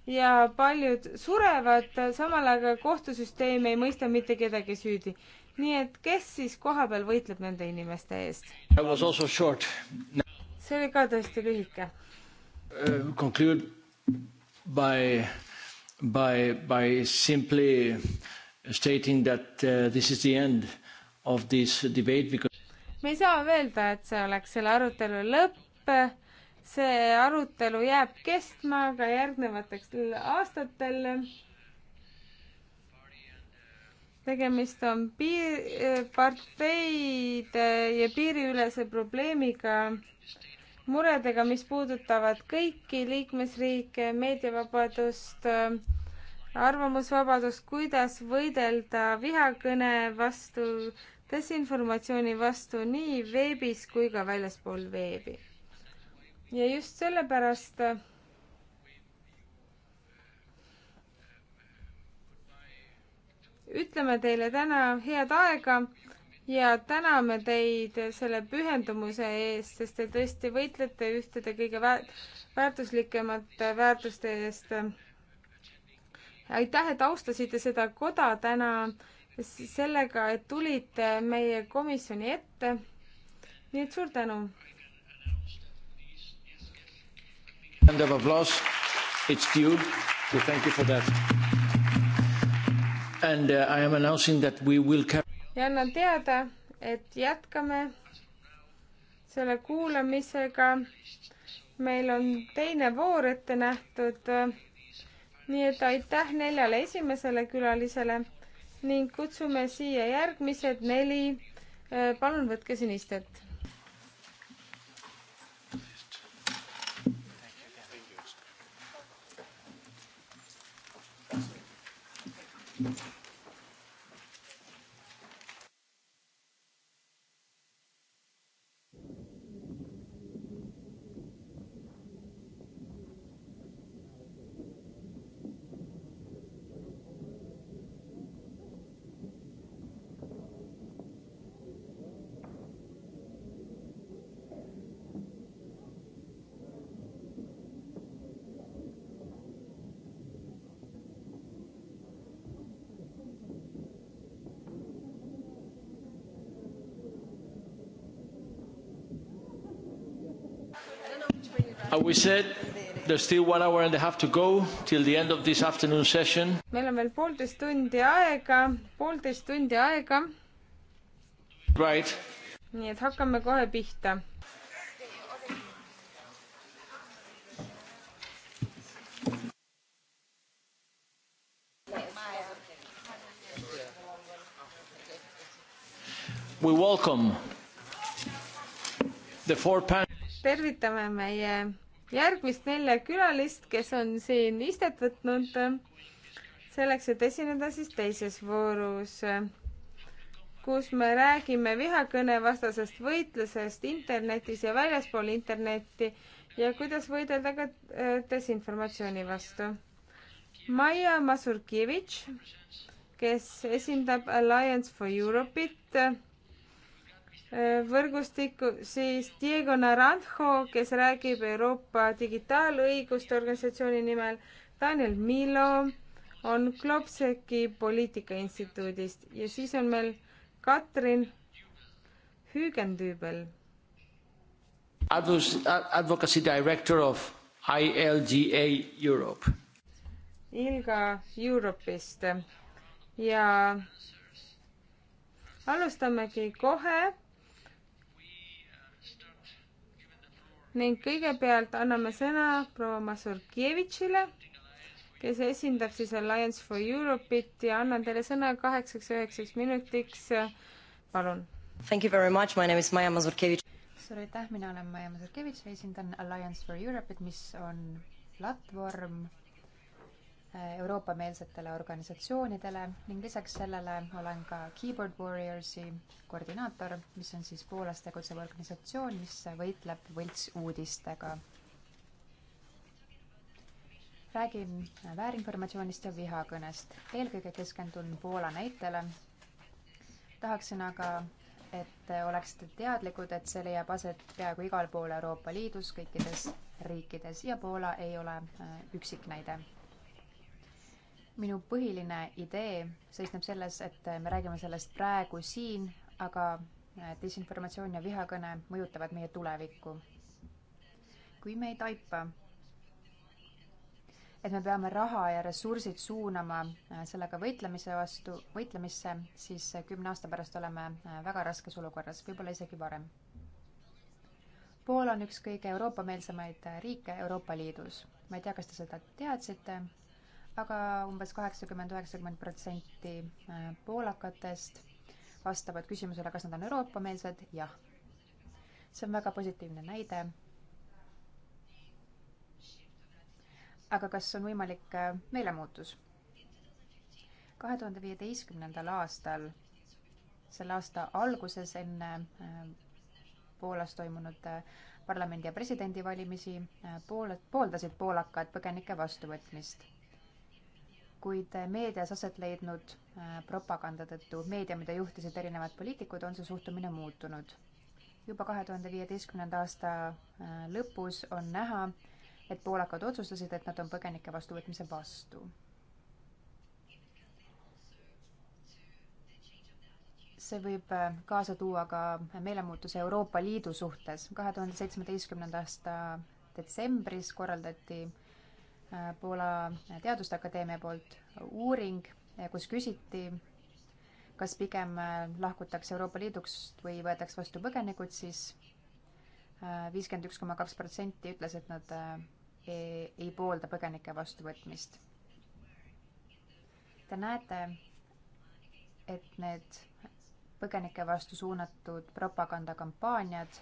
ja paljud surevad, samal ajal kohtusüsteem ei mõista mitte kedagi süüdi. nii et kes siis kohapeal võitleb nende inimeste eest? see oli ka tõesti lühike uh,. Conclude by, by, by simply stating that uh, this is the end uh, of this debate because me ei saa öelda, et see oleks selle arutelu lõpp, see arutelu jääb kestma ka järgnevatel aastatel. tegemist on piir, parteide ja piiriülese probleemiga, muredega, mis puudutavad kõiki liikmesriike, meediavabadust arvamusvabadust, kuidas võidelda vihakõne vastu, desinformatsiooni vastu nii veebis kui ka väljaspool veebi. ja just sellepärast ütleme teile täna head aega ja täname teid selle pühendumuse eest, sest te tõesti võitlete ühtede kõige väärtuslikemate väärtuste eest. aitäh, et austasite seda koda täna sellega, et tulite meie komisjoni ette. nii et suur tänu. End of applause. It's due. So thank you for that. And uh, I am announcing that we will carry. ja annan teada, et jätkame selle kuulamisega. meil on teine voor ette nähtud. nii et aitäh neljale esimesele külalisele ning kutsume siia järgmised neli. Äh, palun võtke siin istet. Thank you. We said there's still one hour and a half to go till the end of this afternoon session. meil on veel poolteist tundi aega, poolteist tundi aega. Right. nii et hakkame kohe pihta. We welcome the four pan-. tervitame meie järgmist nelja külalist, kes on siin istet võtnud selleks, et esineda siis teises voorus, kus me räägime vihakõnevastasest võitlusest internetis ja väljaspool internetti ja kuidas võidelda ka äh, desinformatsiooni vastu. Maia Masurkivitš, kes esindab Alliance for Europe'it võrgustikku, siis Diego Naranjo, kes räägib Euroopa Digitaalõiguste Organisatsiooni nimel, Daniel Milo on Klopseki Poliitika Instituudist ja siis on meil Katrin Hüügendüübel. Advocacy Director of ILGA Europe. ILGA Euroopist ja alustamegi kohe ning kõigepealt anname sõna proua Masurkievitšile, kes esindab siis Alliance for Europe'it ja annan teile sõna kaheksaks-üheksaks minutiks. palun. Thank you very much, my name is Maia Masurkievitš. suur aitäh, mina olen Maia Masurkievitš ja esindan Alliance for Europe'it, mis on platvorm Euroopa-meelsetele organisatsioonidele ning lisaks sellele olen ka Keyboard Warriorsi koordinaator, mis on siis Poolas tegutsev organisatsioon, mis võitleb võltsuudistega. räägin väärinformatsioonist ja vihakõnest. eelkõige keskendun Poola näitele. tahaksin aga et oleksite teadlikud, et see leiab aset peaaegu igal pool Euroopa Liidus, kõikides riikides ja Poola ei ole äh, üksiknäide minu põhiline idee seisneb selles, et me räägime sellest praegu siin, aga äh, desinformatsioon ja vihakõne mõjutavad meie tulevikku. kui me ei taipa, et me peame raha ja ressursid suunama äh, sellega võitlemise vastu, võitlemisse, siis äh, kümne aasta pärast oleme väga raskes olukorras, võib-olla isegi varem. Poola on üks kõige Euroopa-meelsemaid riike Euroopa Liidus. ma ei tea, kas te seda teadsite, aga umbes kaheksakümmend, üheksakümmend protsenti äh, poolakatest vastavad küsimusele, kas nad on euroopameelsed, jah. see on väga positiivne näide. aga kas on võimalik äh, meelemuutus? kahe tuhande viieteistkümnendal aastal, selle aasta alguses enne äh, Poolas toimunud parlamendi ja presidendivalimisi, pool, pooldasid poolakad põgenike vastuvõtmist kuid meedias aset leidnud äh, propaganda tõttu, meedia, mida juhtisid erinevad poliitikud, on see suhtumine muutunud. juba kahe tuhande viieteistkümnenda aasta äh, lõpus on näha, et poolakad otsustasid, et nad on põgenike vastuvõtmise vastu. see võib äh, kaasa tuua ka meelemuutuse Euroopa Liidu suhtes. kahe tuhande seitsmeteistkümnenda aasta detsembris korraldati Poola Teaduste Akadeemia poolt uuring, kus küsiti, kas pigem äh, lahkutakse Euroopa Liidust või võetakse vastu põgenikud, siis äh, viiskümmend üks koma kaks protsenti ütles, et nad äh, ei, ei poolda põgenike vastuvõtmist. Te näete, et need põgenike vastu suunatud propagandakampaaniad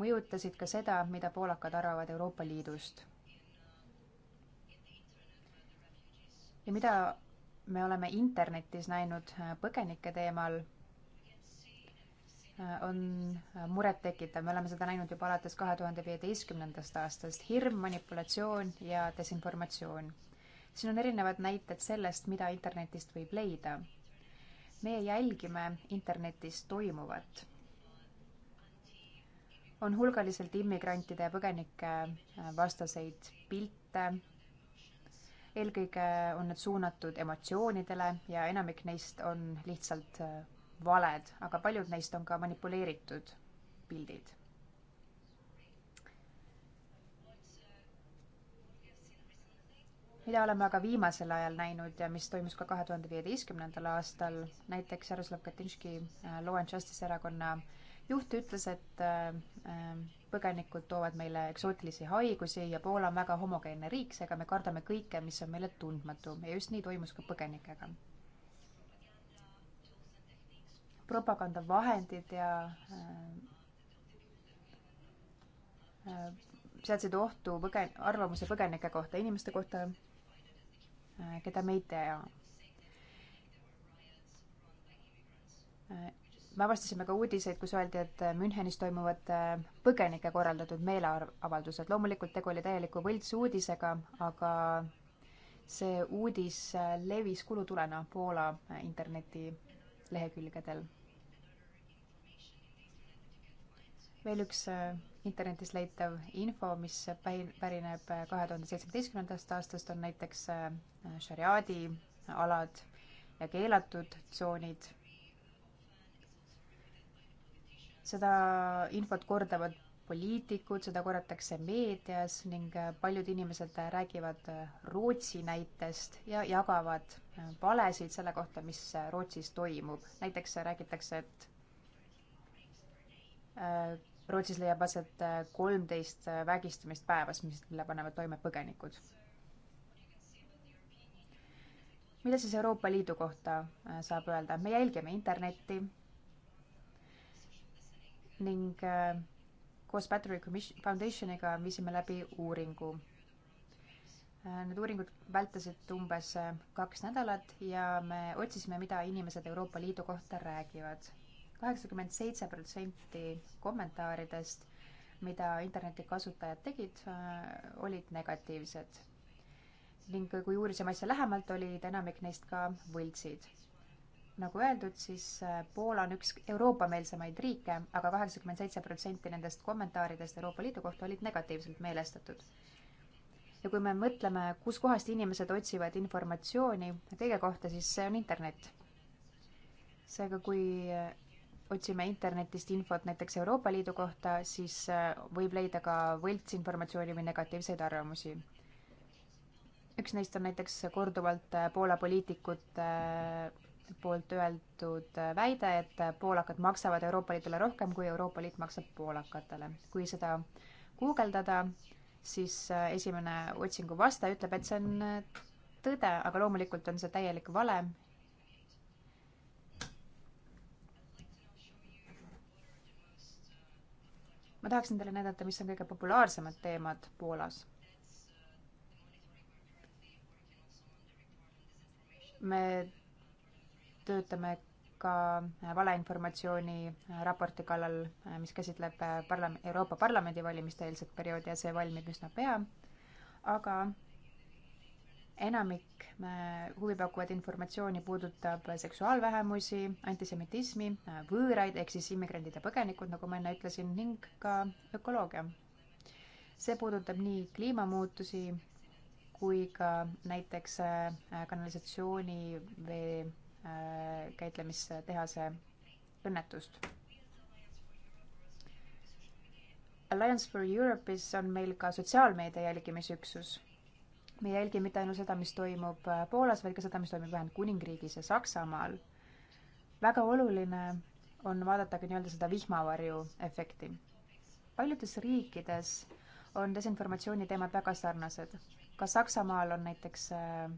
mõjutasid ka seda, mida poolakad arvavad Euroopa Liidust ja mida me oleme internetis näinud äh, põgenike teemal, äh, on äh, murettekitav, me oleme seda näinud juba alates kahe tuhande viieteistkümnendast aastast, hirm, manipulatsioon ja desinformatsioon. siin on erinevad näited sellest, mida internetist võib leida. meie jälgime internetis toimuvat. on hulgaliselt immigrantide ja põgenike vastaseid pilte eelkõige on need suunatud emotsioonidele ja enamik neist on lihtsalt äh, valed, aga paljud neist on ka manipuleeritud pildid. mida oleme aga viimasel ajal näinud ja mis toimus ka kahe tuhande viieteistkümnendal aastal, näiteks Jaroslav Kaczynski äh, Law and Justice erakonna äh, juht ütles, et äh, äh, põgenikud toovad meile eksootilisi haigusi ja Poola on väga homogeenne riik, seega me kardame kõike, mis on meile tundmatu ja just nii toimus ka põgenikega. propagandavahendid ja äh, äh seadsid ohtu põge-, arvamuse põgenike kohta, inimeste kohta äh,, keda me ei tea äh, me avastasime ka uudiseid, kus öeldi, et äh, Münchenis toimuvad äh, põgenike korraldatud meeleavaldused. loomulikult tegu oli täieliku võltsuudisega, aga see uudis äh, levis kulutulena Poola internetilehekülgedel. veel üks internetis leitav info, mis pärineb kahe tuhande seitsmeteistkümnendast aastast, on näiteks šariaadi alad ja keelatud tsoonid seda infot kordavad poliitikud, seda korratakse meedias ning paljud inimesed räägivad Rootsi näitest ja jagavad valesid selle kohta, mis Rootsis toimub. näiteks räägitakse, et Rootsis leiab aset kolmteist vägistamist päevas, mis, mille panevad toime põgenikud. mida siis Euroopa Liidu kohta saab öelda? me jälgime internetti ning äh, koos Battery Foundationiga viisime läbi uuringu. Äh, need uuringud vältasid umbes äh, kaks nädalat ja me otsisime, mida inimesed Euroopa Liidu kohta räägivad. kaheksakümmend seitse protsenti kommentaaridest, mida internetikasutajad tegid, olid negatiivsed. ning kui uurisime asja lähemalt, olid enamik neist ka võltsid nagu öeldud, siis äh, Poola on üks Euroopa-meelsemaid riike aga, aga kaheksakümmend seitse protsenti nendest kommentaaridest Euroopa Liidu kohta olid negatiivselt meelestatud. ja kui me mõtleme, kuskohast inimesed otsivad informatsiooni kõige kohta, siis see on internet. seega, kui äh, otsime internetist infot näiteks Euroopa Liidu kohta, siis äh, võib leida ka võltsinformatsiooni või negatiivseid arvamusi. üks neist on näiteks korduvalt Poola poliitikute poolt öeldud väide, et poolakad maksavad Euroopa Liidule rohkem, kui Euroopa Liit maksab poolakatele. kui seda guugeldada, siis äh, esimene otsingu vastaja ütleb, et see on äh, tõde, aga loomulikult on see täielik vale. ma tahaksin teile näidata, mis on kõige populaarsemad teemad Poolas me töötame ka valeinformatsiooni raporti kallal, mis käsitleb parlam-, Euroopa Parlamendi valimiste eelset perioodi ja see valmib üsna pea. aga enamik äh, huvipakkuvat informatsiooni puudutab seksuaalvähemusi, antisemitismi, äh, võõraid ehk siis immigrandid ja põgenikud, nagu ma enne ütlesin, ning ka ökoloogia. see puudutab nii kliimamuutusi kui ka näiteks äh, kanalisatsiooni vee Äh, käitlemistehase õnnetust. Alliance for Europe'is on meil ka sotsiaalmeedia jälgimisüksus. me ei jälgi mitte ainult seda, mis toimub äh, Poolas, vaid ka seda, mis toimub Ühendkuningriigis ja Saksamaal. väga oluline on vaadata ka nii-öelda seda vihmavarju efekti. paljudes riikides on desinformatsiooni teemad väga sarnased. ka Saksamaal on näiteks äh,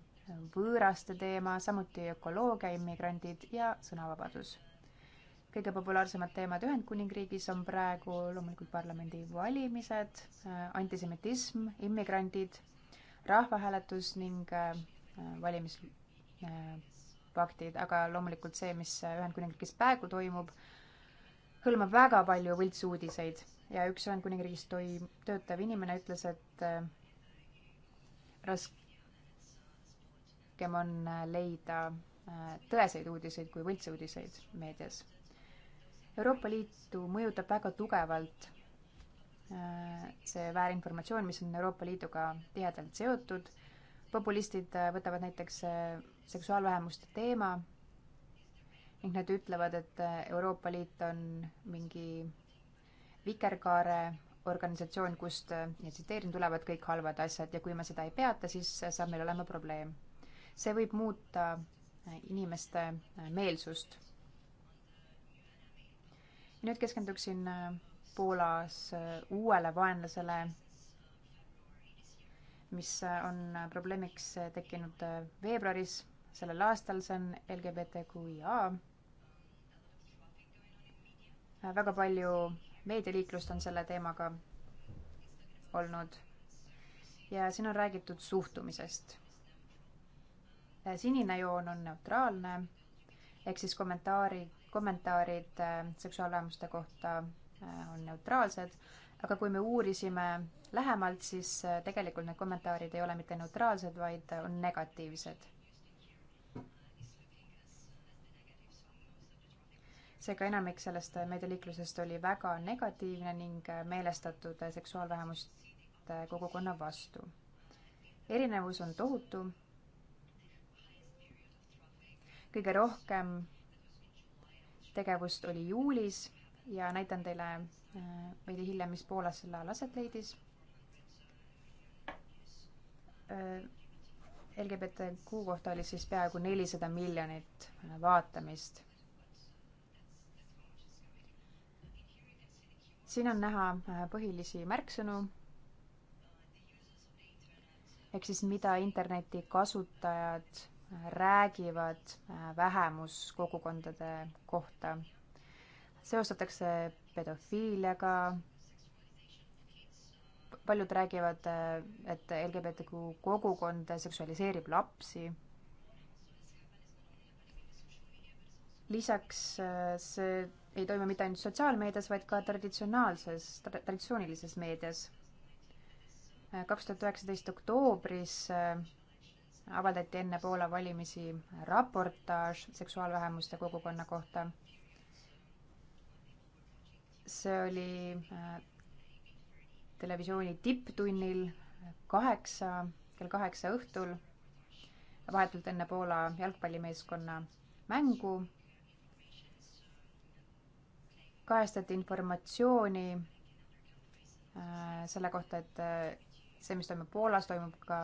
võõraste teema, samuti ökoloogia, immigrandid ja sõnavabadus. kõige populaarsemad teemad Ühendkuningriigis on praegu loomulikult parlamendivalimised, äh, antisemitism, immigrandid, rahvahääletus ning äh, valimispaktid, äh, aga loomulikult see, mis Ühendkuningriigis praegu toimub, hõlmab väga palju võltsuudiseid ja üks Ühendkuningriigis toim-, töötav inimene ütles, et raske raskem on äh, leida äh, tõeseid uudiseid kui võltsuudiseid meedias. Euroopa Liitu mõjutab väga tugevalt äh, see väärinformatsioon, mis on Euroopa Liiduga tihedalt seotud. populistid võtavad näiteks seksuaalvähemuste teema ning nad ütlevad, et Euroopa Liit on mingi vikerkaare organisatsioon, kust, ja tsiteerin, tulevad kõik halvad asjad ja kui me seda ei peata, siis saab meil olema probleem see võib muuta inimeste meelsust. nüüd keskenduksin Poolas uuele vaenlasele, mis on probleemiks tekkinud veebruaris sellel aastal, see on LGBTQIA. väga palju meedialiiklust on selle teemaga olnud ja siin on räägitud suhtumisest Äh, sinine joon on neutraalne ehk siis kommentaari, kommentaarid äh, seksuaalvähemuste kohta äh, on neutraalsed, aga kui me uurisime lähemalt, siis tegelikult need kommentaarid ei ole mitte neutraalsed, vaid on negatiivsed. seega enamik sellest meedialiiklusest oli väga negatiivne ning meelestatud seksuaalvähemuste kogukonna vastu. erinevus on tohutu kõige rohkem tegevust oli juulis ja näitan teile äh, veidi hiljem, mis Poolas sel ajal aset leidis. Äh, LGBTQ kohta oli siis peaaegu nelisada miljonit vaatamist. siin on näha äh, põhilisi märksõnu. ehk siis mida interneti kasutajad räägivad äh, vähemuskogukondade kohta. seostatakse pedofiiliaga, paljud räägivad, äh, et LGBTQ kogukond seksualiseerib lapsi. lisaks äh, see ei toimu mitte ainult sotsiaalmeedias, vaid ka traditsionaalses, traditsioonilises meedias. kaks tuhat üheksateist oktoobris avaldati enne Poola valimisi raportaaž seksuaalvähemuste kogukonna kohta. see oli äh, televisiooni tipptunnil kaheksa, kell kaheksa õhtul, vahetult enne Poola jalgpallimeeskonna mängu. kajastati informatsiooni äh, selle kohta, et äh, see, mis toimub Poolas, toimub ka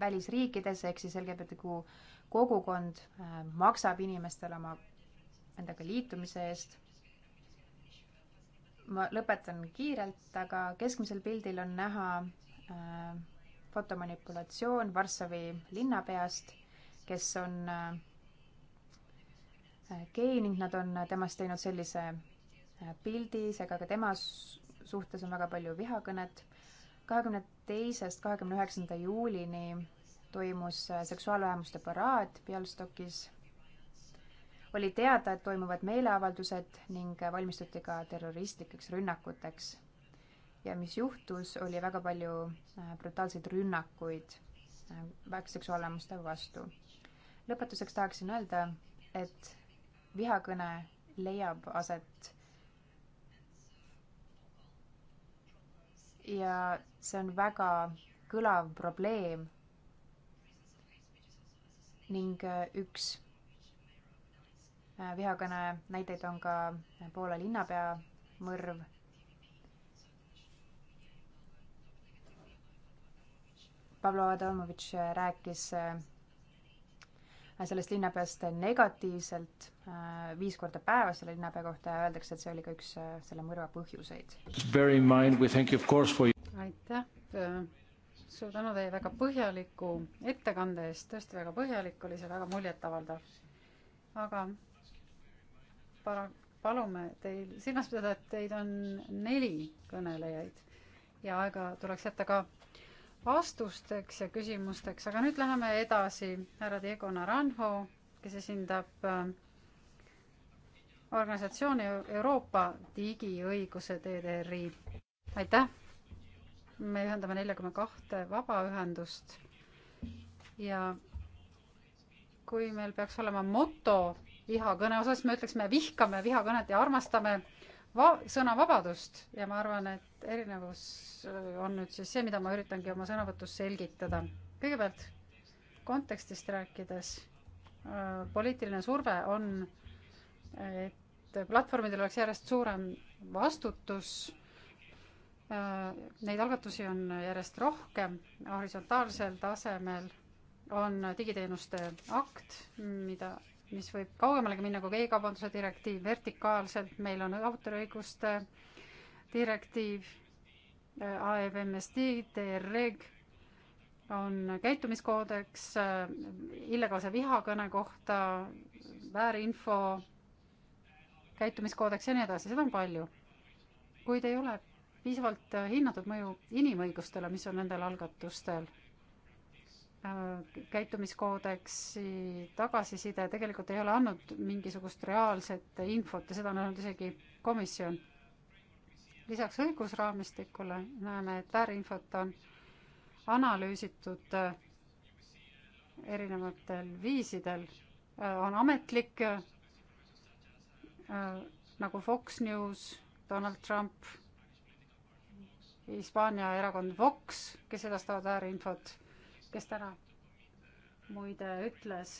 välisriikides, ehk siis LGBTQ kogukond äh, maksab inimestele oma, nendega liitumise eest. ma lõpetan kiirelt, aga keskmisel pildil on näha äh, fotomanipulatsioon Varssavi linnapeast, kes on äh, äh gei ning nad on temast teinud sellise äh, pildi, seega ka tema suhtes on väga palju vihakõnet kahekümne teisest kahekümne üheksanda juulini toimus äh, seksuaalvähemuste paraad Bialystokis. oli teada, et toimuvad meeleavaldused ning äh, valmistuti ka terroristlikeks rünnakuteks. ja mis juhtus, oli väga palju äh, brutaalseid rünnakuid seksuaalvähemuste vastu. lõpetuseks tahaksin öelda, et vihakõne leiab aset ja see on väga kõlav probleem. ning äh, üks äh, vihakõne näiteid on ka äh, Poola linnapea mõrv Pavlo Adamovitš rääkis sellest linnapeast negatiivselt äh, viis korda päevas selle linnapea kohta ja öeldakse, et see oli ka üks äh, selle mõrva põhjuseid. aitäh, äh, suur tänu teie väga põhjaliku ettekande eest, tõesti väga põhjalik oli see, väga muljetavaldav. aga para-, palume teil silmas pidada, et teid on neli kõnelejaid ja aega tuleks jätta ka vastusteks ja küsimusteks, aga nüüd läheme edasi härra Diego Naranjo, kes esindab äh, organisatsiooni Euroopa digiõigused EDRi. aitäh! me ühendame neljakümne kahte vabaühendust ja kui meil peaks olema moto vihakõne osas, me ütleksime vihkame vihakõnet ja armastame va-, sõnavabadust ja ma arvan, et erinevus äh, on nüüd siis see, mida ma üritangi oma sõnavõtus selgitada. kõigepealt kontekstist rääkides, äh, poliitiline surve on, et platvormidel oleks järjest suurem vastutus, äh, neid algatusi on järjest rohkem, horisontaalsel tasemel on digiteenuste akt, mida mis võib kaugemalegi minna kui e-kaubanduse direktiiv, vertikaalselt meil on autoriõiguste direktiiv, AFMSD, e TREG on käitumiskoodeks illegaalse vihakõne kohta, väärinfo käitumiskoodeks ja nii edasi, seda on palju. kuid ei ole piisavalt hinnatud mõju inimõigustele, mis on nendel algatustel. Äh, käitumiskoodeksi tagasiside tegelikult ei ole andnud mingisugust reaalset infot ja seda on öelnud isegi komisjon. lisaks õigusraamistikule näeme, et väärinfot on analüüsitud äh, erinevatel viisidel, äh, on ametlik nagu Fox News, Donald Trump, Hispaania erakond Vox, kes edastavad väärinfot kes täna muide ütles,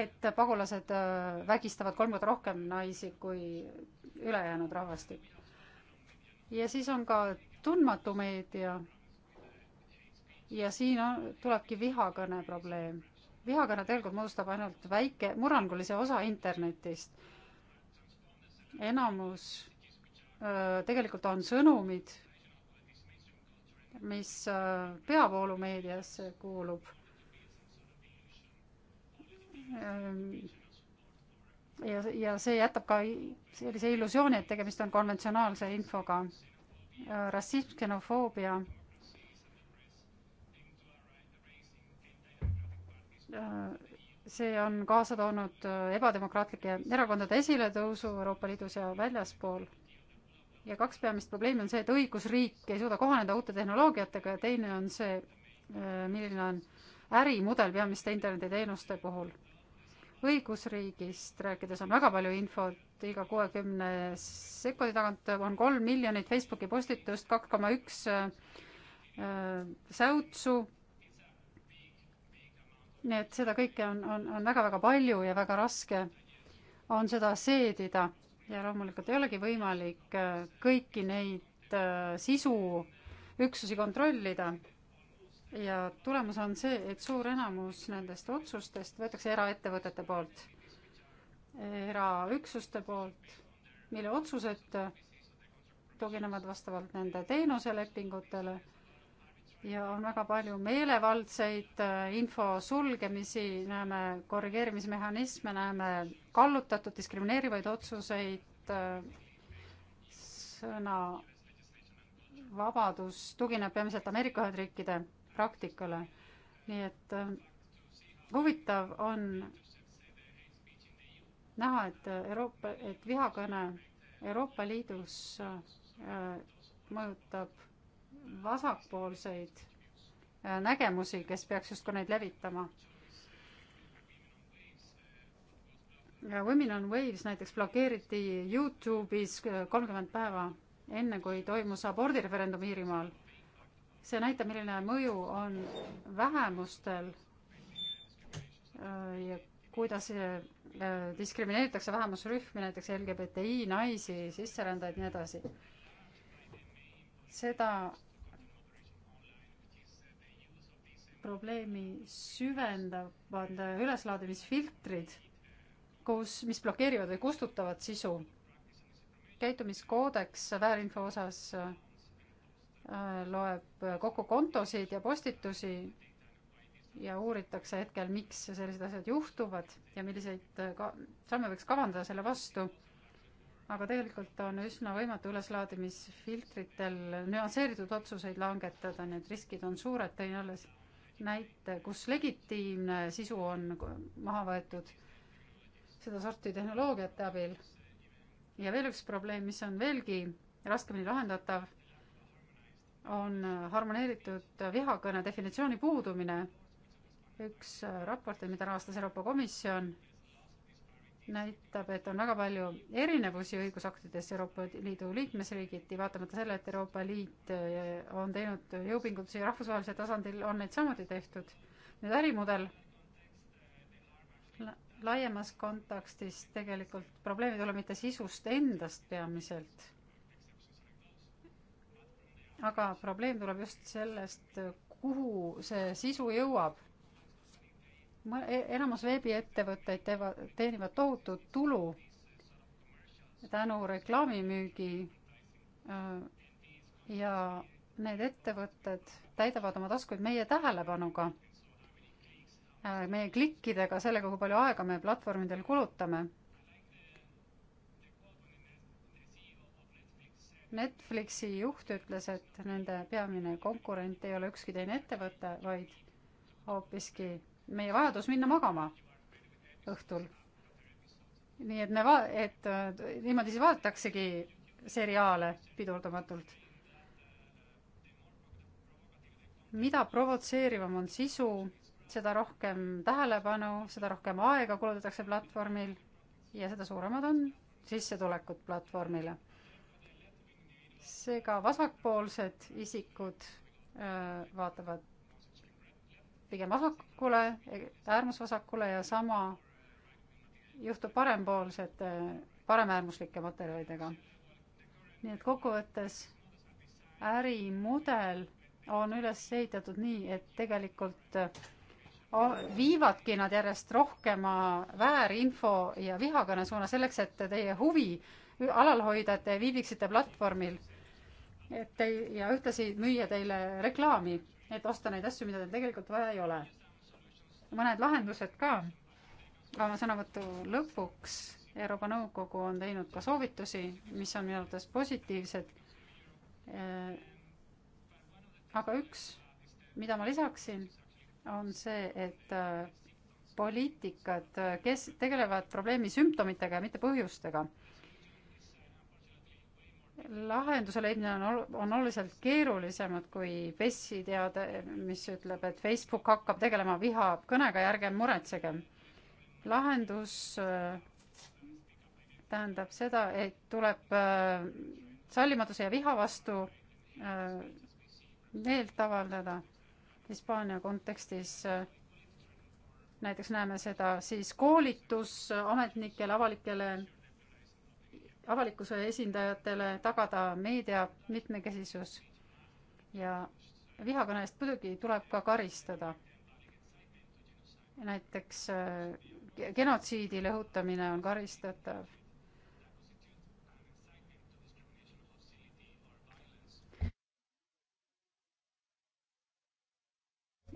et pagulased äh, vägistavad kolm korda rohkem naisi kui ülejäänud rahvastik. ja siis on ka tundmatu meedia. ja siin on, tulebki vihakõne probleem. vihakõne tegelikult moodustab ainult väike murrangulise osa internetist. enamus öö, äh, tegelikult on sõnumid mis äh, peavoolumeediasse kuulub. Ähm, ja, ja see jätab ka sellise illusiooni, et tegemist on konventsionaalse infoga. Äh, rassism, ksenofoobia äh, see on kaasa toonud ebademokraatlike erakondade esiletõusu Euroopa Liidus ja väljaspool ja kaks peamist probleemi on see, et õigusriik ei suuda kohaneda uute tehnoloogiatega ja teine on see, äh, milline on ärimudel peamiste internetiteenuste puhul. õigusriigist rääkides on väga palju infot, iga kuuekümne sekundi tagant on kolm miljonit Facebooki postitust, kaks koma üks äh, säutsu. nii et seda kõike on, on, on väga-väga palju ja väga raske on seda seedida ja loomulikult ei olegi võimalik äh, kõiki neid äh, sisuüksusi kontrollida. ja tulemus on see, et suur enamus nendest otsustest võetakse eraettevõtete poolt, eraüksuste poolt, mille otsused tuginevad vastavalt nende teenuselepingutele ja on väga palju meelevaldseid äh, info sulgemisi, näeme korrigeerimismehhanisme, näeme kallutatud diskrimineerivaid otsuseid, äh, sõnavabadus tugineb peamiselt Ameerika Ühendriikide praktikale. nii et äh, huvitav on näha, et Euroopa, et vihakõne Euroopa Liidus mõjutab vasakpoolseid äh, nägemusi, kes peaks justkui neid levitama. Women on Waves näiteks blokeeriti Youtube'is äh, kolmkümmend päeva enne, kui toimus abordireferendum Iirimaal. see näitab, milline mõju on vähemustel äh, ja kuidas diskrimineeritakse vähemusrühmi, näiteks LGBTI naisi, sisserändajaid, nii edasi. seda probleemi süvendavad üleslaadimisfiltrid, kus, mis blokeerivad või kustutavad sisu. käitumiskoodeks väärinfo osas äh, loeb kokku kontosid ja postitusi ja uuritakse hetkel, miks sellised asjad juhtuvad ja milliseid äh, ka-, samme võiks kavandada selle vastu. aga tegelikult on üsna võimatu üleslaadimisfiltritel nüansseeritud otsuseid langetada, need riskid on suured, tõin alles näite, kus legitiimne sisu on maha võetud sedasorti tehnoloogiate abil. ja veel üks probleem, mis on veelgi raskemini lahendatav, on harmoneeritud vihakõne definitsiooni puudumine. üks raporteid, mida rahastas Euroopa Komisjon näitab, et on väga palju erinevusi õigusaktides Euroopa Liidu liikmesriigiti, vaatamata selle, et Euroopa Liit eh, on teinud jõupingutusi rahvusvahelisel tasandil, on neid samuti tehtud. nüüd ärimudel la laiemas kontekstis tegelikult probleemid ei ole mitte sisust endast peamiselt, aga probleem tuleb just sellest, kuhu see sisu jõuab E-, enamus veebiettevõtteid teevad, teenivad tohutut tulu tänu reklaamimüügi äh, ja need ettevõtted täidavad oma taskuid meie tähelepanuga, äh, meie klikkidega, sellega, kui palju aega me platvormidel kulutame. Netflixi juht ütles, et nende peamine konkurent ei ole ükski teine ettevõte, vaid hoopiski meie vajadus minna magama õhtul. nii et me va-, et äh, niimoodi siis vaadataksegi seriaale pidurdamatult. mida provotseerivam on sisu, seda rohkem tähelepanu, seda rohkem aega kulutatakse platvormil ja seda suuremad on sissetulekud platvormile. seega vasakpoolsed isikud öö, äh, vaatavad pigem vasakule, äärmusvasakule ja sama juhtub parempoolsete, paremäärmuslike materjalidega. nii et kokkuvõttes ärimudel on üles ehitatud nii, et tegelikult viivadki nad järjest rohkema väärinfo ja vihakõne suuna selleks, et teie huvi alal hoida, et te viibiksite platvormil. et te ja ühtlasi müüa teile reklaami et osta neid asju, mida teil tegelikult vaja ei ole. mõned lahendused ka. oma sõnavõtu lõpuks Euroopa Nõukogu on teinud ka soovitusi, mis on minu arvates positiivsed. Äh, aga üks, mida ma lisaksin, on see, et äh, poliitikad, äh, kes tegelevad probleemi sümptomitega ja mitte põhjustega lahenduse leidmine on, on oluliselt keerulisemad kui PES-i teade, mis ütleb, et Facebook hakkab tegelema vihakõnega ja ärgem muretsegem. lahendus äh, tähendab seda, et tuleb äh, sallimatuse ja viha vastu äh, meelt avaldada Hispaania kontekstis. näiteks näeme seda siis koolitusametnikele, avalikele avalikkuse esindajatele tagada meedia mitmekesisus ja vihakõne eest muidugi tuleb ka karistada. näiteks äh, genotsiidile õhutamine on karistatav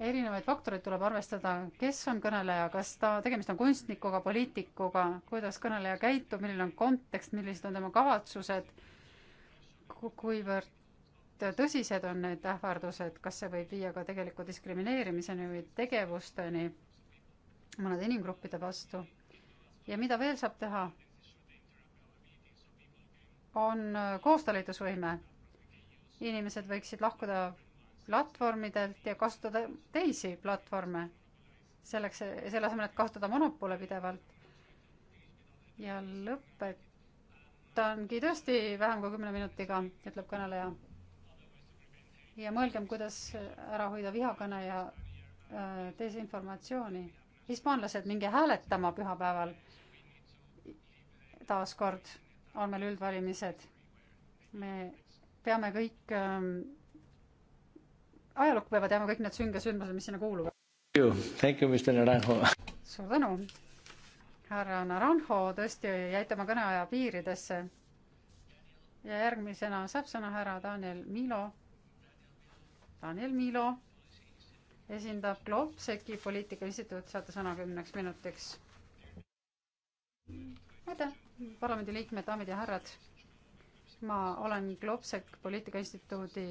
erinevaid faktoreid tuleb arvestada, kes on kõneleja, kas ta, tegemist on kunstnikuga, poliitikuga, kuidas kõneleja käitub, milline on kontekst, millised on tema kavatsused, kuivõrd tõsised on need ähvardused, kas see võib viia ka tegeliku diskrimineerimiseni või tegevusteni mõnede inimgruppide vastu. ja mida veel saab teha, on koostalitusvõime. inimesed võiksid lahkuda platvormidelt ja kasutada teisi platvorme selleks, selle asemel, et kasutada monopole pidevalt. ja lõpetangi tõesti vähem kui kümne minutiga, ütleb kõneleja. ja mõelgem, kuidas ära hoida vihakõne ja äh, desinformatsiooni. hispaanlased, minge hääletama pühapäeval. taaskord on meil üldvalimised. me peame kõik äh, ajalukku peavad jääma kõik need süngesündmused, mis sinna kuuluvad. Thank you, Mr Naranjo. suur tänu, härra Naranjo, tõesti jäite oma kõneaja piiridesse. ja järgmisena saab sõna härra Daniel Milo. Daniel Milo esindab Globseki Poliitika Instituut, saate sõna kümneks minutiks. aitäh, parlamendiliikmed, daamid ja härrad ma olen Globsec Poliitika Instituudi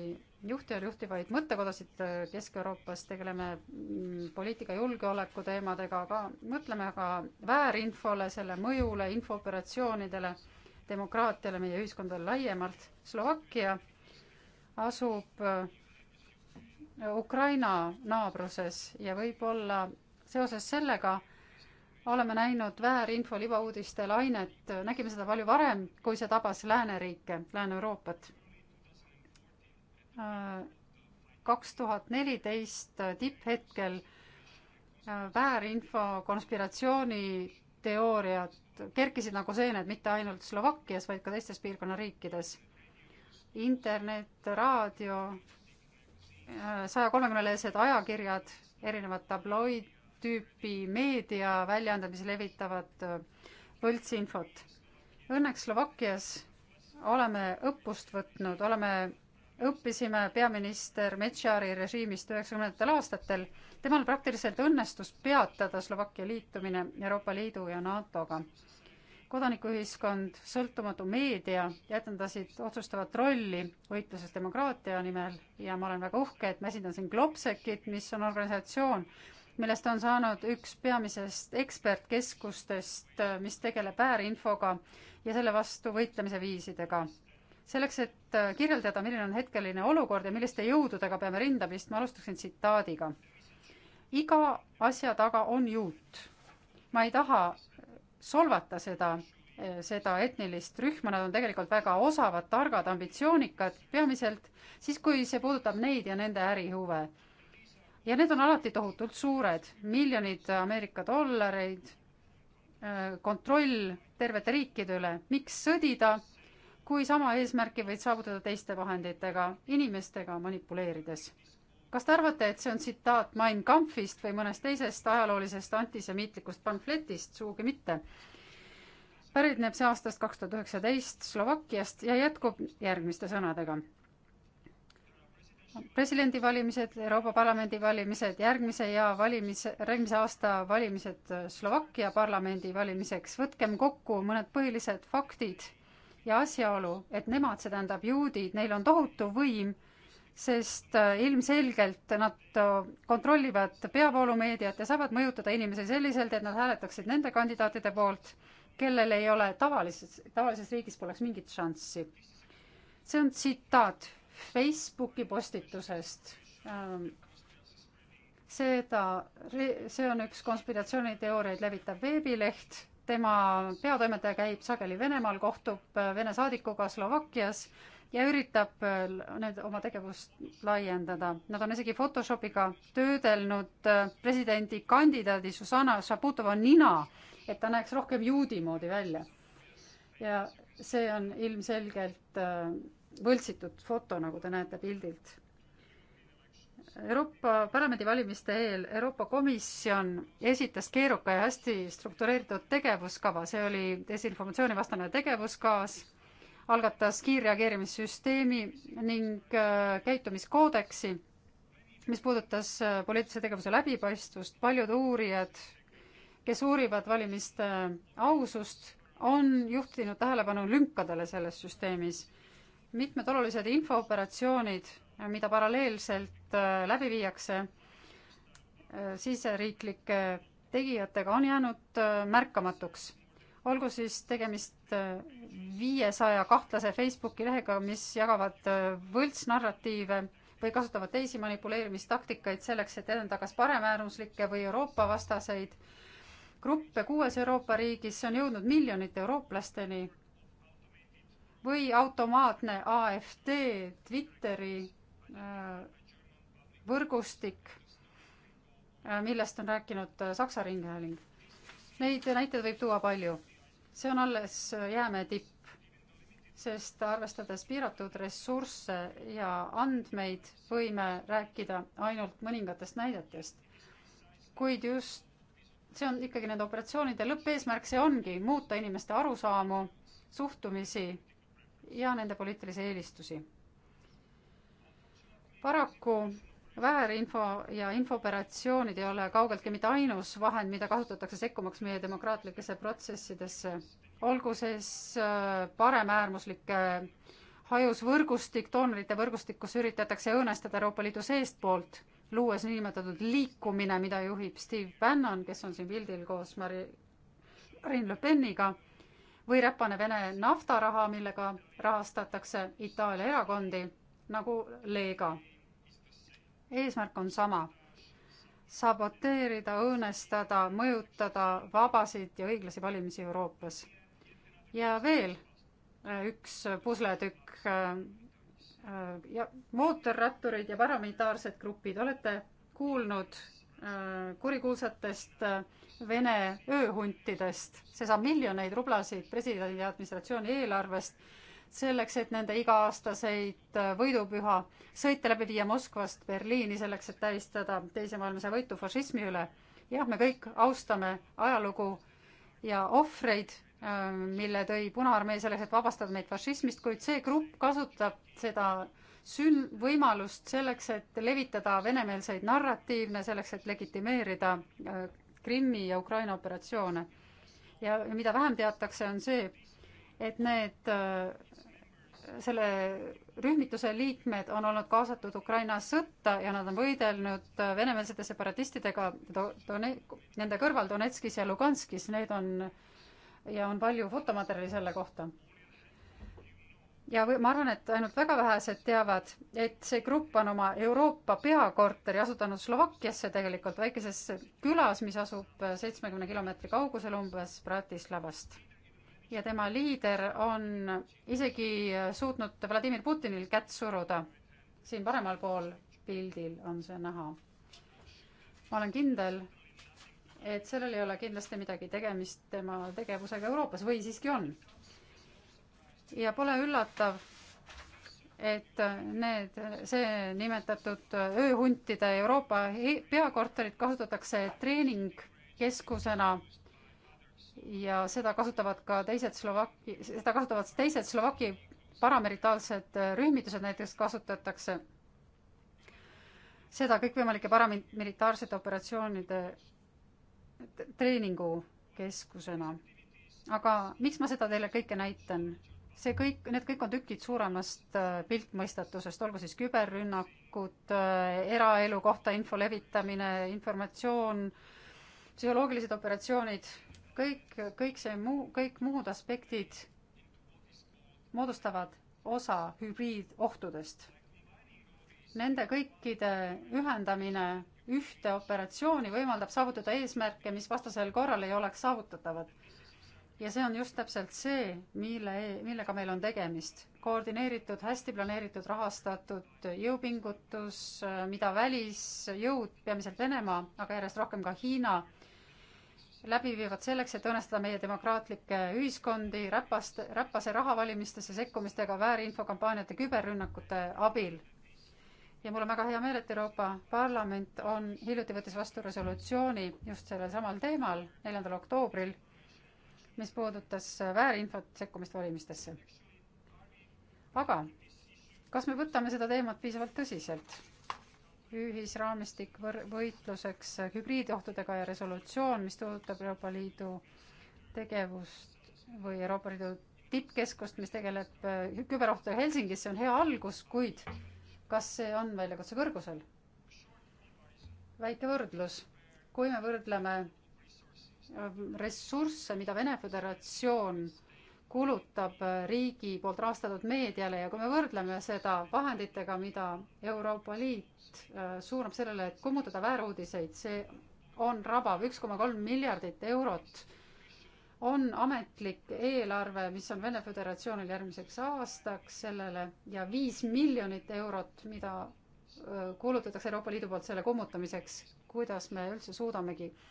juht ja juhtivaid mõttekodasid äh, Kesk-Euroopas, tegeleme mm, poliitika julgeoleku teemadega, aga mõtleme ka väärinfole, selle mõjule, infooperatsioonidele, demokraatiale, meie ühiskondadele laiemalt. Slovakkia asub äh, Ukraina naabruses ja võib-olla seoses sellega oleme näinud väärinfo libauudiste lainet, nägime seda palju varem, kui see tabas lääneriike, Lääne-Euroopat. kaks tuhat neliteist tipphetkel äh, väärinfo konspiratsiooniteooriad kerkisid nagu seened mitte ainult Slovakkias, vaid ka teistes piirkonna riikides. internet, raadio, äh, saja kolmekümneleesed ajakirjad, erinevad tabloid, tüüpi meediaväljaanded, mis levitavad äh, võltsinfot. Õnneks Slovakkias oleme õppust võtnud, oleme, õppisime peaminister Metšari režiimist üheksakümnendatel aastatel. temal praktiliselt õnnestus peatada Slovakkia liitumine Euroopa Liidu ja NATO-ga. kodanikuühiskond, sõltumatu meedia jätendasid otsustavat rolli võitluses demokraatia nimel ja ma olen väga uhke, et ma esindan siin Globsekit, mis on organisatsioon, millest on saanud üks peamisest ekspertkeskustest, mis tegeleb väärinfoga ja selle vastu võitlemise viisidega. selleks, et äh, kirjeldada, milline on hetkeline olukord ja milliste jõududega peame rinda pistma, alustaksin tsitaadiga. iga asja taga on juut. ma ei taha äh, solvata seda, äh, seda etnilist rühma, nad on tegelikult väga osavad, targad, ambitsioonikad, peamiselt siis, kui see puudutab neid ja nende ärihuve ja need on alati tohutult suured, miljonid Ameerika dollareid, äh, kontroll tervete riikide üle, miks sõdida, kui sama eesmärki võid saavutada teiste vahenditega, inimestega manipuleerides. kas te arvate, et see on tsitaat Mein Kampfist või mõnest teisest ajaloolisest antisemiitlikust pamfletist, sugugi mitte? pärineb see aastast kaks tuhat üheksateist Slovakkiast ja jätkub järgmiste sõnadega presidendivalimised, Euroopa Parlamendi valimised, järgmise ja valimis, järgmise aasta valimised Slovakkia parlamendi valimiseks. võtkem kokku mõned põhilised faktid ja asjaolu, et nemad, see tähendab juudid, neil on tohutu võim, sest äh, ilmselgelt nad äh, kontrollivad peavoolumeediat ja saavad mõjutada inimesi selliselt, et nad hääletaksid nende kandidaatide poolt, kellel ei ole tavalises, tavalises riigis poleks mingit šanssi. see on tsitaat Facebooki postitusest. Ähm, seda, see on üks konspiratsiooniteooriaid levitav veebileht, tema peatoimetaja käib sageli Venemaal, kohtub äh, Vene saadikuga Slovakkias ja üritab äh, nüüd oma tegevust laiendada. Nad on isegi Photoshopiga töödelnud äh, presidendikandidaadi Susanna Šaputova nina, et ta näeks rohkem juudi moodi välja. ja see on ilmselgelt võltsitud foto, nagu te näete pildilt. Euroopa Parlamendi valimiste eel Euroopa Komisjon esitas keeruka ja hästi struktureeritud tegevuskava, see oli desinformatsioonivastane tegevuskaas, algatas kiirreageerimissüsteemi ning äh, käitumiskoodeksi, mis puudutas äh, poliitilise tegevuse läbipaistvust, paljud uurijad, kes uurivad valimiste äh, ausust, on juhtinud tähelepanu lünkadele selles süsteemis mitmed olulised infooperatsioonid, mida paralleelselt äh, läbi viiakse äh, siseriiklike tegijatega, on jäänud äh, märkamatuks. olgu siis tegemist viiesaja kahtlase Facebooki lehega, mis jagavad võltsnarratiive või kasutavad teisi manipuleerimistaktikaid selleks, et edendada kas paremäärmuslikke või Euroopa vastaseid gruppe kuues Euroopa riigis, see on jõudnud miljonite eurooplasteni või automaatne AFD Twitteri äh, võrgustik, äh, millest on rääkinud äh, Saksa Ringhääling. Neid näiteid võib tuua palju. see on alles jäämäe tipp, sest arvestades piiratud ressursse ja andmeid, võime rääkida ainult mõningatest näidetest. kuid just see on ikkagi nende operatsioonide lõppeesmärk, see ongi muuta inimeste arusaamu, suhtumisi ja nende poliitilisi eelistusi. paraku väärinfo ja infooperatsioonid ei ole kaugeltki mitte ainus vahend, mida kasutatakse sekkumaks meie demokraatlikesse protsessidesse, olgu siis äh, paremäärmuslike hajus võrgustik, doonorite võrgustik, kus üritatakse õõnestada Euroopa Liidu seestpoolt, luues niinimetatud liikumine, mida juhib Steve Bannon, kes on siin pildil koos Mari-, Marine Le Peniga või räpane Vene naftaraha, millega rahastatakse Itaalia erakondi nagu Leega. eesmärk on sama, saboteerida, õõnestada, mõjutada vabasid ja õiglasi valimisi Euroopas. ja veel äh, üks pusletükk äh, äh, ja mootorratturid ja paramilitaarsed grupid, olete kuulnud Äh, kurikuulsatest äh, Vene ööhuntidest. see saab miljoneid rublasid presidendi administratsiooni eelarvest selleks, et nende iga-aastaseid äh, võidupüha sõite läbi viia Moskvast Berliini, selleks et tähistada Teise maailmasõja võitu fašismi üle. jah, me kõik austame ajalugu ja ohvreid, mille tõi Punaarmee selleks, et vabastada meid fašismist, kuid see grupp kasutab seda sün-, võimalust selleks, et levitada venemeelseid narratiivne, selleks, et legitimeerida äh, Krimmi ja Ukraina operatsioone. ja mida vähem teatakse, on see, et need, äh, selle rühmituse liikmed on olnud kaasatud Ukraina sõtta ja nad on võidelnud äh, venemeelsete separatistidega Done-, nende kõrval Donetskis ja Luganskis, need on ja on palju fotomaterjali selle kohta ja või, ma arvan, et ainult väga vähesed teavad, et see grupp on oma Euroopa peakorteri asutanud Slovakkiasse tegelikult, väikeses külas, mis asub seitsmekümne kilomeetri kaugusel umbes Bratislavast. ja tema liider on isegi suutnud Vladimir Putinil kätt suruda. siin paremal pool pildil on see näha. ma olen kindel, et sellel ei ole kindlasti midagi tegemist tema tegevusega Euroopas või siiski on ja pole üllatav, et need, see nimetatud ööhuntide Euroopa peakorterit kasutatakse treeningkeskusena ja seda kasutavad ka teised Slovakki, seda kasutavad teised Slovaki paramilitaarsed rühmitused näiteks kasutatakse seda kõikvõimalike paramilitaarsete operatsioonide treeningukeskusena. aga miks ma seda teile kõike näitan? see kõik, need kõik on tükid suuremast äh, piltmõistatusest, olgu siis küberrünnakud, äh, eraelu kohta info levitamine, informatsioon, psühholoogilised operatsioonid, kõik, kõik see muu, kõik muud aspektid moodustavad osa hübriidohtudest. Nende kõikide ühendamine ühte operatsiooni võimaldab saavutada eesmärke, mis vastasel korral ei oleks saavutatavad ja see on just täpselt see, mille, e-, millega meil on tegemist. koordineeritud, hästi planeeritud, rahastatud jõupingutus, mida välisjõud, peamiselt Venemaa, aga järjest rohkem ka Hiina, läbi viivad selleks, et õõnestada meie demokraatlikke ühiskondi räpast, räpase rahavalimistesse sekkumistega, väärinfokampaaniate, küberrünnakute abil. ja mul on väga hea meel, et Euroopa Parlament on hiljuti võttis vastu resolutsiooni just sellel samal teemal, neljandal oktoobril mis puudutas väärinfot sekkumist valimistesse. aga kas me võtame seda teemat piisavalt tõsiselt? ühisraamistik võr-, võitluseks hübriidohtudega ja resolutsioon, mis puudutab Euroopa Liidu tegevust või Euroopa Liidu tippkeskust, mis tegeleb äh, küberohtudega Helsingis, see on hea algus, kuid kas see on väljakutse kõrgusel? väike võrdlus, kui me võrdleme Äh, ressursse, mida Vene Föderatsioon kulutab äh, riigi poolt rahastatud meediale ja kui me võrdleme seda vahenditega, mida Euroopa Liit äh, suunab sellele, et kummutada vääruudiseid, see on rabav, üks koma kolm miljardit eurot on ametlik eelarve, mis on Vene Föderatsioonil järgmiseks aastaks sellele ja viis miljonit eurot, mida kulutatakse Euroopa Liidu poolt selle kummutamiseks, kuidas me üldse suudamegi äh,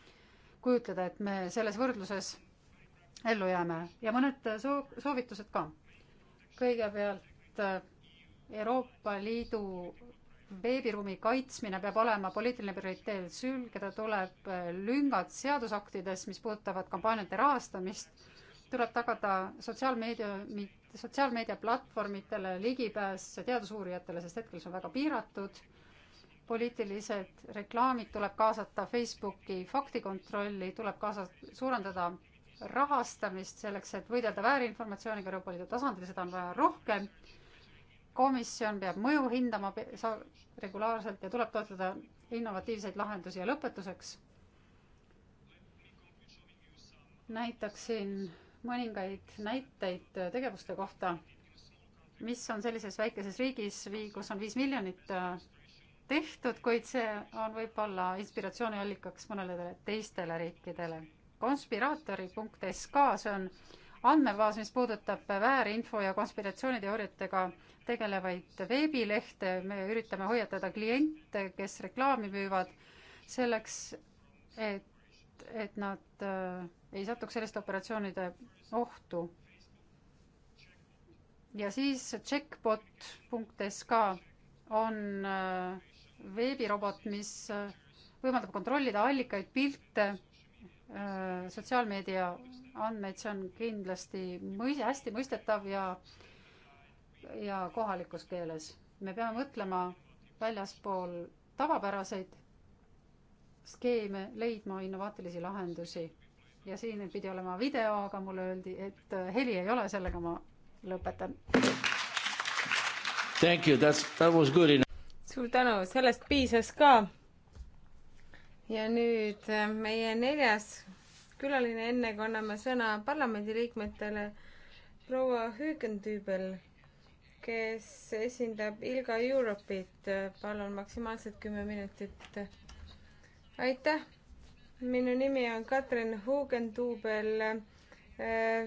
kujutleda, et me selles võrdluses ellu jääme ja mõned soo-, soovitused ka. kõigepealt äh, Euroopa Liidu veebiruumi kaitsmine peab olema poliitiline prioriteet, sülgeda tuleb äh, lüngad seadusaktides, mis puudutavad kampaaniate rahastamist, tuleb tagada sotsiaalmeedia, sotsiaalmeediaplatvormidele ligipääs teadusuurijatele, sest hetkel see on väga piiratud poliitilised reklaamid tuleb kaasata Facebooki faktikontrolli, tuleb kaasa, suurendada rahastamist selleks, et võidelda väärinformatsiooniga Euroopa Liidu tasandil, seda on vaja rohkem. komisjon peab mõju hindama regulaarselt ja tuleb toetada innovatiivseid lahendusi ja lõpetuseks näitaksin mõningaid näiteid tegevuste kohta, mis on sellises väikeses riigis, kus on viis miljonit äh, tehtud, kuid see on võib-olla inspiratsiooniallikaks mõnele teistele riikidele. konspiraatori.sk, see on andmebaas, mis puudutab väärinfo ja konspiratsiooniteooriatega tegelevaid veebilehte, me üritame hoiatada kliente, kes reklaami müüvad, selleks et, et nad äh, ei satuks selliste operatsioonide ohtu. ja siis checkbot.sk on äh, veebirobot, mis äh, võimaldab kontrollida allikaid, pilte, äh, sotsiaalmeedia andmeid, see on kindlasti mõis-, hästi mõistetav ja, ja kohalikus keeles. me peame mõtlema väljaspool tavapäraseid skeeme, leidma innovaatilisi lahendusi. ja siin pidi olema video, aga mulle öeldi, et äh, heli ei ole, sellega ma lõpetan. Thank you, that's, that was good enough suur tänu, sellest piisas ka. ja nüüd äh, meie neljas külaline, enne kui anname sõna parlamendiliikmetele, proua Hüügentüübel, kes esindab ILGA Europit. palun maksimaalselt kümme minutit. aitäh, minu nimi on Katrin Hüügentüübel Äh,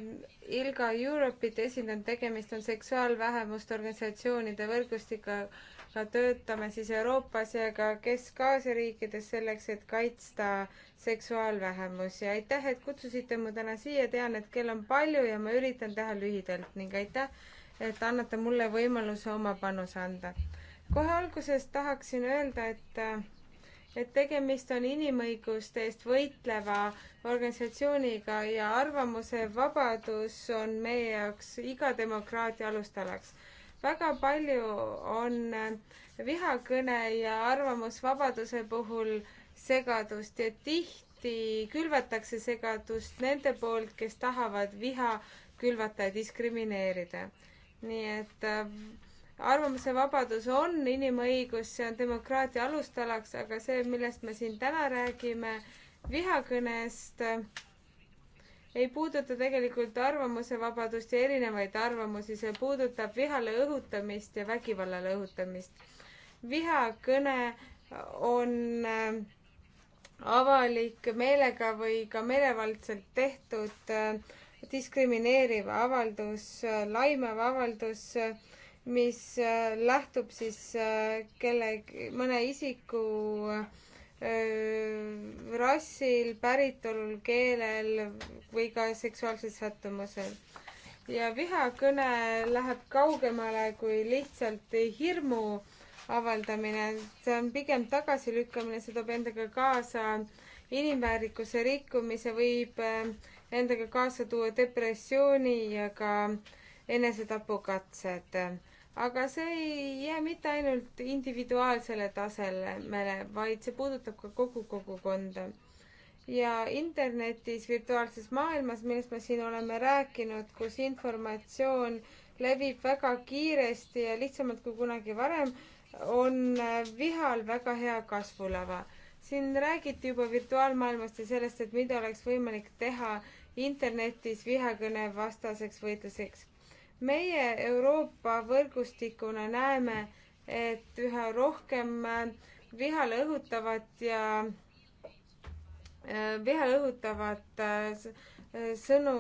ILGA Europe'it esindan, tegemist on seksuaalvähemuste organisatsioonide võrgustikaga, töötame siis Euroopas ja ka Kesk-Aasia riikides selleks, et kaitsta seksuaalvähemusi. aitäh, et kutsusite mu täna siia, tean, et kell on palju ja ma üritan teha lühidalt ning aitäh, et annate mulle võimaluse oma panuse anda. kohe alguses tahaksin öelda, et äh, et tegemist on inimõiguste eest võitleva organisatsiooniga ja arvamuse vabadus on meie jaoks iga demokraatia alustalaks. väga palju on äh, vihakõne ja arvamusvabaduse puhul segadust ja tihti külvatakse segadust nende poolt, kes tahavad viha külvata ja diskrimineerida. nii et äh, arvamuse vabadus on inimõigus, see on demokraatia alustalaks, aga see, millest me siin täna räägime, vihakõnest, äh, ei puuduta tegelikult arvamusevabadust ja erinevaid arvamusi, see puudutab vihale õhutamist ja vägivallale õhutamist. vihakõne on äh, avalik meelega või ka meelevaldselt tehtud äh, diskrimineeriv avaldus, laimav avaldus mis äh, lähtub siis äh, kelle, mõne isiku äh, rassil, päritolul, keelel või ka seksuaalsel sättumusel. ja vihakõne läheb kaugemale kui lihtsalt hirmu avaldamine, see on pigem tagasilükkamine, see toob endaga kaasa inimväärikuse rikkumise, võib endaga kaasa tuua depressiooni ja ka enesetapukatsed aga see ei jää mitte ainult individuaalsele tasemele, vaid see puudutab ka kogu kogukonda. ja internetis, virtuaalses maailmas, millest me siin oleme rääkinud, kus informatsioon levib väga kiiresti ja lihtsamalt kui kunagi varem, on vihal väga hea kasvulava. siin räägiti juba virtuaalmaailmast ja sellest, et mida oleks võimalik teha internetis vihakõne vastaseks võitluseks meie Euroopa võrgustikuna näeme, et üha rohkem äh, vihale õhutavat ja äh, vihale õhutavat äh, sõnu,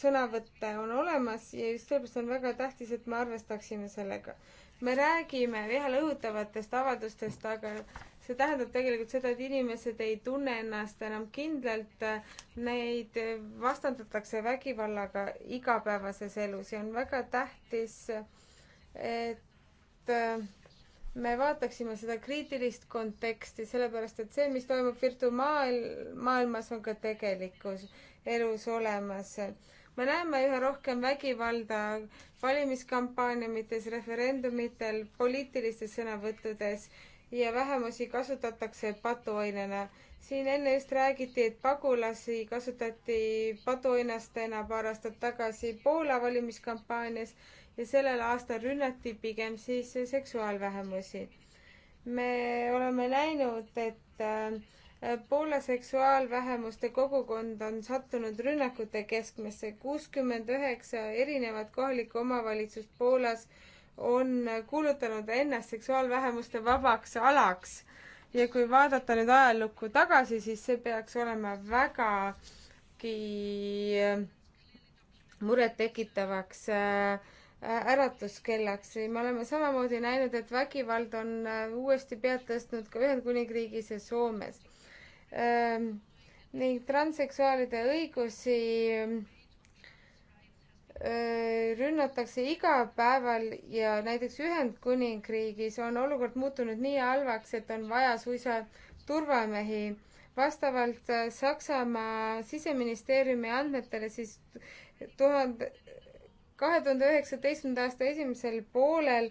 sõnavõtte on olemas ja just sellepärast on väga tähtis, et me arvestaksime sellega. me räägime vihale õhutavatest avaldustest, aga see tähendab tegelikult seda, et inimesed ei tunne ennast enam kindlalt, neid vastandatakse vägivallaga igapäevases elus ja on väga tähtis, et äh, me vaataksime seda kriitilist konteksti, sellepärast et see, mis toimub virtuaalmaailmas, maailmas, on ka tegelikus elus olemas. me näeme üha rohkem vägivalda valimiskampaaniates, referendumitel, poliitilistes sõnavõttudes ja vähemusi kasutatakse patuoinena. siin enne just räägiti, et pagulasi kasutati patuoinastena paar aastat tagasi Poola valimiskampaanias ja sellel aastal rünnati pigem siis seksuaalvähemusi. me oleme näinud, et äh, Poola seksuaalvähemuste kogukond on sattunud rünnakute keskmesse. kuuskümmend üheksa erinevat kohalikku omavalitsust Poolas on kuulutanud ennast seksuaalvähemuste vabaks alaks ja kui vaadata nüüd ajalukku tagasi, siis see peaks olema vägagi äh, murettekitavaks äh, äratuskellaks. me oleme samamoodi näinud, et vägivald on äh, uuesti pead tõstnud ka Ühendkuningriigis ja Soomes. ning transseksuaalide õigusi Äh, rünnatakse iga päeval ja näiteks Ühendkuningriigis on olukord muutunud nii halvaks, et on vaja suisa turvamehi. vastavalt äh, Saksamaa siseministeeriumi andmetele siis tuhande, kahe tuhande üheksateistkümnenda aasta esimesel poolel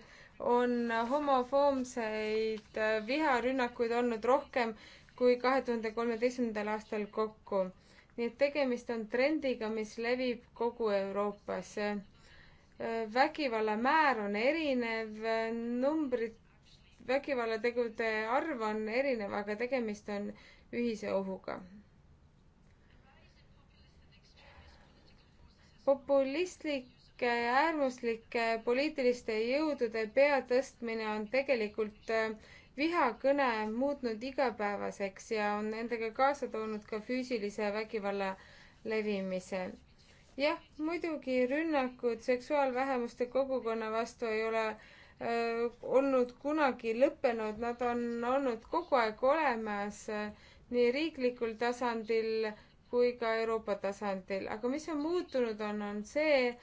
on homofoomseid äh, viharünnakuid olnud rohkem kui kahe tuhande kolmeteistkümnendal aastal kokku nii et tegemist on trendiga, mis levib kogu Euroopas. vägivalla määr on erinev, numbrid, vägivallategude arv on erinev, aga tegemist on ühise ohuga. populistlike ja äärmuslike poliitiliste jõudude peatõstmine on tegelikult äh, vihakõne muutnud igapäevaseks ja on endaga kaasa toonud ka füüsilise vägivalla levimise. jah, muidugi rünnakud seksuaalvähemuste kogukonna vastu ei ole öö, olnud kunagi lõppenud, nad on olnud kogu aeg olemas nii riiklikul tasandil kui ka Euroopa tasandil, aga mis on muutunud, on, on see,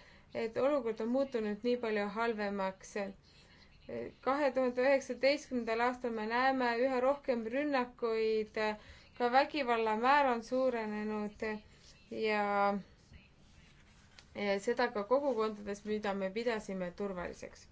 et olukord on muutunud nii palju halvemaks kahe tuhande üheksateistkümnendal aastal me näeme üha rohkem rünnakuid, ka vägivalla määr on suurenenud ja, ja seda ka kogukondades, mida me pidasime turvaliseks.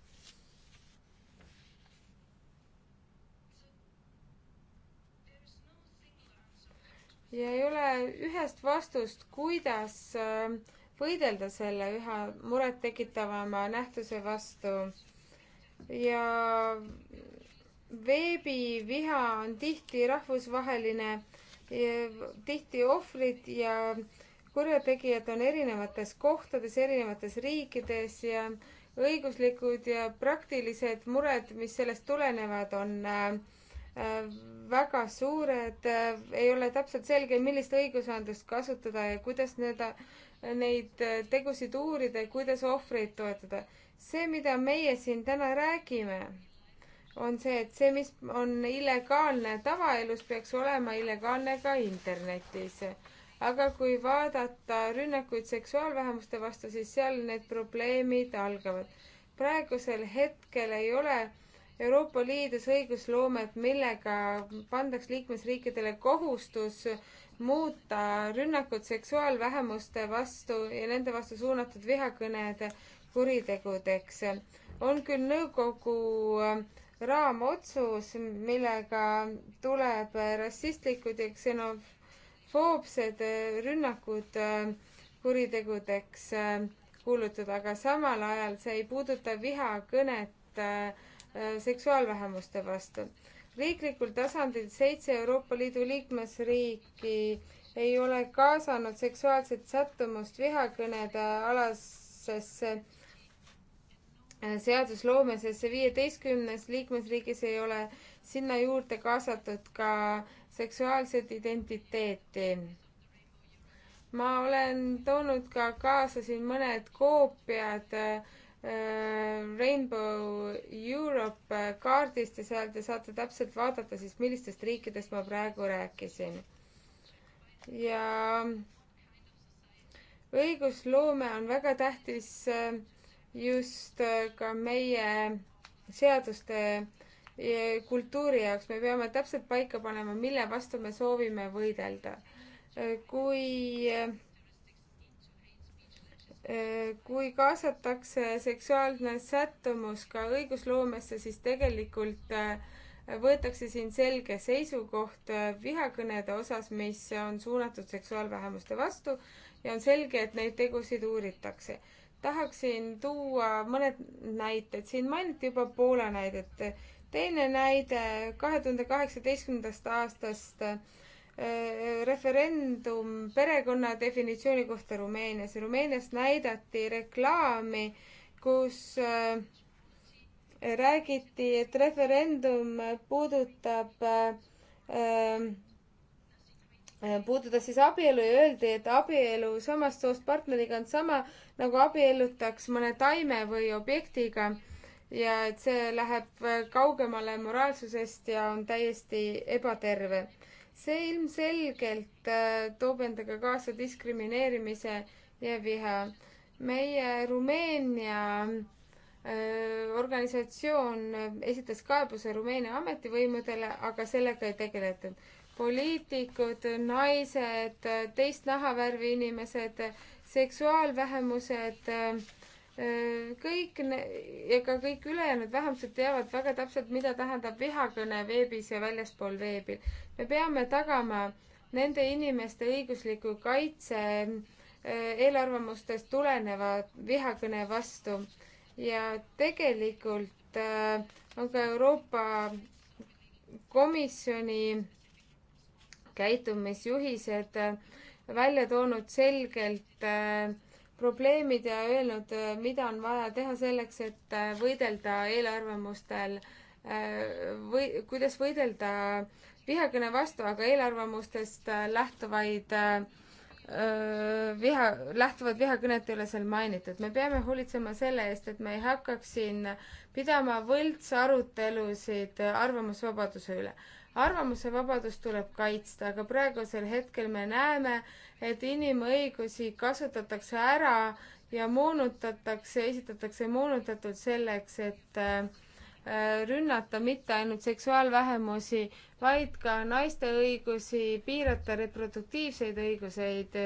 ja ei ole ühest vastust, kuidas äh, võidelda selle üha murettekitavama nähtuse vastu ja veebiviha on tihti rahvusvaheline, tihti ohvrid ja kurjategijad on erinevates kohtades, erinevates riikides ja õiguslikud ja praktilised mured, mis sellest tulenevad, on äh, väga suured, ei ole täpselt selge, millist õigusandlust kasutada ja kuidas need, äh, neid äh, tegusid uurida ja kuidas ohvreid toetada see, mida meie siin täna räägime, on see, et see, mis on illegaalne tavaelus, peaks olema illegaalne ka internetis. aga kui vaadata rünnakuid seksuaalvähemuste vastu, siis seal need probleemid algavad. praegusel hetkel ei ole Euroopa Liidus õigusloomet, millega pandaks liikmesriikidele kohustus muuta rünnakud seksuaalvähemuste vastu ja nende vastu suunatud vihakõned kuritegudeks. on küll nõukogu äh, raamotsus, millega tuleb rassistlikud ja ksenofoobsed äh, rünnakud äh, kuritegudeks kuulutada, aga samal ajal see ei puuduta vihakõnet seksuaalvähemuste vastu. riiklikul tasandil seitse Euroopa Liidu liikmesriiki ei ole kaasanud seksuaalset sättumust vihakõnede alasesse Äh, seadusloomes, sest see viieteistkümnes liikmesriigis ei ole sinna juurde kaasatud ka seksuaalset identiteeti. ma olen toonud ka kaasa siin mõned koopiad äh, Rainbow Europe kaardist ja sealt te saate täpselt vaadata siis, millistest riikidest ma praegu rääkisin. ja õigusloome on väga tähtis äh, just äh, ka meie seaduste kultuuri jaoks, me peame täpselt paika panema, mille vastu me soovime võidelda. Äh, kui, äh, kui kaasatakse seksuaalne sättumus ka õigusloomesse, siis tegelikult võetakse siin selge seisukoht vihakõnede osas, mis on suunatud seksuaalvähemuste vastu ja on selge, et neid tegusid uuritakse tahaksin tuua mõned näited, siin mainiti juba Poola näidet. teine näide kahe tuhande kaheksateistkümnendast aastast äh, referendum perekonna definitsiooni kohta Rumeenias. Rumeenias näidati reklaami, kus äh, räägiti, et referendum puudutab äh, äh Äh, puudutas siis abielu ja öeldi, et abielu samast soost partneriga on sama nagu abiellutaks mõne taime või objektiga ja et see läheb äh, kaugemale moraalsusest ja on täiesti ebaterve. see ilmselgelt äh, toob endaga kaasa diskrimineerimise ja viha. meie Rumeenia organisatsioon esitas kaebuse Rumeenia ametivõimudele, aga sellega ei tegeletud poliitikud, naised, teist nahavärvi inimesed, seksuaalvähemused, kõik ja ka kõik ülejäänud vähemused teavad väga täpselt, mida tähendab vihakõne veebis ja väljaspool veebi. me peame tagama nende inimeste õigusliku kaitse eh, eelarvamustest tuleneva vihakõne vastu ja tegelikult eh, on ka Euroopa Komisjoni käitumisjuhised äh, välja toonud selgelt äh, probleemid ja öelnud, äh, mida on vaja teha selleks, et võidelda eelarvamustel või kuidas võidelda vihakõne vastu, aga eelarvamustest lähtuvaid viha, lähtuvat vihakõnet ei ole seal mainitud. me peame hoolitsema selle eest, et me ei hakkaks siin pidama võltsarutelusid arvamusvabaduse üle arvamusevabadust tuleb kaitsta, aga praegusel hetkel me näeme, et inimõigusi kasutatakse ära ja moonutatakse, esitatakse moonutatult selleks, et äh, rünnata mitte ainult seksuaalvähemusi, vaid ka naiste õigusi, piirata reproduktiivseid õiguseid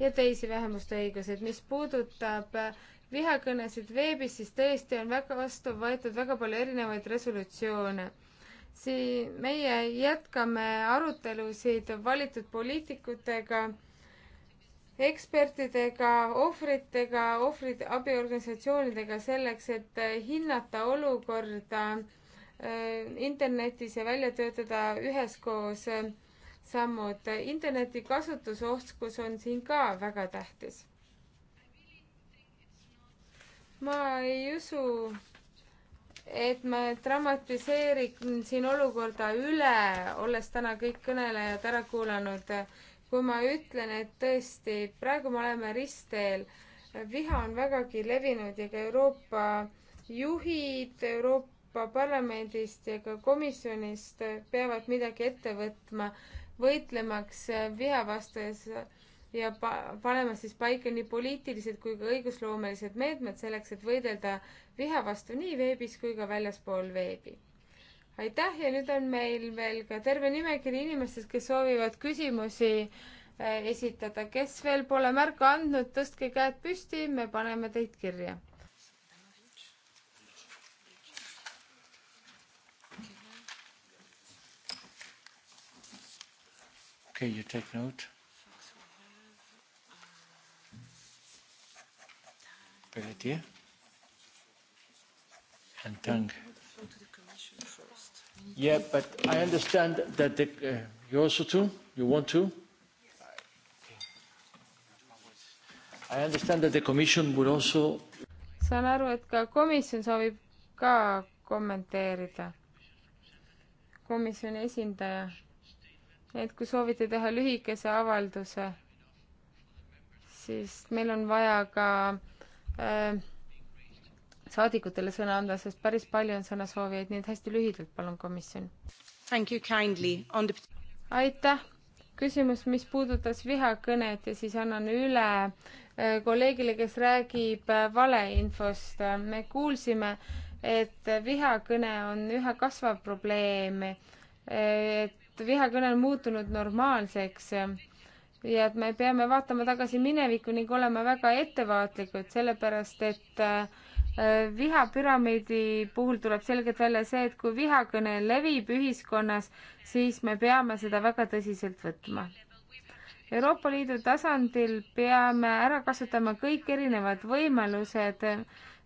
ja teisi vähemuste õiguseid. mis puudutab äh, vihakõnesid veebis, siis tõesti on väga vastu võetud väga palju erinevaid resolutsioone siin meie jätkame arutelusid valitud poliitikutega, ekspertidega, ohvritega, ohvrid, abiorganisatsioonidega selleks, et hinnata olukorda äh, internetis ja välja töötada üheskoos äh, sammud. interneti kasutusoskus on siin ka väga tähtis. ma ei usu, et ma dramatiseerin siin olukorda üle, olles täna kõik kõnelejad ära kuulanud, kui ma ütlen, et tõesti, praegu me oleme ristteel. viha on vägagi levinud ja ka Euroopa juhid Euroopa Parlamendist ja ka komisjonist peavad midagi ette võtma, võitlemaks viha vastu ja ja pa-, panema siis paika nii poliitilised kui ka õigusloomelised meetmed selleks, et võidelda viha vastu nii veebis kui ka väljaspool veebi. aitäh ja nüüd on meil veel ka terve nimekiri inimestest, kes soovivad küsimusi äh, esitada. kes veel pole märku andnud, tõstke käed püsti, me paneme teid kirja. Okay, you take note. Pelletier. And Tang. Yeah, but I understand that the, uh, you also too? You want to? I understand that the commission would also saan aru, et ka komisjon soovib ka kommenteerida. komisjoni esindaja. et kui soovite teha lühikese avalduse, siis meil on vaja ka Äh, saadikutele sõna anda, sest päris palju on sõnasoovijaid, nii et hästi lühidalt, palun, komisjon. The... aitäh. küsimus, mis puudutas vihakõnet ja siis annan üle äh, kolleegile, kes räägib äh, valeinfost. me kuulsime, et vihakõne on üha kasvav probleem, et vihakõne on muutunud normaalseks ja et me peame vaatama tagasi minevikku ning olema väga ettevaatlikud, sellepärast et äh, vihapüramiidi puhul tuleb selgelt välja see, et kui vihakõne levib ühiskonnas, siis me peame seda väga tõsiselt võtma. Euroopa Liidu tasandil peame ära kasutama kõik erinevad võimalused,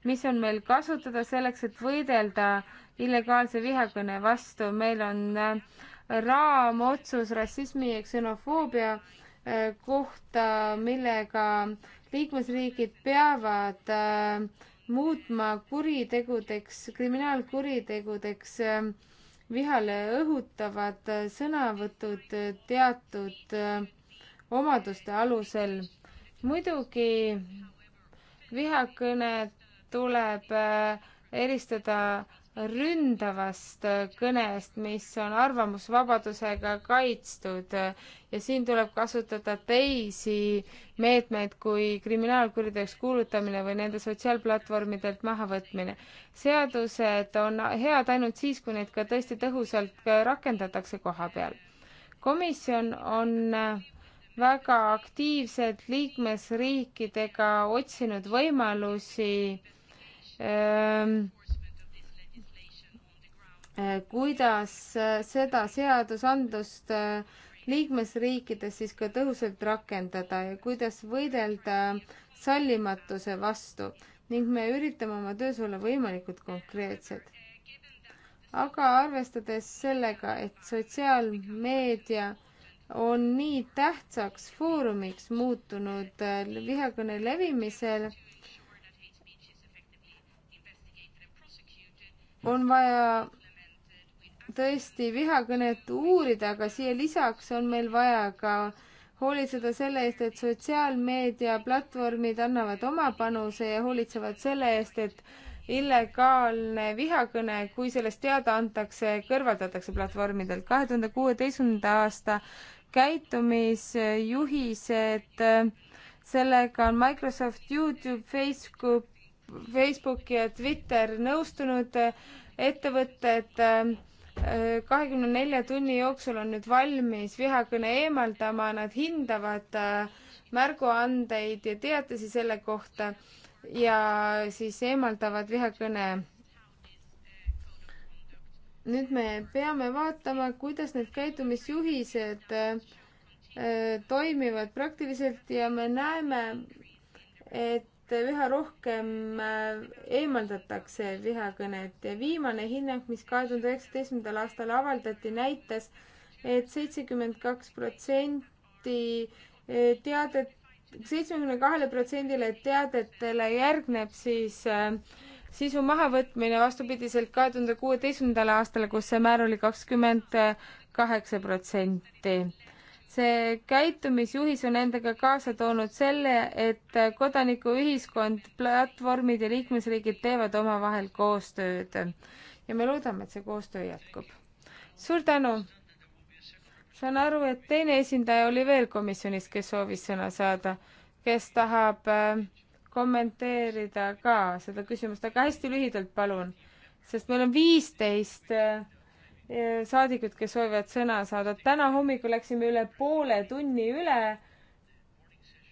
mis on meil kasutada selleks, et võidelda illegaalse vihakõne vastu. meil on äh, raamotsus rassismi ja ksenofoobia äh, Äh, kohta, millega liikmesriigid peavad äh, muutma kuritegudeks, kriminaalkuritegudeks äh, vihale õhutavad sõnavõtud teatud omaduste alusel. muidugi vihakõne tuleb eristada ründavast kõnest, mis on arvamusvabadusega kaitstud ja siin tuleb kasutada teisi meetmeid kui kriminaalkuriteoks kuulutamine või nende sotsiaalplatvormidelt mahavõtmine. seadused on head ainult siis, kui neid ka tõesti tõhusalt rakendatakse koha peal. komisjon on väga aktiivselt liikmesriikidega otsinud võimalusi öö, ähm, Äh, kuidas äh, seda seadusandlust äh, liikmesriikides siis ka tõhusalt rakendada ja kuidas võidelda sallimatuse vastu ning me üritame oma töös olla võimalikult konkreetsed. aga arvestades sellega, et sotsiaalmeedia on nii tähtsaks foorumiks muutunud vihakõne levimisel, on vaja tõesti vihakõnet uurida, aga siia lisaks on meil vaja ka hoolitseda selle eest, et sotsiaalmeediaplatvormid annavad oma panuse ja hoolitsevad selle eest, et illegaalne vihakõne, kui sellest teada antakse, kõrvaldatakse platvormidelt. kahe tuhande kuueteistkümnenda aasta käitumisjuhised, sellega on Microsoft, Youtube, Facebook, Facebook ja Twitter nõustunud ettevõtted et, kahekümne nelja tunni jooksul on nüüd valmis vihakõne eemaldama, nad hindavad äh, märguandeid ja teatisi selle kohta ja siis eemaldavad vihakõne. nüüd me peame vaatama, kuidas need käitumisjuhised äh, toimivad praktiliselt ja me näeme, et et üha rohkem äh, eemaldatakse vihakõnet ja viimane hinnang, mis kahe tuhande üheksateistkümnendal aastal avaldati, näitas et, et seitsekümmend kaks protsenti äh, teadet, seitsmekümne kahele protsendile teadetele järgneb siis äh, sisu mahavõtmine vastupidiselt kahe tuhande kuueteistkümnendale aastale, kus see määr oli kakskümmend kaheksa protsenti see käitumisjuhis on endaga kaasa toonud selle, et kodanikuühiskond, platvormid ja liikmesriigid teevad omavahel koostööd. ja me loodame, et see koostöö jätkub. suur tänu! saan aru, et teine esindaja oli veel komisjonis, kes soovis sõna saada, kes tahab äh, kommenteerida ka seda küsimust, aga hästi lühidalt palun, sest meil on viisteist 15 äh, saadikud, kes soovivad sõna saada. täna hommikul läksime üle poole tunni üle.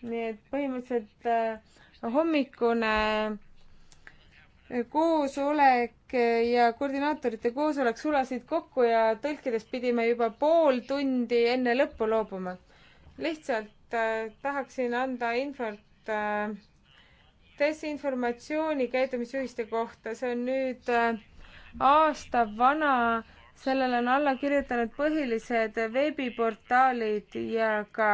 nii et põhimõtteliselt äh, hommikune äh, koosolek äh, ja koordinaatorite koosolek sulasid kokku ja tõlkides pidime juba pool tundi enne lõppu loobuma. lihtsalt äh, tahaksin anda infot äh, desinformatsiooni käitumisjuhiste kohta, see on nüüd äh, aasta vana sellele on alla kirjutanud põhilised veebiportaalid ja ka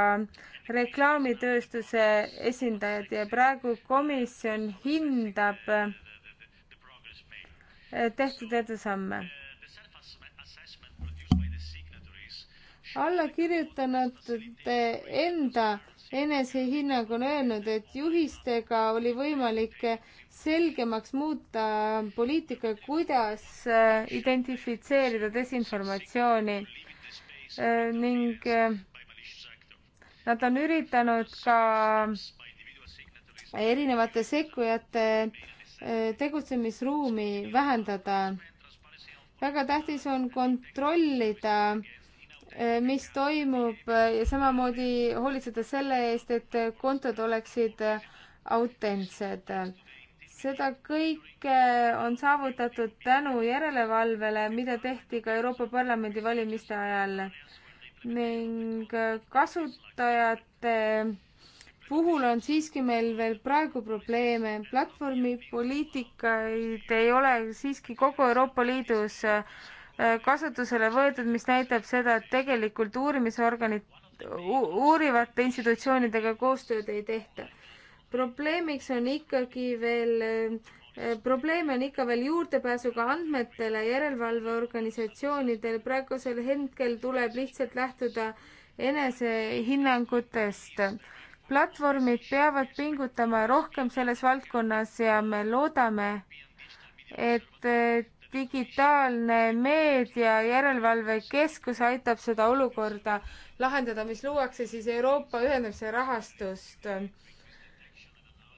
reklaamitööstuse esindajad ja praegu komisjon hindab eh, tehtud edusamme. allakirjutanute enda enesehinnang on öelnud, et juhistega oli võimalik selgemaks muuta poliitika, kuidas äh, identifitseerida desinformatsiooni äh, ning äh, nad on üritanud ka erinevate sekkujate tegutsemisruumi vähendada. väga tähtis on kontrollida, mis toimub ja samamoodi hoolitseda selle eest, et kontod oleksid autentsed seda kõike on saavutatud tänu järelevalvele, mida tehti ka Euroopa Parlamendi valimiste ajal ning äh, kasutajate puhul on siiski meil veel praegu probleeme. platvormipoliitikaid ei ole siiski kogu Euroopa Liidus äh, kasutusele võetud, mis näitab seda, et tegelikult uurimisorganid, uurivate institutsioonidega koostööd ei tehta probleemiks on ikkagi veel eh, probleeme on ikka veel juurdepääsuga andmetele järelevalveorganisatsioonidel. praegusel hetkel tuleb lihtsalt lähtuda enesehinnangutest. platvormid peavad pingutama rohkem selles valdkonnas ja me loodame, et eh, digitaalne meedia järelevalvekeskus aitab seda olukorda lahendada, mis luuakse siis Euroopa ühendamise rahastust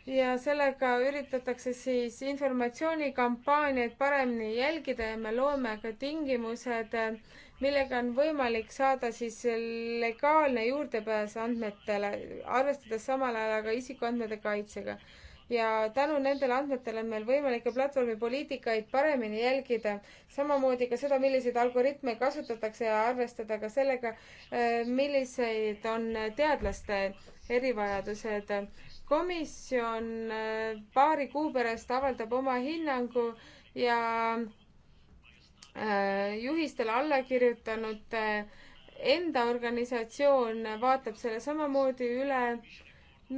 ja sellega üritatakse siis informatsioonikampaaniaid paremini jälgida ja me loome ka tingimused, millega on võimalik saada siis legaalne juurdepääs andmetele, arvestades samal ajal aga isikuandmete kaitsega. ja tänu nendele andmetele on meil võimalik ka platvormi poliitikaid paremini jälgida, samamoodi ka seda, milliseid algoritme kasutatakse ja arvestada ka sellega, eh, millised on teadlaste erivajadused komisjon äh, paari kuu pärast avaldab oma hinnangu ja äh, juhistele alla kirjutanud äh, enda organisatsioon vaatab selle samamoodi üle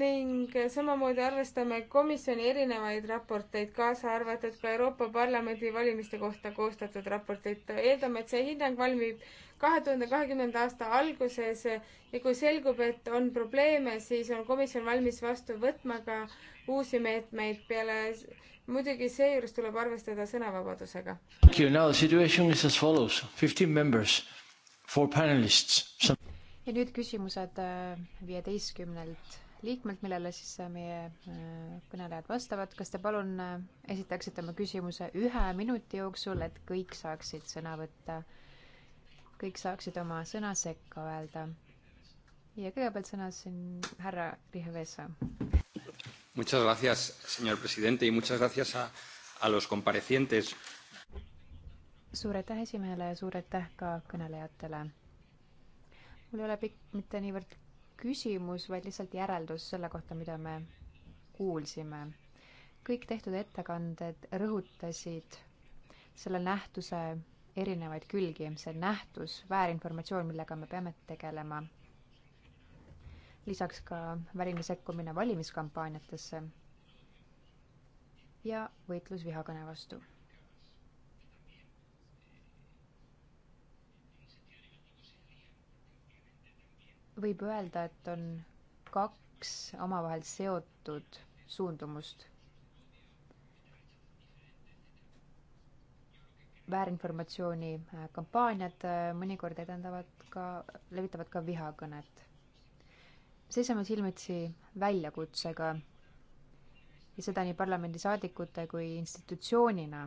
ning samamoodi arvestame komisjoni erinevaid raporteid, kaasa arvatud ka Euroopa Parlamendi valimiste kohta koostatud raporteid. eeldame, et see hinnang valmib kahe tuhande kahekümnenda aasta alguses ja kui selgub, et on probleeme, siis on komisjon valmis vastu võtma ka uusi meetmeid peale. muidugi seejuures tuleb arvestada sõnavabadusega. ja nüüd küsimused äh, viieteistkümnelt liikmelt, millele siis äh, meie äh, kõnelejad vastavad. kas te palun esitaksite oma küsimuse ühe minuti jooksul, et kõik saaksid sõna võtta? kõik saaksid oma sõna sekka öelda. ja kõigepealt sõna siin härra Rihevesa. Muchas gracias, señor presidente y muchas gracias a, a los comparecientes. suur aitäh esimehele ja suur aitäh ka kõnelejatele. mul ei ole pikk, mitte niivõrd küsimus, vaid lihtsalt järeldus selle kohta, mida me kuulsime. kõik tehtud ettekanded rõhutasid selle nähtuse erinevaid külgi, see nähtus, väärinformatsioon, millega me peame tegelema. lisaks ka väline sekkumine valimiskampaaniatesse ja võitlus vihakõne vastu võib öelda, et on kaks omavahel seotud suundumust. väärinformatsiooni äh, kampaaniad äh, mõnikord edendavad ka, levitavad ka vihakõnet. seisame silmitsi väljakutsega ja seda nii parlamendisaadikute kui institutsioonina.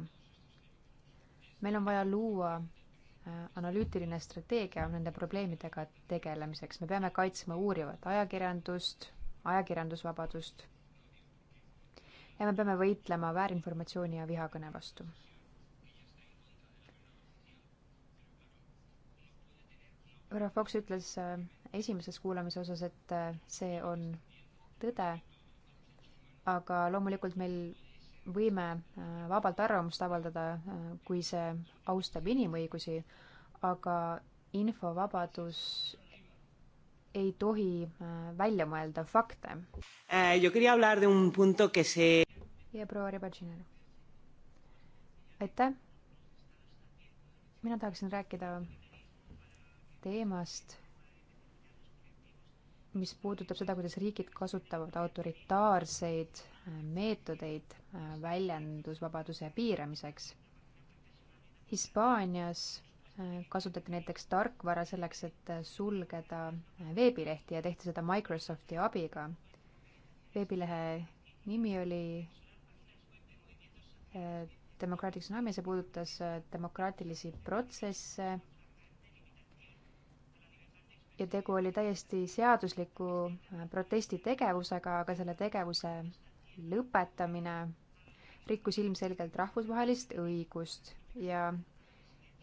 meil on vaja luua äh, analüütiline strateegia nende probleemidega tegelemiseks, me peame kaitsma uurivat ajakirjandust, ajakirjandusvabadust ja me peame võitlema väärinformatsiooni ja vihakõne vastu härra Fox ütles äh, esimeses kuulamise osas, et äh, see on tõde, aga loomulikult meil võime äh, vabalt arvamust avaldada, kui see austab inimõigusi, aga infovabadus ei tohi välja mõelda fakte. ja proua Ribatšinen. aitäh. mina tahaksin rääkida teemast, mis puudutab seda, kuidas riigid kasutavad autoritaarseid äh, meetodeid äh, väljendusvabaduse piiramiseks. Hispaanias äh, kasutati näiteks tarkvara selleks, et sulgeda veebilehti ja tehti seda Microsofti abiga. veebilehe nimi oli Democratic Tsunami, see puudutas demokraatilisi protsesse ja tegu oli täiesti seadusliku äh, protestitegevusega, aga selle tegevuse lõpetamine rikkus ilmselgelt rahvusvahelist õigust ja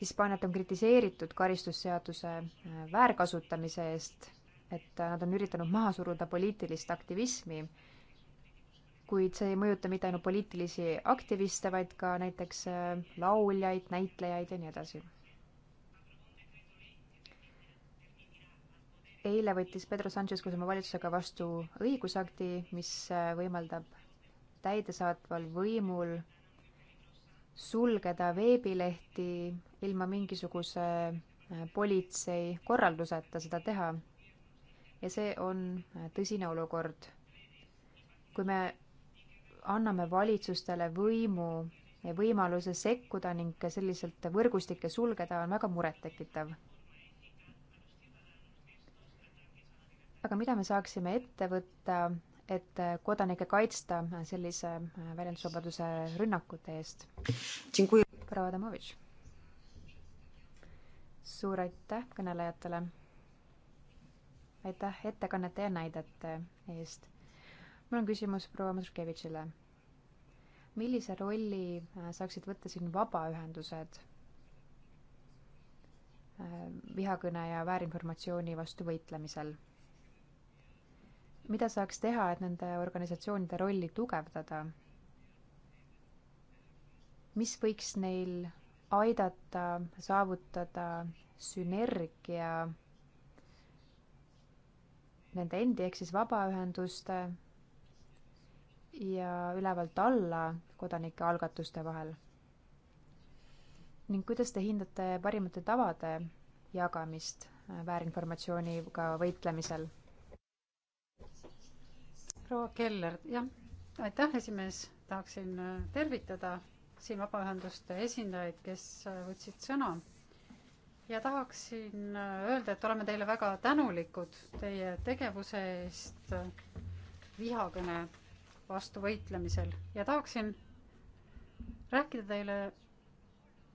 Hispaaniat on kritiseeritud karistusseaduse äh, väärkasutamise eest, et äh, nad on üritanud maha suruda poliitilist aktivismi, kuid see ei mõjuta mitte ainult poliitilisi aktiviste, vaid ka näiteks lauljaid, näitlejaid ja nii edasi eile võttis Pedro Sanchez koos oma valitsusega vastu õigusakti, mis äh, võimaldab täidesaatval võimul sulgeda veebilehti ilma mingisuguse äh, politsei korralduseta seda teha. ja see on äh, tõsine olukord. kui me anname valitsustele võimu ja võimaluse sekkuda ning selliselt võrgustikke sulgeda, on väga murettekitav aga mida me saaksime ette võtta, et kodanikke kaitsta sellise väljendusvabaduse rünnakute eest? proua Adamovitš. suur aitäh kõnelejatele. aitäh ettekannete ja näidete eest. mul on küsimus proua Masurkevitšile. millise rolli äh, saaksid võtta siin vabaühendused äh, vihakõne ja väärinformatsiooni vastu võitlemisel? mida saaks teha, et nende organisatsioonide rolli tugevdada? mis võiks neil aidata saavutada sünergia nende endi ehk siis vabaühenduste ja ülevalt alla kodanike algatuste vahel? ning kuidas te hindate parimate tavade jagamist väärinformatsiooniga võitlemisel? proua Keller, jah, aitäh, esimees, tahaksin äh, tervitada siin vabaühenduste esindajaid, kes äh, võtsid sõna. ja tahaksin äh, öelda, et oleme teile väga tänulikud teie tegevuse eest vihakõne vastu võitlemisel ja tahaksin rääkida teile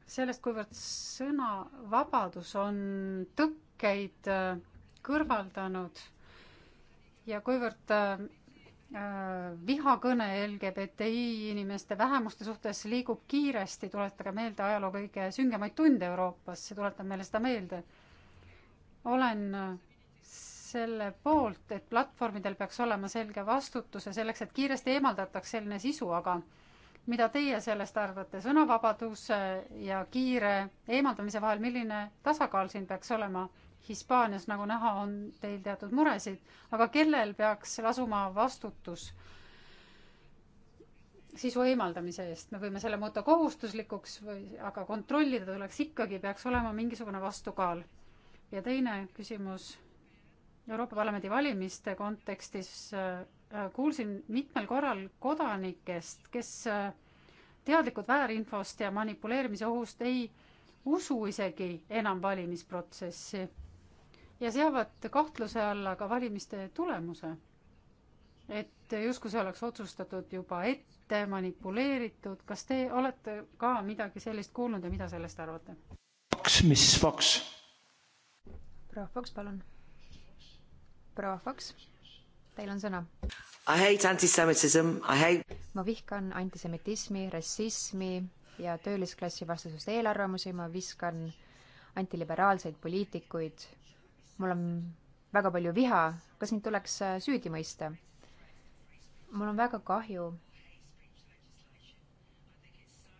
sellest, kuivõrd sõnavabadus on tõkkeid kõrvaldanud ja kuivõrd Äh, vihakõne LGBTI inimeste vähemuste suhtes liigub kiiresti, tuletage meelde ajaloo kõige süngemaid tunde Euroopas, see tuletab meile seda meelde. olen selle poolt, et platvormidel peaks olema selge vastutus ja selleks, et kiiresti eemaldataks selline sisu, aga mida teie sellest arvate, sõnavabaduse ja kiire eemaldamise vahel, milline tasakaal siin peaks olema? Hispaanias, nagu näha, on teil teatud muresid, aga kellel peaks lasuma vastutus sisu eemaldamise eest, me võime selle muuta kohustuslikuks või, aga kontrollida tuleks ikkagi, peaks olema mingisugune vastukaal. ja teine küsimus Euroopa Parlamendi valimiste kontekstis äh, kuulsin mitmel korral kodanikest, kes äh, teadlikud väärinfost ja manipuleerimise ohust ei usu isegi enam valimisprotsessi ja seavad kahtluse alla ka valimiste tulemuse. et justkui see oleks otsustatud juba ette, manipuleeritud, kas te olete ka midagi sellist kuulnud ja mida sellest arvate? Fox, mis Fox? proua Fox, palun. proua Fox, teil on sõna. I hate antisemitism, I hate ma vihkan antisemitismi, rassismi ja töölisklassi vastasust eelarvamusi, ma viskan antiliberaalseid poliitikuid mul on väga palju viha, kas mind tuleks äh, süüdi mõista? mul on väga kahju,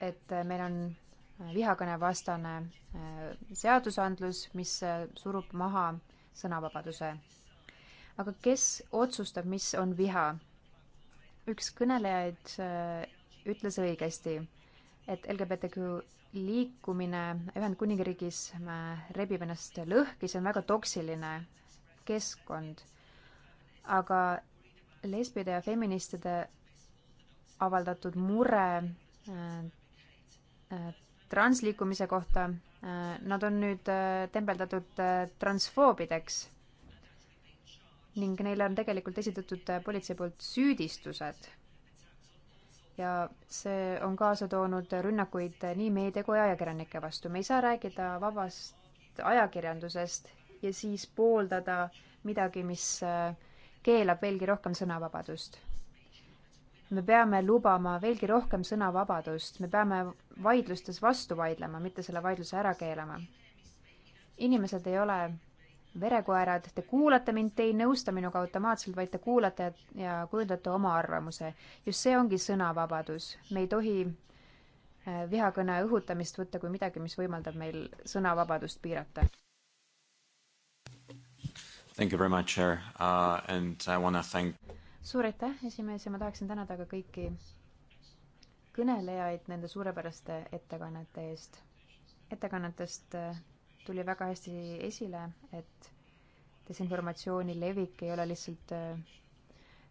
et äh, meil on äh, vihakõnevastane seadusandlus, mis surub maha sõnavabaduse. aga kes otsustab, mis on viha? üks kõnelejaid ütles õigesti, et LGBTQ liikumine Ühendkuningriigis rebib ennast lõhki, see on väga toksiline keskkond. aga lesbide ja feministide avaldatud mure äh, äh, transliikumise kohta, äh, nad on nüüd tembeldatud transfoobideks ning neile on tegelikult esitatud politsei poolt süüdistused ja see on kaasa toonud rünnakuid nii meedia kui ajakirjanike vastu. me ei saa rääkida vabast ajakirjandusest ja siis pooldada midagi, mis äh, keelab veelgi rohkem sõnavabadust. me peame lubama veelgi rohkem sõnavabadust, me peame vaidlustes vastu vaidlema, mitte selle vaidluse ära keelama. inimesed ei ole verekoerad, te kuulate mind, te ei nõusta minuga automaatselt, vaid te kuulate ja kujundate oma arvamuse. just see ongi sõnavabadus. me ei tohi äh, vihakõne õhutamist võtta kui midagi, mis võimaldab meil sõnavabadust piirata. Thank you very much, Chair uh,, and I wanna thank suur aitäh, esimees, ja ma tahaksin tänada ka kõiki kõnelejaid nende suurepäraste ettekannete eest. ettekannetest äh, tuli väga hästi esile, et desinformatsiooni levik ei ole lihtsalt äh,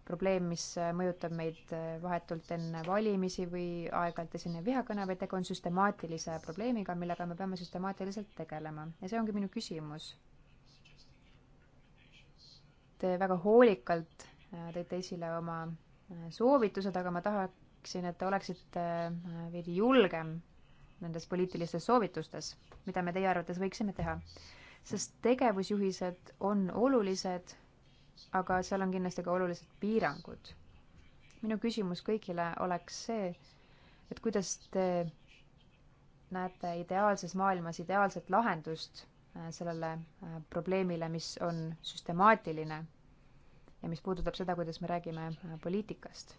probleem, mis äh, mõjutab meid äh, vahetult enne valimisi või aeg-ajalt esinev vihakõne, vaid tegu on süstemaatilise probleemiga, millega me peame süstemaatiliselt tegelema ja see ongi minu küsimus. Te väga hoolikalt tõite esile oma soovitused, aga ma tahaksin, et te oleksite veidi julgem nendes poliitilistes soovitustes, mida me teie arvates võiksime teha? sest tegevusjuhised on olulised, aga seal on kindlasti ka olulised piirangud. minu küsimus kõigile oleks see, et kuidas te näete ideaalses maailmas ideaalset lahendust äh, sellele äh, probleemile, mis on süstemaatiline ja mis puudutab seda, kuidas me räägime äh, poliitikast.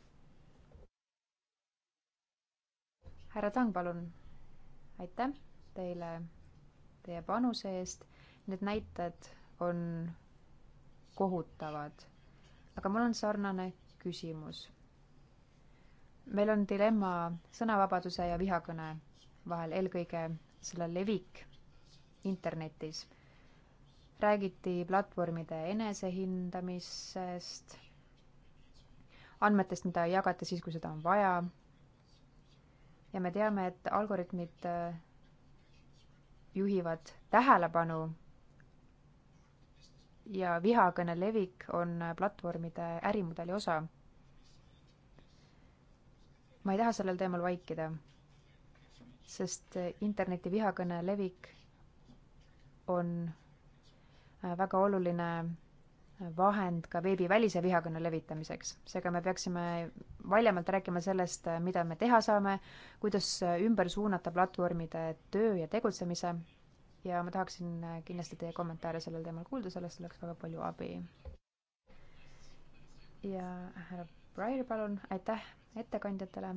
härra Tang, palun aitäh teile teie panuse eest. Need näited on kohutavad. aga mul on sarnane küsimus. meil on dilemma sõnavabaduse ja vihakõne vahel, eelkõige selle levik internetis. räägiti platvormide enesehindamisest, andmetest, mida jagate siis, kui seda on vaja ja me teame, et algoritmid äh, juhivad tähelepanu ja vihakõne levik on äh, platvormide ärimudeli osa. ma ei taha sellel teemal vaikida, sest äh, interneti vihakõne levik on väga oluline vahend ka veebivälise vihakõne levitamiseks. seega me peaksime valjemalt rääkima sellest, mida me teha saame, kuidas ümber suunata platvormide töö ja tegutsemise ja ma tahaksin kindlasti teie kommentaare sellel teemal kuulda, sellest oleks väga palju abi. ja härra Breyer, palun, aitäh ettekandjatele.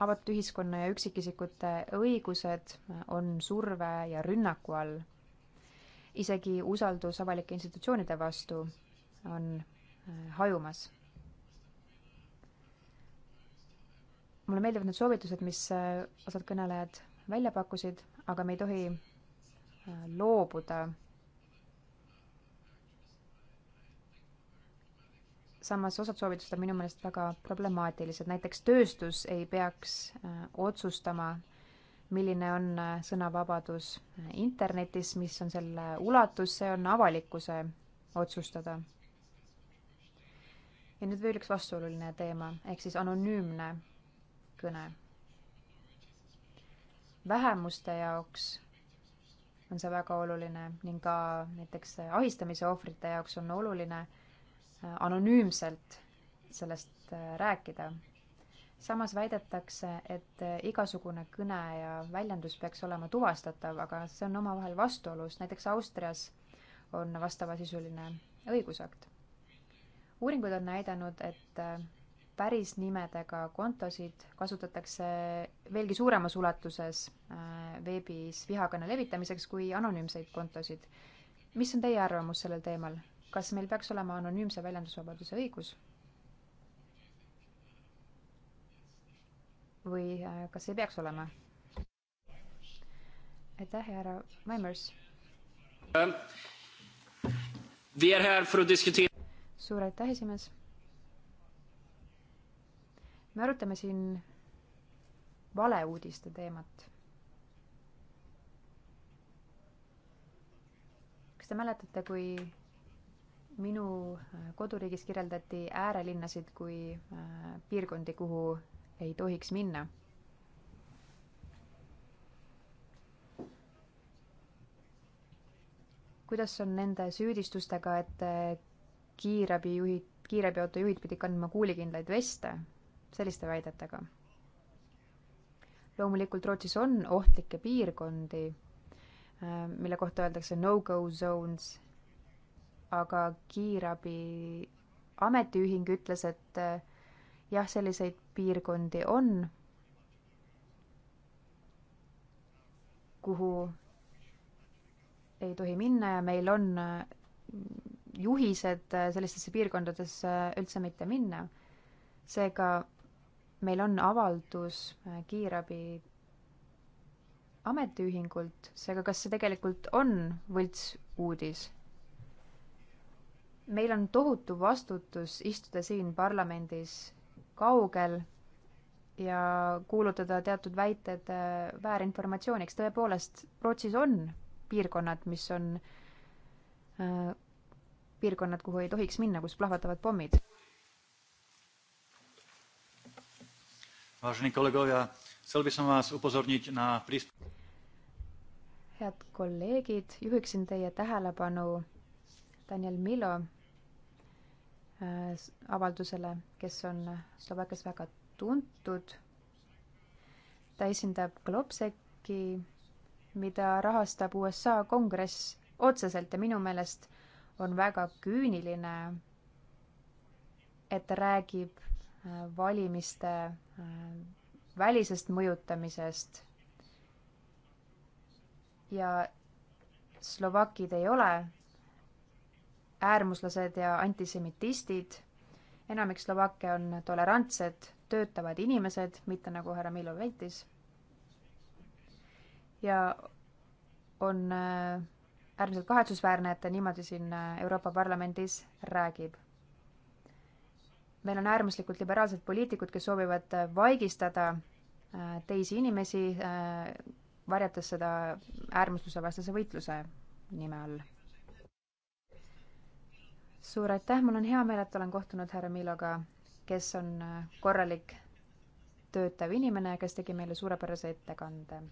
avatud ühiskonna ja üksikisikute õigused on surve ja rünnaku all isegi usaldus avalike institutsioonide vastu on äh, hajumas. mulle meeldivad need soovitused, mis äh, osad kõnelejad välja pakkusid, aga me ei tohi äh, loobuda samas osad soovitused on minu meelest väga problemaatilised, näiteks tööstus ei peaks otsustama äh, milline on äh, sõnavabadus internetis, mis on selle ulatus, see on avalikkuse otsustada. ja nüüd veel üks vastuoluline teema, ehk siis anonüümne kõne. vähemuste jaoks on see väga oluline ning ka näiteks ahistamise ohvrite jaoks on oluline äh, anonüümselt sellest äh, rääkida samas väidetakse, et igasugune kõne ja väljendus peaks olema tuvastatav, aga see on omavahel vastuolus, näiteks Austrias on vastavasisuline õigusakt. uuringud on näidanud, et päris nimedega kontosid kasutatakse veelgi suuremas ulatuses äh, veebis vihakõne levitamiseks kui anonüümseid kontosid. mis on teie arvamus sellel teemal, kas meil peaks olema anonüümse väljendusvabaduse õigus? või äh, kas ei peaks olema? aitäh, härra Maimers. suur aitäh, esimees. me arutame siin valeuudiste teemat. kas te mäletate, kui minu koduriigis kirjeldati äärelinnasid kui äh, piirkondi, kuhu ei tohiks minna. kuidas on nende süüdistustega, et eh, kiirabijuhid, kiirabiauto juhid pidid kandma kuulikindlaid veste, selliste väidetega? loomulikult Rootsis on ohtlikke piirkondi, eh, mille kohta öeldakse no-go zones, aga kiirabi ametiühing ütles, et eh, jah, selliseid piirkondi on, kuhu ei tohi minna ja meil on mm, juhised äh, sellistesse piirkondadesse äh, üldse mitte minna. seega meil on avaldus äh, kiirabi ametiühingult, seega kas see tegelikult on võltsuudis? meil on tohutu vastutus istuda siin parlamendis kaugel ja kuulutada teatud väited äh, väärinformatsiooniks. tõepoolest, Rootsis on piirkonnad, mis on äh, piirkonnad, kuhu ei tohiks minna, kus plahvatavad pommid. head kolleegid, juhiksin teie tähelepanu Daniel Milo Äh, avaldusele, kes on Slovakkias väga tuntud. ta esindab Globseki, mida rahastab USA kongress otseselt ja minu meelest on väga küüniline, et ta räägib äh, valimiste äh, välisest mõjutamisest. ja slovakid ei ole äärmuslased ja antisemitistid. enamik Slovakke on tolerantsed, töötavad inimesed, mitte nagu härra Milo väitis. ja on äh, äärmiselt kahetsusväärne, et ta niimoodi siin äh, Euroopa Parlamendis räägib. meil on äärmuslikult liberaalsed poliitikud, kes soovivad äh, vaigistada teisi inimesi, varjates seda äärmusluse vastase võitluse nime all suur aitäh, mul on hea meel, et olen kohtunud härra Miloga, kes on äh, korralik töötav inimene, kes tegi meile suurepärase ettekande.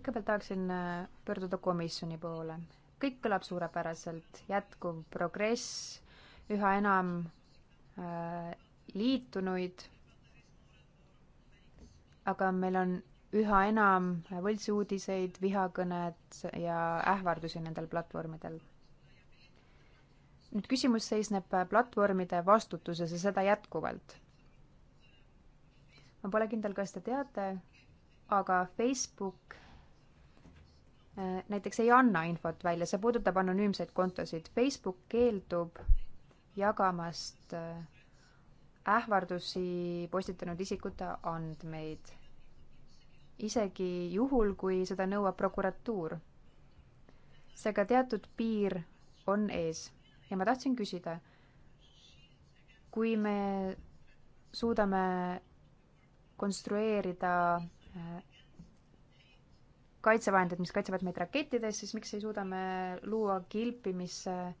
kõigepealt tahaksin äh, pöörduda komisjoni poole. kõik kõlab suurepäraselt, jätkuv progress, üha enam äh, liitunuid. aga meil on üha enam võltsuudiseid, vihakõned ja ähvardusi nendel platvormidel. nüüd küsimus seisneb platvormide vastutuses ja seda jätkuvalt. ma pole kindel, kas te teate, aga Facebook eh, näiteks ei anna infot välja, see puudutab anonüümseid kontosid. Facebook keeldub jagamast eh, ähvardusi postitanud isikute andmeid isegi juhul, kui seda nõuab prokuratuur. seega teatud piir on ees ja ma tahtsin küsida, kui me suudame konstrueerida äh, kaitsevahendid, mis kaitsevad meid rakettides, siis miks ei suuda me luua kilpi, mis äh,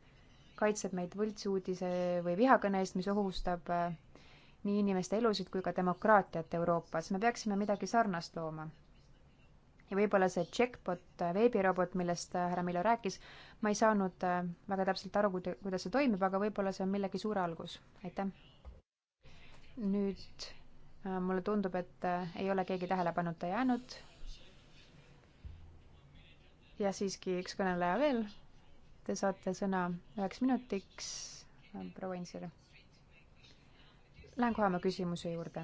kaitseb meid võltsuudise või vihakõne eest, mis ohustab äh, nii inimeste elusid kui ka demokraatiat Euroopas. me peaksime midagi sarnast looma. ja võib-olla see Checkbot veebirobot, millest härra Milo rääkis, ma ei saanud äh, väga täpselt aru, kuidas see toimib, aga võib-olla see on millegi suur algus. aitäh. nüüd äh, mulle tundub, et äh, ei ole keegi tähelepanuta jäänud. ja siiski üks kõneleja veel. Te saate sõna üheks minutiks, proua Insir lähen kohe oma küsimuse juurde.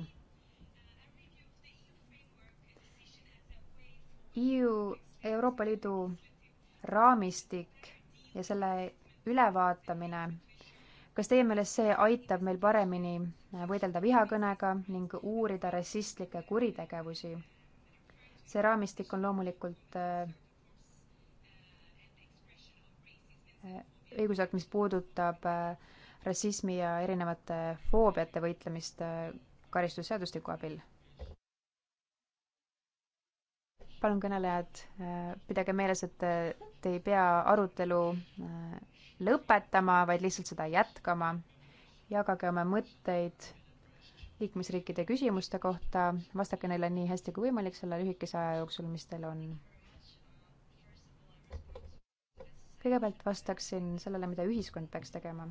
EU, Euroopa Liidu raamistik ja selle ülevaatamine, kas teie meelest see aitab meil paremini võidelda vihakõnega ning uurida rassistlikke kuritegevusi? see raamistik on loomulikult äh, õigusakt, mis puudutab äh, rassismi ja erinevate foobiate võitlemist äh, karistusseadustiku abil. palun, kõnelejad, äh, pidage meeles, et äh, te ei pea arutelu lõpetama, vaid lihtsalt seda jätkama. jagage oma mõtteid liikmesriikide küsimuste kohta, vastake neile nii hästi kui võimalik selle lühikese aja jooksul, mis teil on. kõigepealt vastaksin sellele, mida ühiskond peaks tegema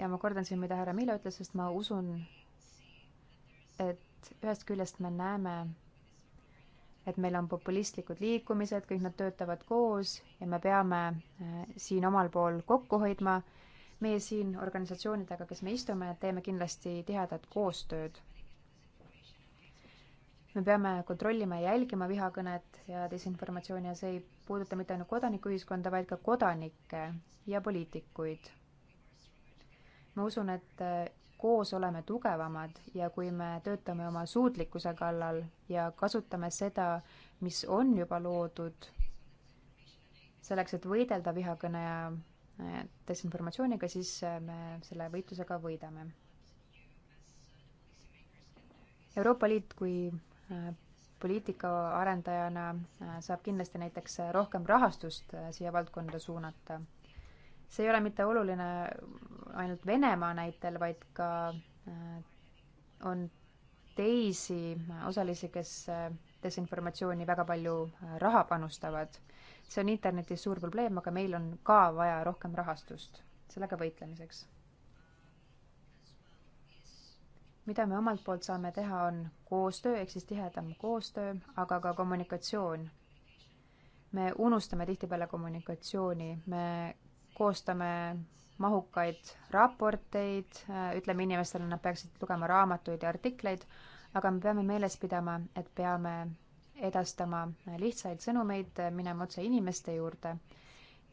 ja ma kordan siin, mida härra Miilo ütles, sest ma usun, et ühest küljest me näeme, et meil on populistlikud liikumised, kõik nad töötavad koos ja me peame eh, siin omal pool kokku hoidma. meie siin organisatsioonidega, kes me istume, teeme kindlasti tihedat koostööd. me peame kontrollima ja jälgima vihakõnet ja disinformatsiooni ja see ei puuduta mitte ainult kodanikuühiskonda, vaid ka kodanikke ja poliitikuid ma usun, et äh, koos oleme tugevamad ja kui me töötame oma suutlikkuse kallal ja kasutame seda, mis on juba loodud, selleks, et võidelda vihakõne ja äh, desinformatsiooniga, siis äh, me selle võitlusega võidame. Euroopa Liit kui poliitika arendajana saab kindlasti näiteks rohkem rahastust siia valdkonda suunata see ei ole mitte oluline ainult Venemaa näitel, vaid ka äh, on teisi osalisi, kes äh, desinformatsiooni väga palju äh, raha panustavad. see on internetis suur probleem, aga meil on ka vaja rohkem rahastust sellega võitlemiseks. mida me omalt poolt saame teha, on koostöö ehk siis tihedam koostöö, aga ka kommunikatsioon me unustame tihtipeale kommunikatsiooni, me koostame mahukaid raporteid, ütleme inimestele, nad peaksid lugema raamatuid ja artikleid, aga me peame meeles pidama, et peame edastama lihtsaid sõnumeid, minema otse inimeste juurde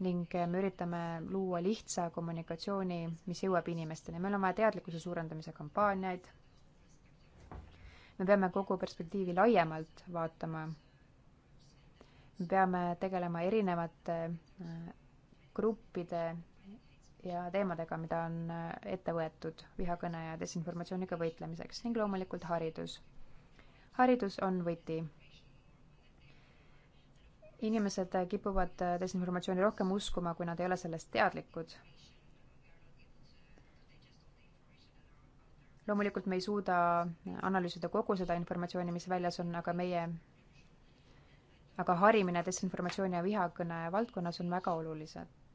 ning me üritame luua lihtsa kommunikatsiooni, mis jõuab inimesteni. meil on vaja teadlikkuse suurendamise kampaaniaid. me peame kogu perspektiivi laiemalt vaatama. me peame tegelema erinevate gruppide ja teemadega, mida on ette võetud vihakõne ja desinformatsiooniga võitlemiseks ning loomulikult haridus. haridus on võti. inimesed kipuvad desinformatsiooni rohkem uskuma, kui nad ei ole sellest teadlikud. loomulikult me ei suuda analüüsida kogu seda informatsiooni, mis väljas on, aga meie, aga harimine desinformatsiooni ja vihakõne valdkonnas on väga olulised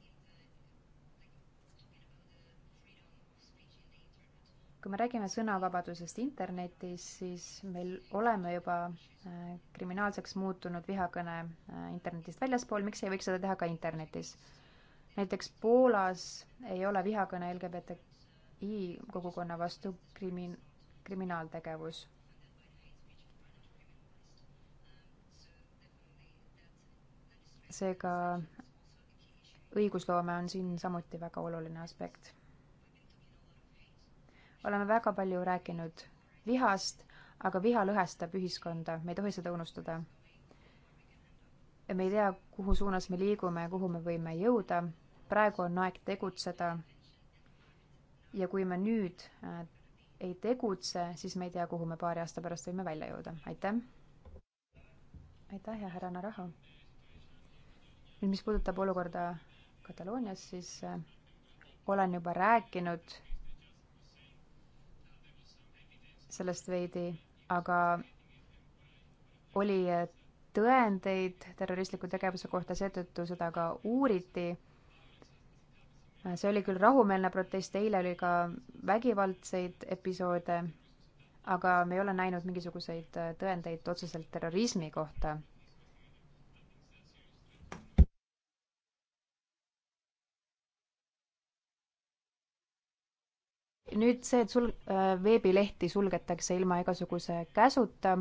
kui me räägime sõnavabadusest internetis, siis meil oleme juba äh, kriminaalseks muutunud vihakõne äh, internetist väljaspool, miks ei võiks seda teha ka internetis? näiteks Poolas ei ole vihakõne LGBTI kogukonna vastu krimin-, kriminaaltegevus. seega õigusloome on siin samuti väga oluline aspekt oleme väga palju rääkinud vihast, aga viha lõhestab ühiskonda, me ei tohi seda unustada. me ei tea, kuhu suunas me liigume ja kuhu me võime jõuda. praegu on aeg tegutseda. ja kui me nüüd äh, ei tegutse, siis me ei tea, kuhu me paari aasta pärast võime välja jõuda. aitäh! aitäh ja härra Naraho! nüüd, mis puudutab olukorda Kataloonias, siis äh, olen juba rääkinud sellest veidi, aga oli tõendeid terroristliku tegevuse kohta, seetõttu seda ka uuriti. see oli küll rahumeelne protest, eile oli ka vägivaldseid episoode, aga me ei ole näinud mingisuguseid tõendeid otseselt terrorismi kohta nüüd see, et sul-, äh, veebilehti sulgetakse ilma igasuguse käsuta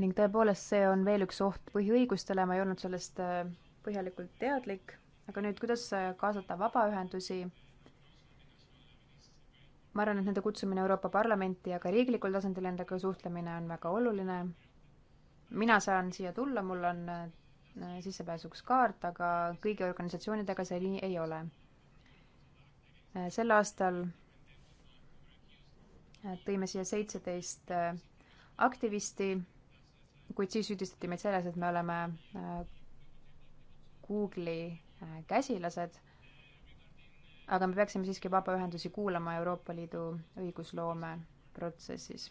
ning tõepoolest, see on veel üks oht põhiõigustele, ma ei olnud sellest äh, põhjalikult teadlik, aga nüüd, kuidas äh, kaasata vabaühendusi? ma arvan, et nende kutsumine Euroopa Parlamenti ja ka riiklikul tasandil endaga suhtlemine on väga oluline. mina saan siia tulla, mul on sissepääsuks kaart, aga kõigi organisatsioonidega see nii ei ole Äh, sel aastal äh, tõime siia seitseteist äh, aktivisti, kuid siis süüdistati meid selles, et me oleme Google'i käsilased. aga me peaksime siiski vabaühendusi kuulama Euroopa Liidu õigusloome protsessis.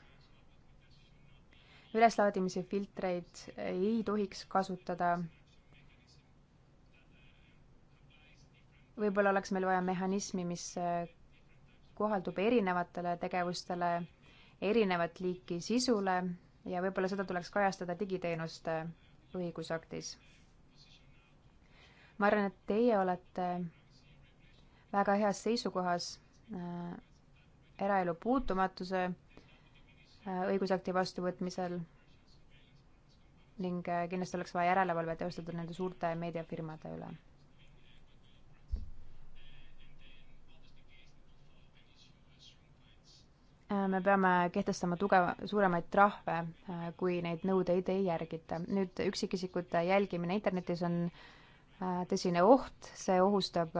üleslaadimise filtreid ei tohiks kasutada võib-olla oleks meil vaja mehhanismi, mis äh, kohaldub erinevatele tegevustele, erinevat liiki sisule ja võib-olla seda tuleks kajastada digiteenuste õigusaktis. ma arvan, et teie olete väga heas seisukohas äh, eraelu puutumatuse äh, õigusakti vastuvõtmisel ning äh, kindlasti oleks vaja järelevalve teostada nende suurte meediafirmade üle. Äh, me peame kehtestama tugeva, suuremaid trahve, äh, kui neid nõudeid ei järgita. nüüd üksikisikute jälgimine internetis on äh, tõsine oht, see ohustab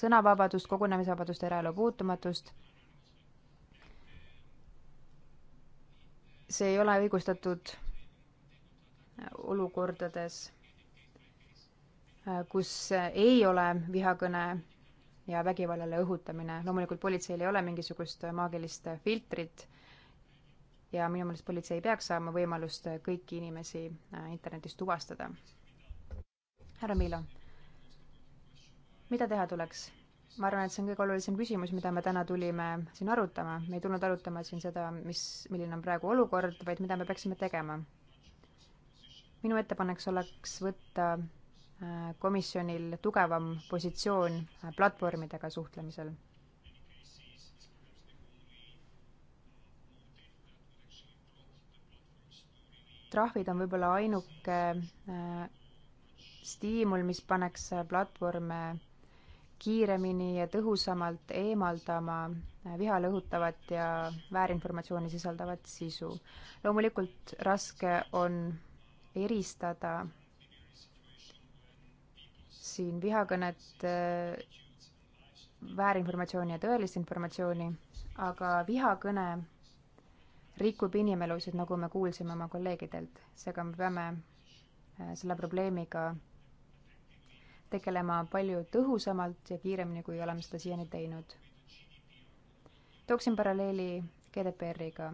sõnavabadust, kogunemisvabadust, eraelu puutumatust. see ei ole õigustatud olukordades, kus ei ole vihakõne ja vägivallale õhutamine. loomulikult politseil ei ole mingisugust maagilist filtrit ja minu meelest politsei ei peaks saama võimalust kõiki inimesi äh, internetis tuvastada. härra Miilo, mida teha tuleks? ma arvan, et see on kõige olulisem küsimus, mida me täna tulime siin arutama. me ei tulnud arutama siin seda, mis, milline on praegu olukord, vaid mida me peaksime tegema. minu ettepanek oleks võtta komisjonil tugevam positsioon platvormidega suhtlemisel. trahvid on võib-olla ainuke äh, stiimul, mis paneks platvorme kiiremini ja tõhusamalt eemaldama äh, viha lõhutavat ja väärinformatsiooni sisaldavat sisu. loomulikult raske on eristada siin vihakõnet, äh, väärinformatsiooni ja tõelist informatsiooni, aga vihakõne rikub inimelusid, nagu me kuulsime oma kolleegidelt, seega me peame äh, selle probleemiga tegelema palju tõhusamalt ja kiiremini, kui oleme seda siiani teinud. tooksin paralleeli GDPR-iga.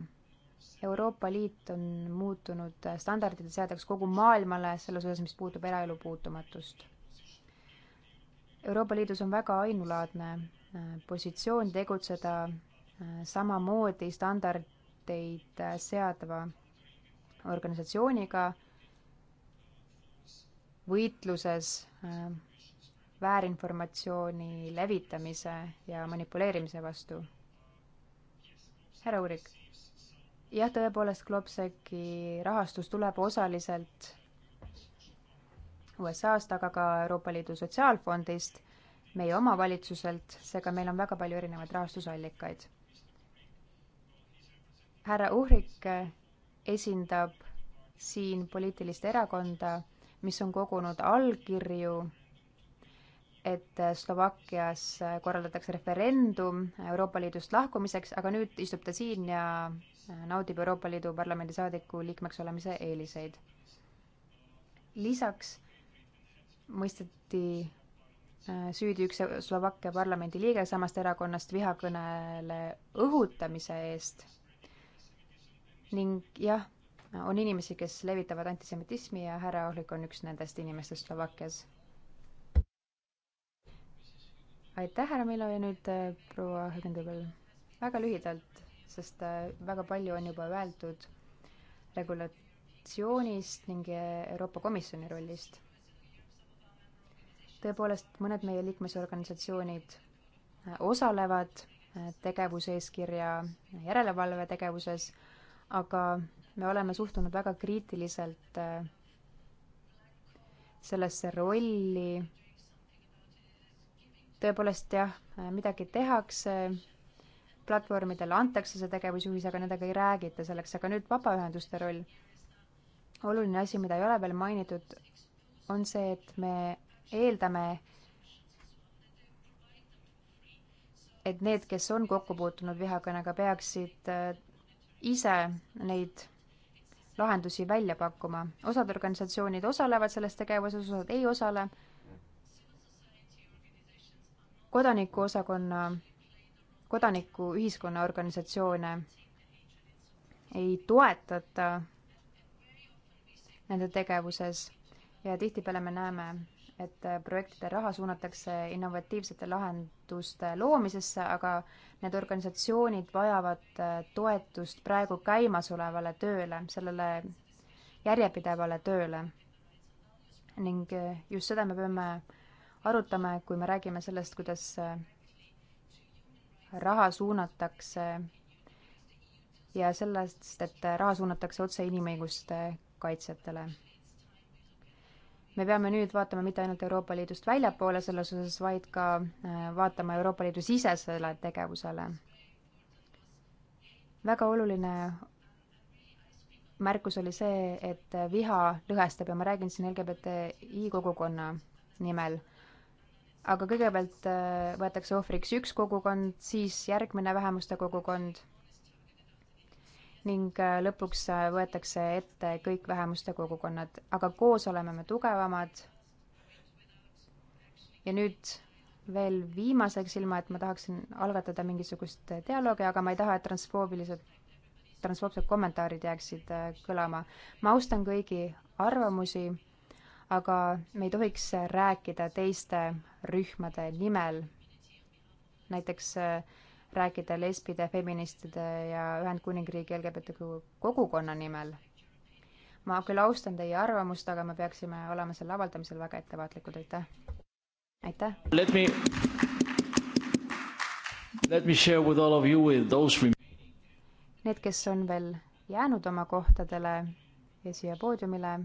Euroopa Liit on muutunud standardide seadjaks kogu maailmale selles osas, mis puutub eraelu puutumatust. Euroopa Liidus on väga ainulaadne äh, positsioon tegutseda äh, samamoodi standardeid äh, seadva organisatsiooniga võitluses väärinformatsiooni levitamise ja manipuleerimise vastu. härra Uurik, jah, tõepoolest, Globsec'i rahastus tuleb osaliselt USA-st, aga ka Euroopa Liidu Sotsiaalfondist, meie omavalitsuselt, seega meil on väga palju erinevaid rahastusallikaid. härra Uhrik esindab siin poliitilist erakonda, mis on kogunud allkirju, et Slovakkias korraldatakse referendum Euroopa Liidust lahkumiseks, aga nüüd istub ta siin ja naudib Euroopa Liidu parlamendisaadiku liikmeks olemise eeliseid lisaks mõisteti äh, süüdi üks Slovakkia parlamendi liige samast erakonnast vihakõnele õhutamise eest. ning jah, on inimesi, kes levitavad antisemitismi ja härra Ohtlik on üks nendest inimestest Slovakkias. aitäh, härra Milo ja nüüd äh, proua Hügenkõbel. väga lühidalt, sest äh, väga palju on juba öeldud regulatsioonist ning Euroopa Komisjoni rollist tõepoolest, mõned meie liikmesorganisatsioonid äh, osalevad äh, tegevuseeskirja järelevalve tegevuses, aga me oleme suhtunud väga kriitiliselt äh, sellesse rolli. tõepoolest jah, midagi tehakse, platvormidele antakse see tegevusjuhis, aga nendega ei räägita selleks, aga nüüd vabaühenduste roll. oluline asi, mida ei ole veel mainitud, on see, et me eeldame, et need, kes on kokku puutunud vihakõnega, peaksid äh, ise neid lahendusi välja pakkuma. osad organisatsioonid osalevad selles tegevuses, osad ei osale. kodanikuosakonna, kodanikuühiskonna organisatsioone ei toetata nende tegevuses ja tihtipeale me näeme, et äh, projektide raha suunatakse innovatiivsete lahenduste loomisesse, aga need organisatsioonid vajavad äh, toetust praegu käimasolevale tööle, sellele järjepidevale tööle. ning äh, just seda me peame arutama, kui me räägime sellest, kuidas raha suunatakse ja sellest, et raha suunatakse otse inimõiguste kaitsjatele me peame nüüd vaatama mitte ainult Euroopa Liidust väljapoole selles osas, vaid ka äh, vaatama Euroopa Liidu sisesele tegevusele. väga oluline märkus oli see, et viha lõhestab ja ma räägin siin LGBTI kogukonna nimel. aga kõigepealt äh, võetakse ohvriks üks kogukond, siis järgmine vähemuste kogukond ning äh, lõpuks äh, võetakse ette kõik vähemuste kogukonnad, aga koos oleme me tugevamad. ja nüüd veel viimaseks, ilma et ma tahaksin algatada mingisugust äh, dialoogi, aga ma ei taha, et transfoobilised, transfoobsed kommentaarid jääksid kõlama. ma austan kõigi arvamusi, aga me ei tohiks rääkida teiste rühmade nimel. näiteks äh, rääkida lesbide, feministide ja Ühendkuningriigi LGBTQ kogukonna nimel. ma küll austan teie arvamust, aga me peaksime olema selle avaldamisel väga ettevaatlikud, aitäh. aitäh. Let me, let me share with all of you with those Need, kes on veel jäänud oma kohtadele ja siia poodiumile,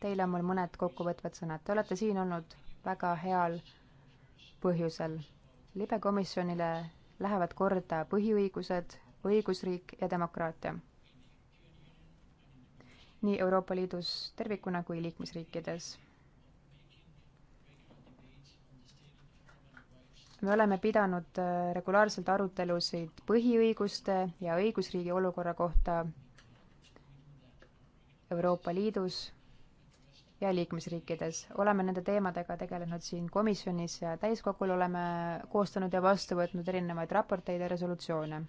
teile on mul mõned kokkuvõtvad sõnad. Te olete siin olnud väga heal põhjusel. libekomisjonile lähevad korda põhiõigused, õigusriik ja demokraatia. nii Euroopa Liidus tervikuna kui liikmesriikides. me oleme pidanud äh, regulaarselt arutelusid põhiõiguste ja õigusriigi olukorra kohta Euroopa Liidus ja liikmesriikides. oleme nende teemadega tegelenud siin komisjonis ja täiskogul oleme koostanud ja vastu võtnud erinevaid raporteid ja resolutsioone.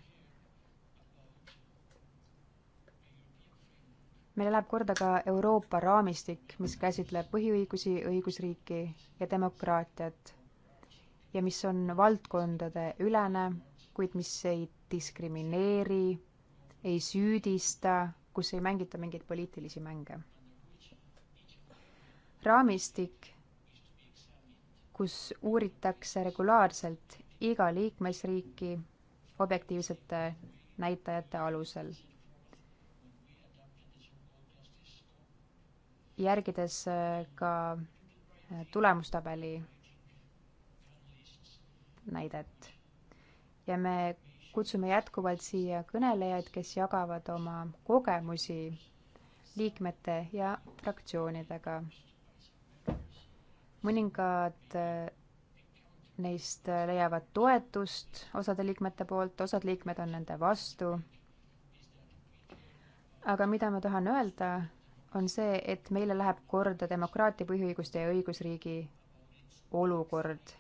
meil läheb korda ka Euroopa raamistik, mis käsitleb põhiõigusi, õigusriiki ja demokraatiat ja mis on valdkondade ülene, kuid mis ei diskrimineeri, ei süüdista, kus ei mängita mingeid poliitilisi mänge raamistik, kus uuritakse regulaarselt iga liikmesriiki objektiivsete näitajate alusel. järgides äh, ka äh, tulemustabeli näidet. ja me kutsume jätkuvalt siia kõnelejaid, kes jagavad oma kogemusi liikmete ja fraktsioonidega mõningad äh, neist äh, leiavad toetust osade liikmete poolt, osad liikmed on nende vastu. aga mida ma tahan öelda, on see, et meile läheb korda demokraatia põhiõiguste ja õigusriigi olukord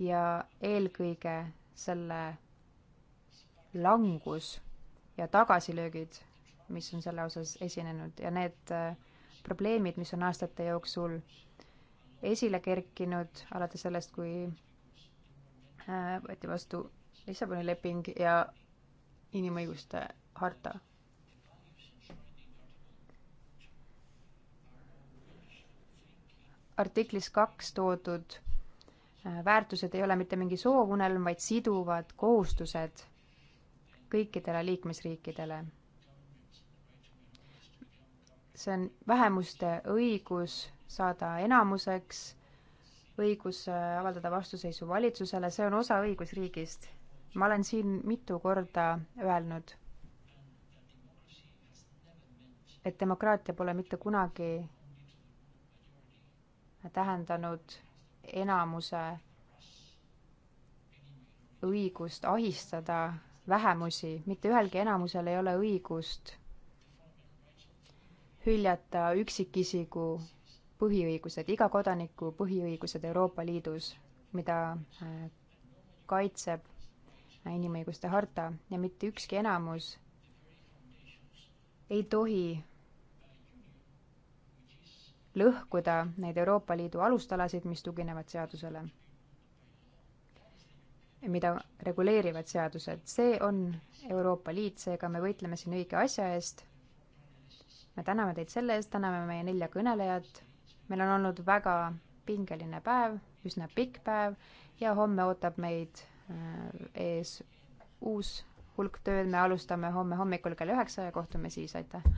ja eelkõige selle langus ja tagasilöögid, mis on selle osas esinenud ja need äh, probleemid, mis on aastate jooksul äh, esile kerkinud alates sellest, kui äh, võeti vastu Lissaboni leping ja inimõiguste harta. artiklis kaks toodud äh, väärtused ei ole mitte mingi soovunelm, vaid siduvad kohustused kõikidele liikmesriikidele. see on vähemuste õigus saada enamuseks, õigus äh, avaldada vastuseisu valitsusele, see on osa õigusriigist. ma olen siin mitu korda öelnud, et demokraatia pole mitte kunagi tähendanud enamuse õigust ahistada vähemusi, mitte ühelgi enamusel ei ole õigust hüljata üksikisiku põhiõigused, iga kodaniku põhiõigused Euroopa Liidus, mida äh, kaitseb äh, inimõiguste harta ja mitte ükski enamus ei tohi lõhkuda neid Euroopa Liidu alustalasid, mis tuginevad seadusele, mida reguleerivad seadused. see on Euroopa Liit, seega me võitleme siin õige asja eest. me täname teid selle eest, täname meie nelja kõnelejat meil on olnud väga pingeline päev, üsna pikk päev ja homme ootab meid äh, ees uus hulk tööd, me alustame homme hommikul kell üheksa ja kohtume siis, aitäh!